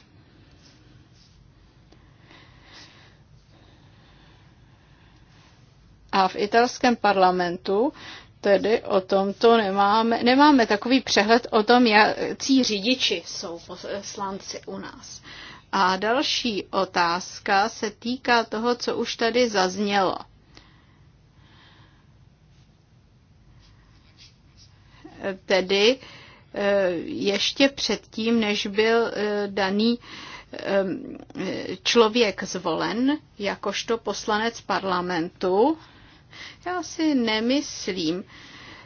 A v italském parlamentu tedy o tomto nemáme, nemáme takový přehled o tom, jaký řidiči jsou poslanci u nás. A další otázka se týká toho, co už tady zaznělo. Tedy eh, ještě předtím, než byl eh, daný eh, člověk zvolen jakožto poslanec parlamentu, já si nemyslím,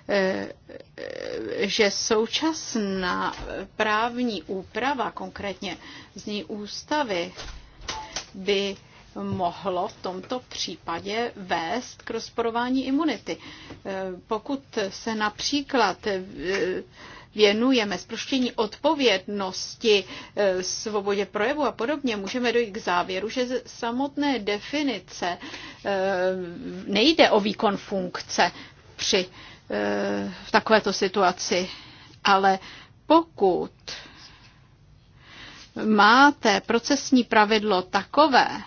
eh, eh, že současná právní úprava, konkrétně z ní ústavy, by mohlo v tomto případě vést k rozporování imunity. Eh, pokud se například věnujeme zproštění odpovědnosti, eh, svobodě projevu a podobně, můžeme dojít k závěru, že ze samotné definice eh, nejde o výkon funkce při eh, v takovéto situaci. Ale pokud máte procesní pravidlo takové,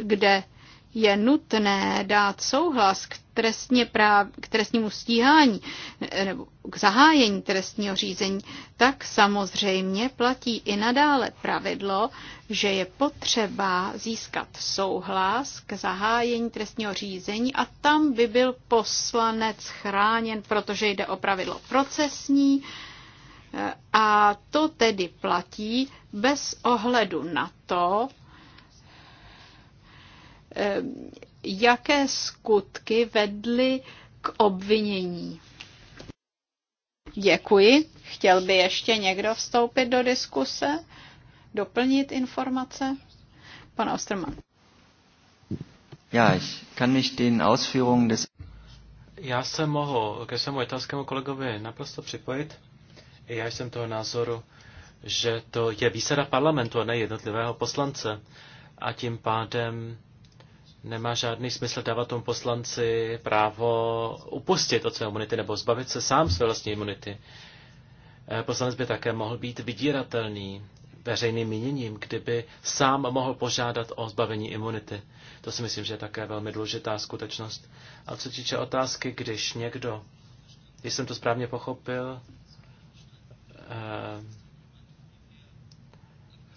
kde je nutné dát souhlas k trestně práv, k trestnímu stíhání eh, nebo k zahájení trestního řízení, tak samozřejmě platí i nadále pravidlo, že je potřeba získat souhlas k zahájení trestního řízení a tam by byl poslanec chráněn, protože jde o pravidlo procesní, eh, a to tedy platí bez ohledu na to, eh, jaké skutky vedly k obvinění. Děkuji. Chtěl by ještě někdo vstoupit do diskuse, doplnit informace? Pan Ostermann. Já, ich kann mich den Ausführungen des... Já se mohu ke svému italskému kolegovi naprosto připojit. I já jsem toho názoru, že to je výsada parlamentu a ne jednotlivého poslance. A tím pádem nemá žádný smysl dávat tomu poslanci právo upustit od své imunity nebo zbavit se sám své vlastní imunity. Eh, poslanec by také mohl být vydíratelný veřejným míněním, kdyby sám mohl požádat o zbavení imunity. To si myslím, že je také velmi důležitá skutečnost. A co týče otázky, když někdo, když jsem to správně pochopil, eh,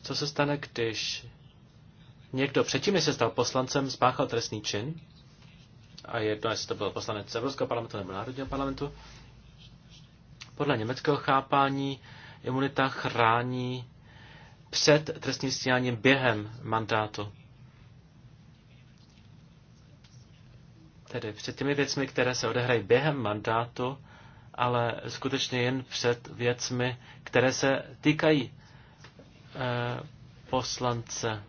co se stane, když někdo předtím, než se stal poslancem, spáchal trestný čin, a jedno, jestli to byl poslanec Evropského parlamentu nebo Národního parlamentu, podle německého chápání imunita chrání před trestním stíháním během mandátu. Tedy před těmi věcmi, které se odehrají během mandátu, ale skutečně jen před věcmi, které se týkají e, poslance.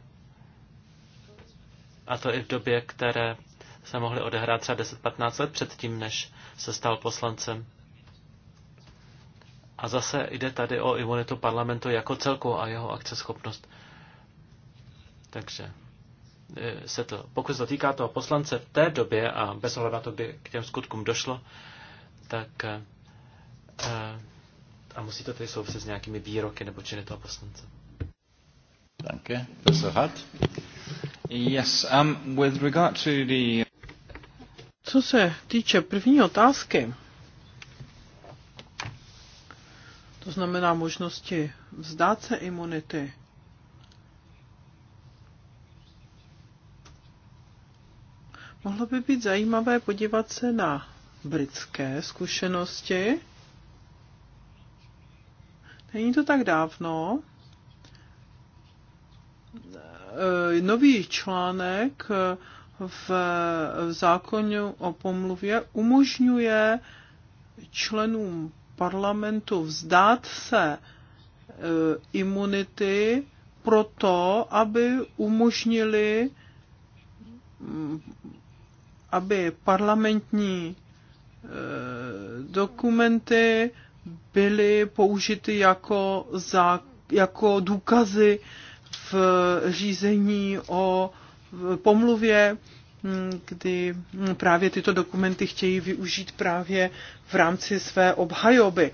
A to i v době, které se mohly odehrát třeba 10-15 let předtím, než se stal poslancem. A zase jde tady o imunitu parlamentu jako celku a jeho akceschopnost. Takže e, se to, pokud se to týká toho poslance v té době a bez ohledu na to, kdy k těm skutkům došlo, tak e, e, a musí to tedy souviset s nějakými výroky nebo činy toho poslance. Danke, Professor Yes, um, with regard to the... Co se týče první otázky, to znamená možnosti vzdát se imunity, Mohlo by být zajímavé podívat se na britské zkušenosti. Není to tak dávno, Eh, nový článek v zákonu o pomluvě umožňuje členům parlamentu vzdát se eh, imunity proto, aby umožnili, mm, aby parlamentní eh, dokumenty byly použity jako, za, jako důkazy v řízení o pomluvě, kdy právě tyto dokumenty chtějí využít právě v rámci své obhajoby.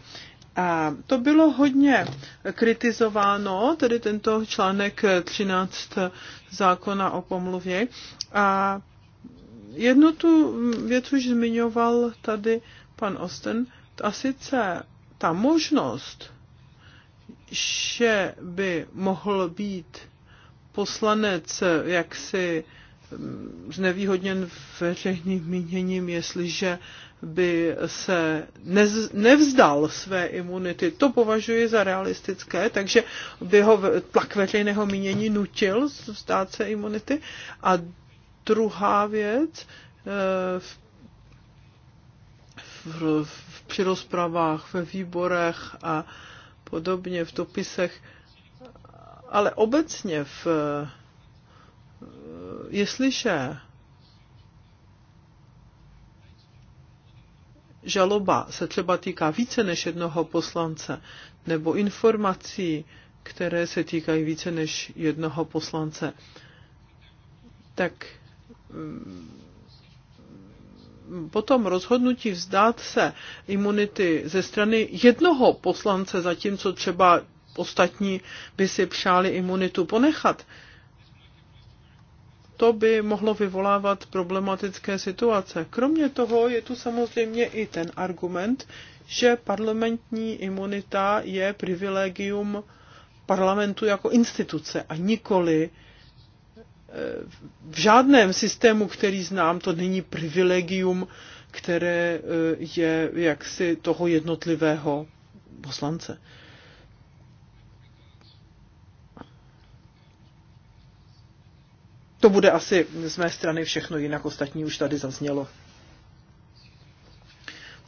A to bylo hodně kritizováno, tedy tento článek 13 zákona o pomluvě. A jednu tu věc už zmiňoval tady pan Osten, a sice ta možnost že by mohl být poslanec jaksi mm, znevýhodněn veřejným míněním, jestliže by se nez, nevzdal své imunity. To považuji za realistické, takže by ho tlak veřejného mínění nutil vzdát se imunity. A druhá věc, eh, v, v, v, při rozpravách ve výborech a podobně v dopisech, ale obecně v, jestliže žaloba se třeba týká více než jednoho poslance nebo informací, které se týkají více než jednoho poslance, tak potom rozhodnutí vzdát se imunity ze strany jednoho poslance, zatímco třeba ostatní by si přáli imunitu ponechat, to by mohlo vyvolávat problematické situace. Kromě toho je tu samozřejmě i ten argument, že parlamentní imunita je privilegium parlamentu jako instituce a nikoli v žádném systému, který znám, to není privilegium, které eh, je jaksi toho jednotlivého poslance. To bude asi z mé strany všechno, jinak ostatní už tady zaznělo.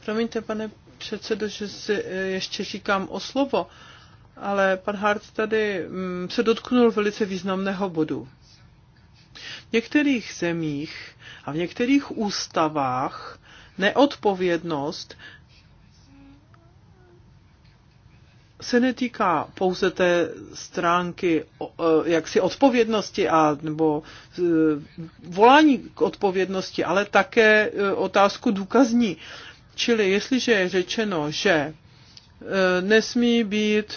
Promiňte, pane předsedo, že si eh, ještě říkám o slovo, ale pan Hart tady mm, se dotknul velice významného bodu některých zemích a v některých ústavách neodpovědnost se netýká pouze té stránky e, jaksi odpovědnosti a nebo e, volání k odpovědnosti, ale také e, otázku důkazní. Čili jestliže je řečeno, že nesmí být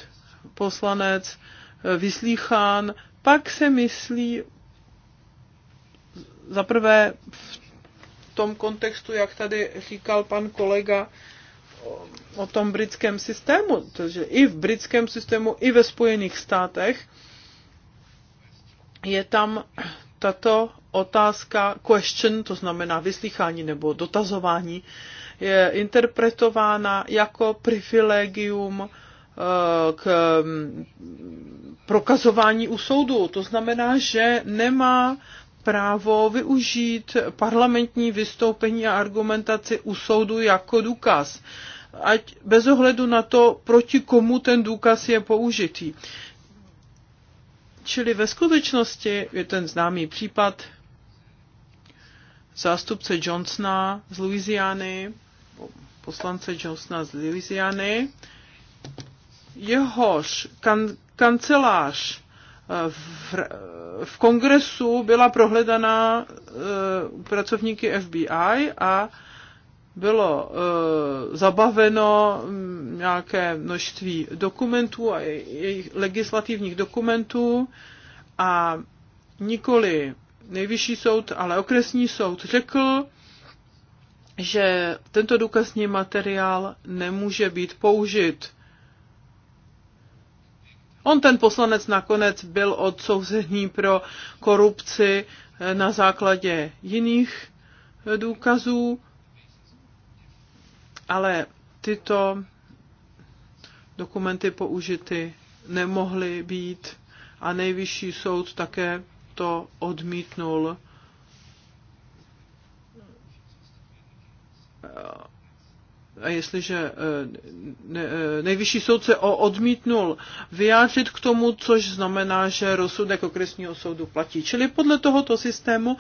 poslanec vyslýchán, pak se myslí zaprvé v tom kontextu, jak tady říkal pan kolega o, o tom britském systému, takže i v britském systému, i ve Spojených státech je tam tato otázka question, to znamená vyslychání nebo dotazování, je interpretována jako privilegium e, k prokazování u soudu. To znamená, že nemá právo využít parlamentní vystoupení a argumentaci u soudu jako důkaz, ať bez ohledu na to, proti komu ten důkaz je použitý. Čili ve skutečnosti je ten známý případ zástupce Johnsona z Louisiany, poslance Johnsona z Louisiany, jehož kan- kancelář v, v kongresu byla prohledaná eh, pracovníky FBI a bylo uh, zabaveno mm, nějaké množství dokumentů a jejich legislativních dokumentů a nikoli nejvyšší soud, ale okresní soud řekl, že tento důkazní materiál nemůže být použit On ten poslanec nakonec byl odsouzený pro korupci eh, na základě jiných eh, důkazů, ale tyto dokumenty použity nemohly být a nejvyšší soud také to odmítnul a jestliže eh, eh, nejvyšší soud se odmítnul vyjádřit k tomu, což znamená, že rozsudek okresního soudu platí. Čili podle tohoto systému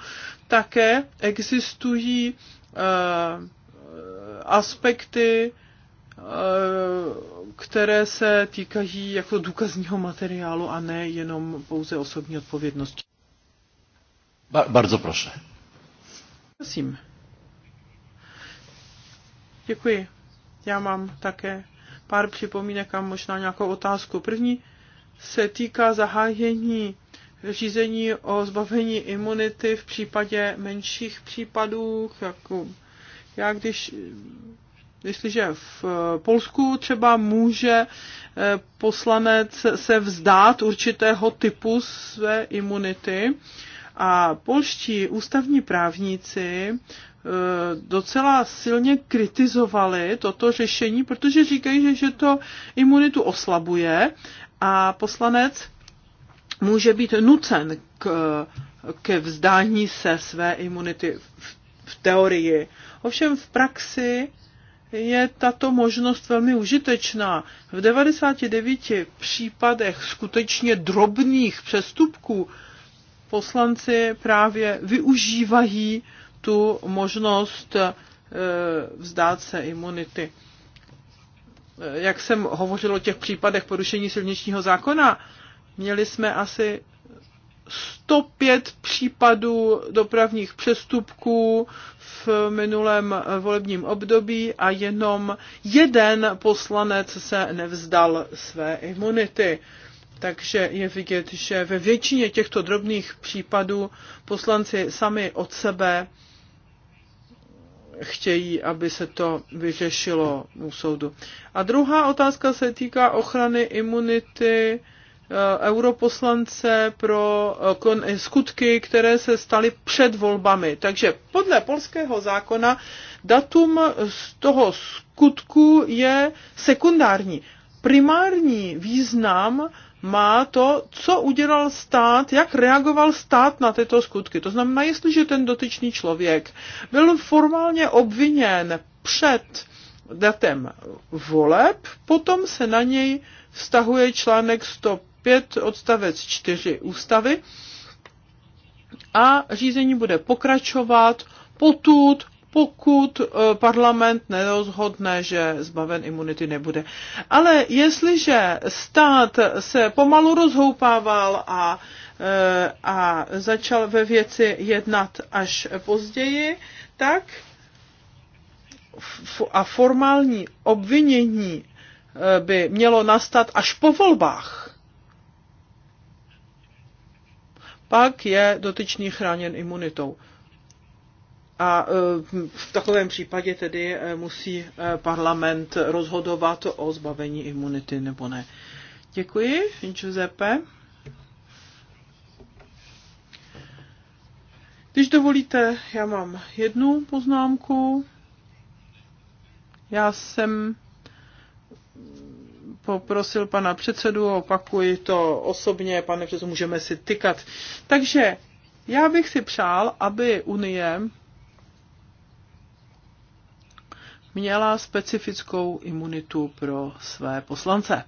také existují eh, aspekty, které se týkají jako důkazního materiálu a ne jenom pouze osobní odpovědnosti. Ba- bardzo proszę. Prosím. Děkuji. Já mám také pár připomínek a možná nějakou otázku. První se týká zahájení řízení o zbavení imunity v případě menších případů. Jako já když, jestliže v Polsku třeba může eh, poslanec se vzdát určitého typu své imunity, a polští ústavní právníci e, docela silně kritizovali toto řešení, protože říkají, že, že to imunitu oslabuje a poslanec může být nucen k, ke vzdání se své imunity v, v teorii. Ovšem v praxi je tato možnost velmi užitečná. V 99 případech skutečně drobných přestupků poslanci právě využívají tu možnost eh, vzdát se imunity. Eh, jak jsem hovořil o těch případech porušení silničního zákona, měli jsme asi 105 případů dopravních přestupků v minulém volebním období a jenom jeden poslanec se nevzdal své imunity. Takže je vidět, že ve většině těchto drobných případů poslanci sami od sebe chtějí, aby se to vyřešilo u soudu. A druhá otázka se týká ochrany imunity eh, europoslance pro eh, eh, skutky, které se staly před volbami. Takže podle polského zákona datum z toho skutku je sekundární. Primární význam má to, co udělal stát, jak reagoval stát na tyto skutky. To znamená, jestliže ten dotyčný člověk byl formálně obviněn před datem voleb, potom se na něj vztahuje článek 105 odstavec 4 ústavy a řízení bude pokračovat potud, pokud eh, parlament nerozhodne, že zbaven imunity nebude. Ale jestliže stát se pomalu rozhoupával a, eh, a začal ve věci jednat až později, tak a formální obvinění eh, by mělo nastat až po volbách. Pak je dotyčný chráněn imunitou. A e, v takovém případě tedy e, musí e, parlament rozhodovat o zbavení imunity nebo ne. Děkuji, Giuseppe. Když dovolíte, já mám jednu poznámku. Já jsem poprosil pana předsedu, opakuji to osobně, pane předsedu, můžeme si tykat. Takže já bych si přál, aby Unie měla specifickou imunitu pro své poslance.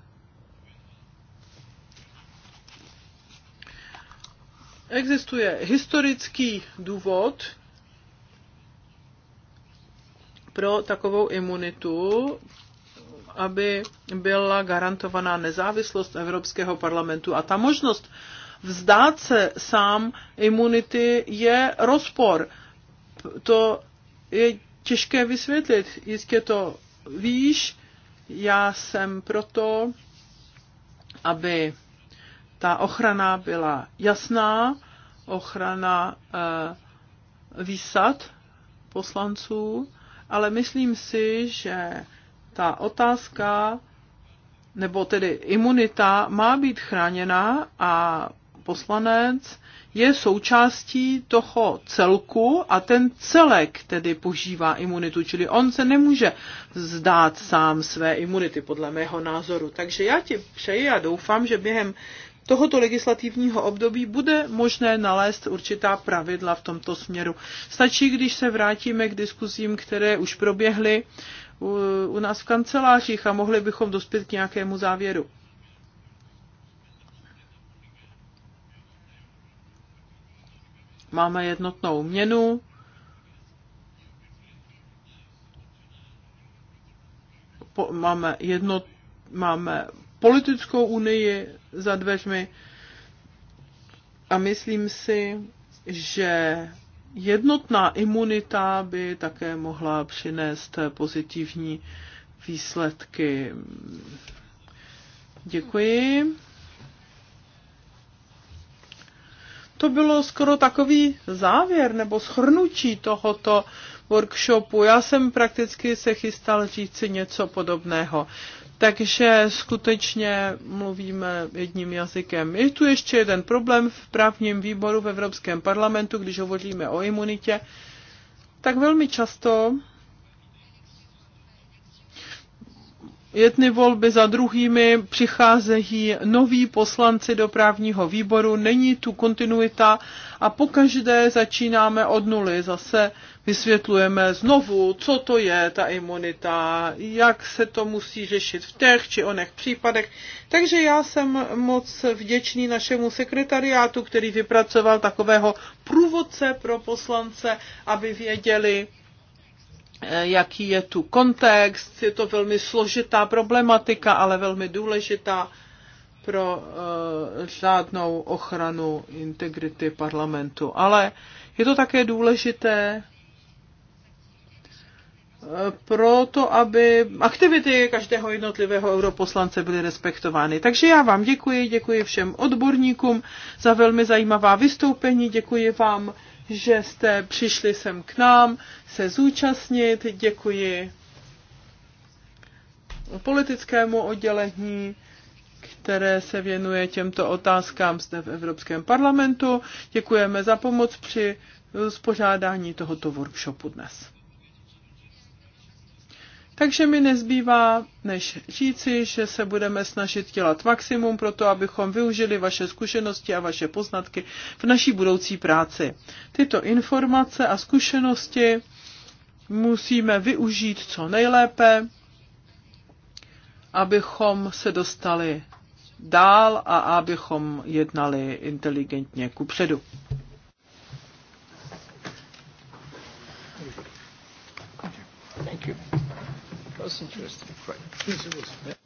Existuje historický důvod pro takovou imunitu, aby byla garantovaná nezávislost Evropského parlamentu. A ta možnost vzdát se sám imunity je rozpor. To je těžké vysvětlit. Jistě to víš, já jsem proto, aby ta ochrana byla jasná, ochrana e, výsad poslanců, ale myslím si, že ta otázka, nebo tedy imunita, má být chráněna a poslanec je součástí toho celku a ten celek tedy požívá imunitu, čili on se nemůže zdát sám své imunity, podle mého názoru. Takže já ti přeji a doufám, že během tohoto legislativního období bude možné nalézt určitá pravidla v tomto směru. Stačí, když se vrátíme k diskuzím, které už proběhly u, u nás v kancelářích a mohli bychom dospět k nějakému závěru. máme jednotnou měnu, po, máme, jedno, máme politickou unii za dveřmi a myslím si, že jednotná imunita by také mohla přinést pozitivní výsledky. Děkuji. to bylo skoro takový závěr nebo schrnutí tohoto workshopu. Já jsem prakticky se chystal říct si něco podobného. Takže skutečně mluvíme jedním jazykem. Je tu ještě jeden problém v právním výboru v Evropském parlamentu, když hovoříme o imunitě, tak velmi často jedny volby za druhými, přicházejí noví poslanci do právního výboru, není tu kontinuita a pokaždé začínáme od nuly. Zase vysvětlujeme znovu, co to je ta imunita, jak se to musí řešit v těch či onech případech. Takže já jsem moc vděčný našemu sekretariátu, který vypracoval takového průvodce pro poslance, aby věděli, Eh, jaký je tu kontext. Je to velmi složitá problematika, ale velmi důležitá pro eh, řádnou ochranu integrity parlamentu. Ale je to také důležité eh, proto, aby aktivity každého jednotlivého europoslance byly respektovány. Takže já vám děkuji, děkuji všem odborníkům za velmi zajímavá vystoupení, děkuji vám že jste přišli sem k nám se zúčastnit. Děkuji politickému oddělení, které se věnuje těmto otázkám zde v Evropském parlamentu. Děkujeme za pomoc při spořádání tohoto workshopu dnes. Takže mi nezbývá, než říci, že se budeme snažit dělat maximum pro to, abychom využili vaše zkušenosti a vaše poznatky v naší budoucí práci. Tyto informace a zkušenosti musíme využít co nejlépe, abychom se dostali dál a abychom jednali inteligentně kupředu. was interesting. Right. Yes, it was. Yeah.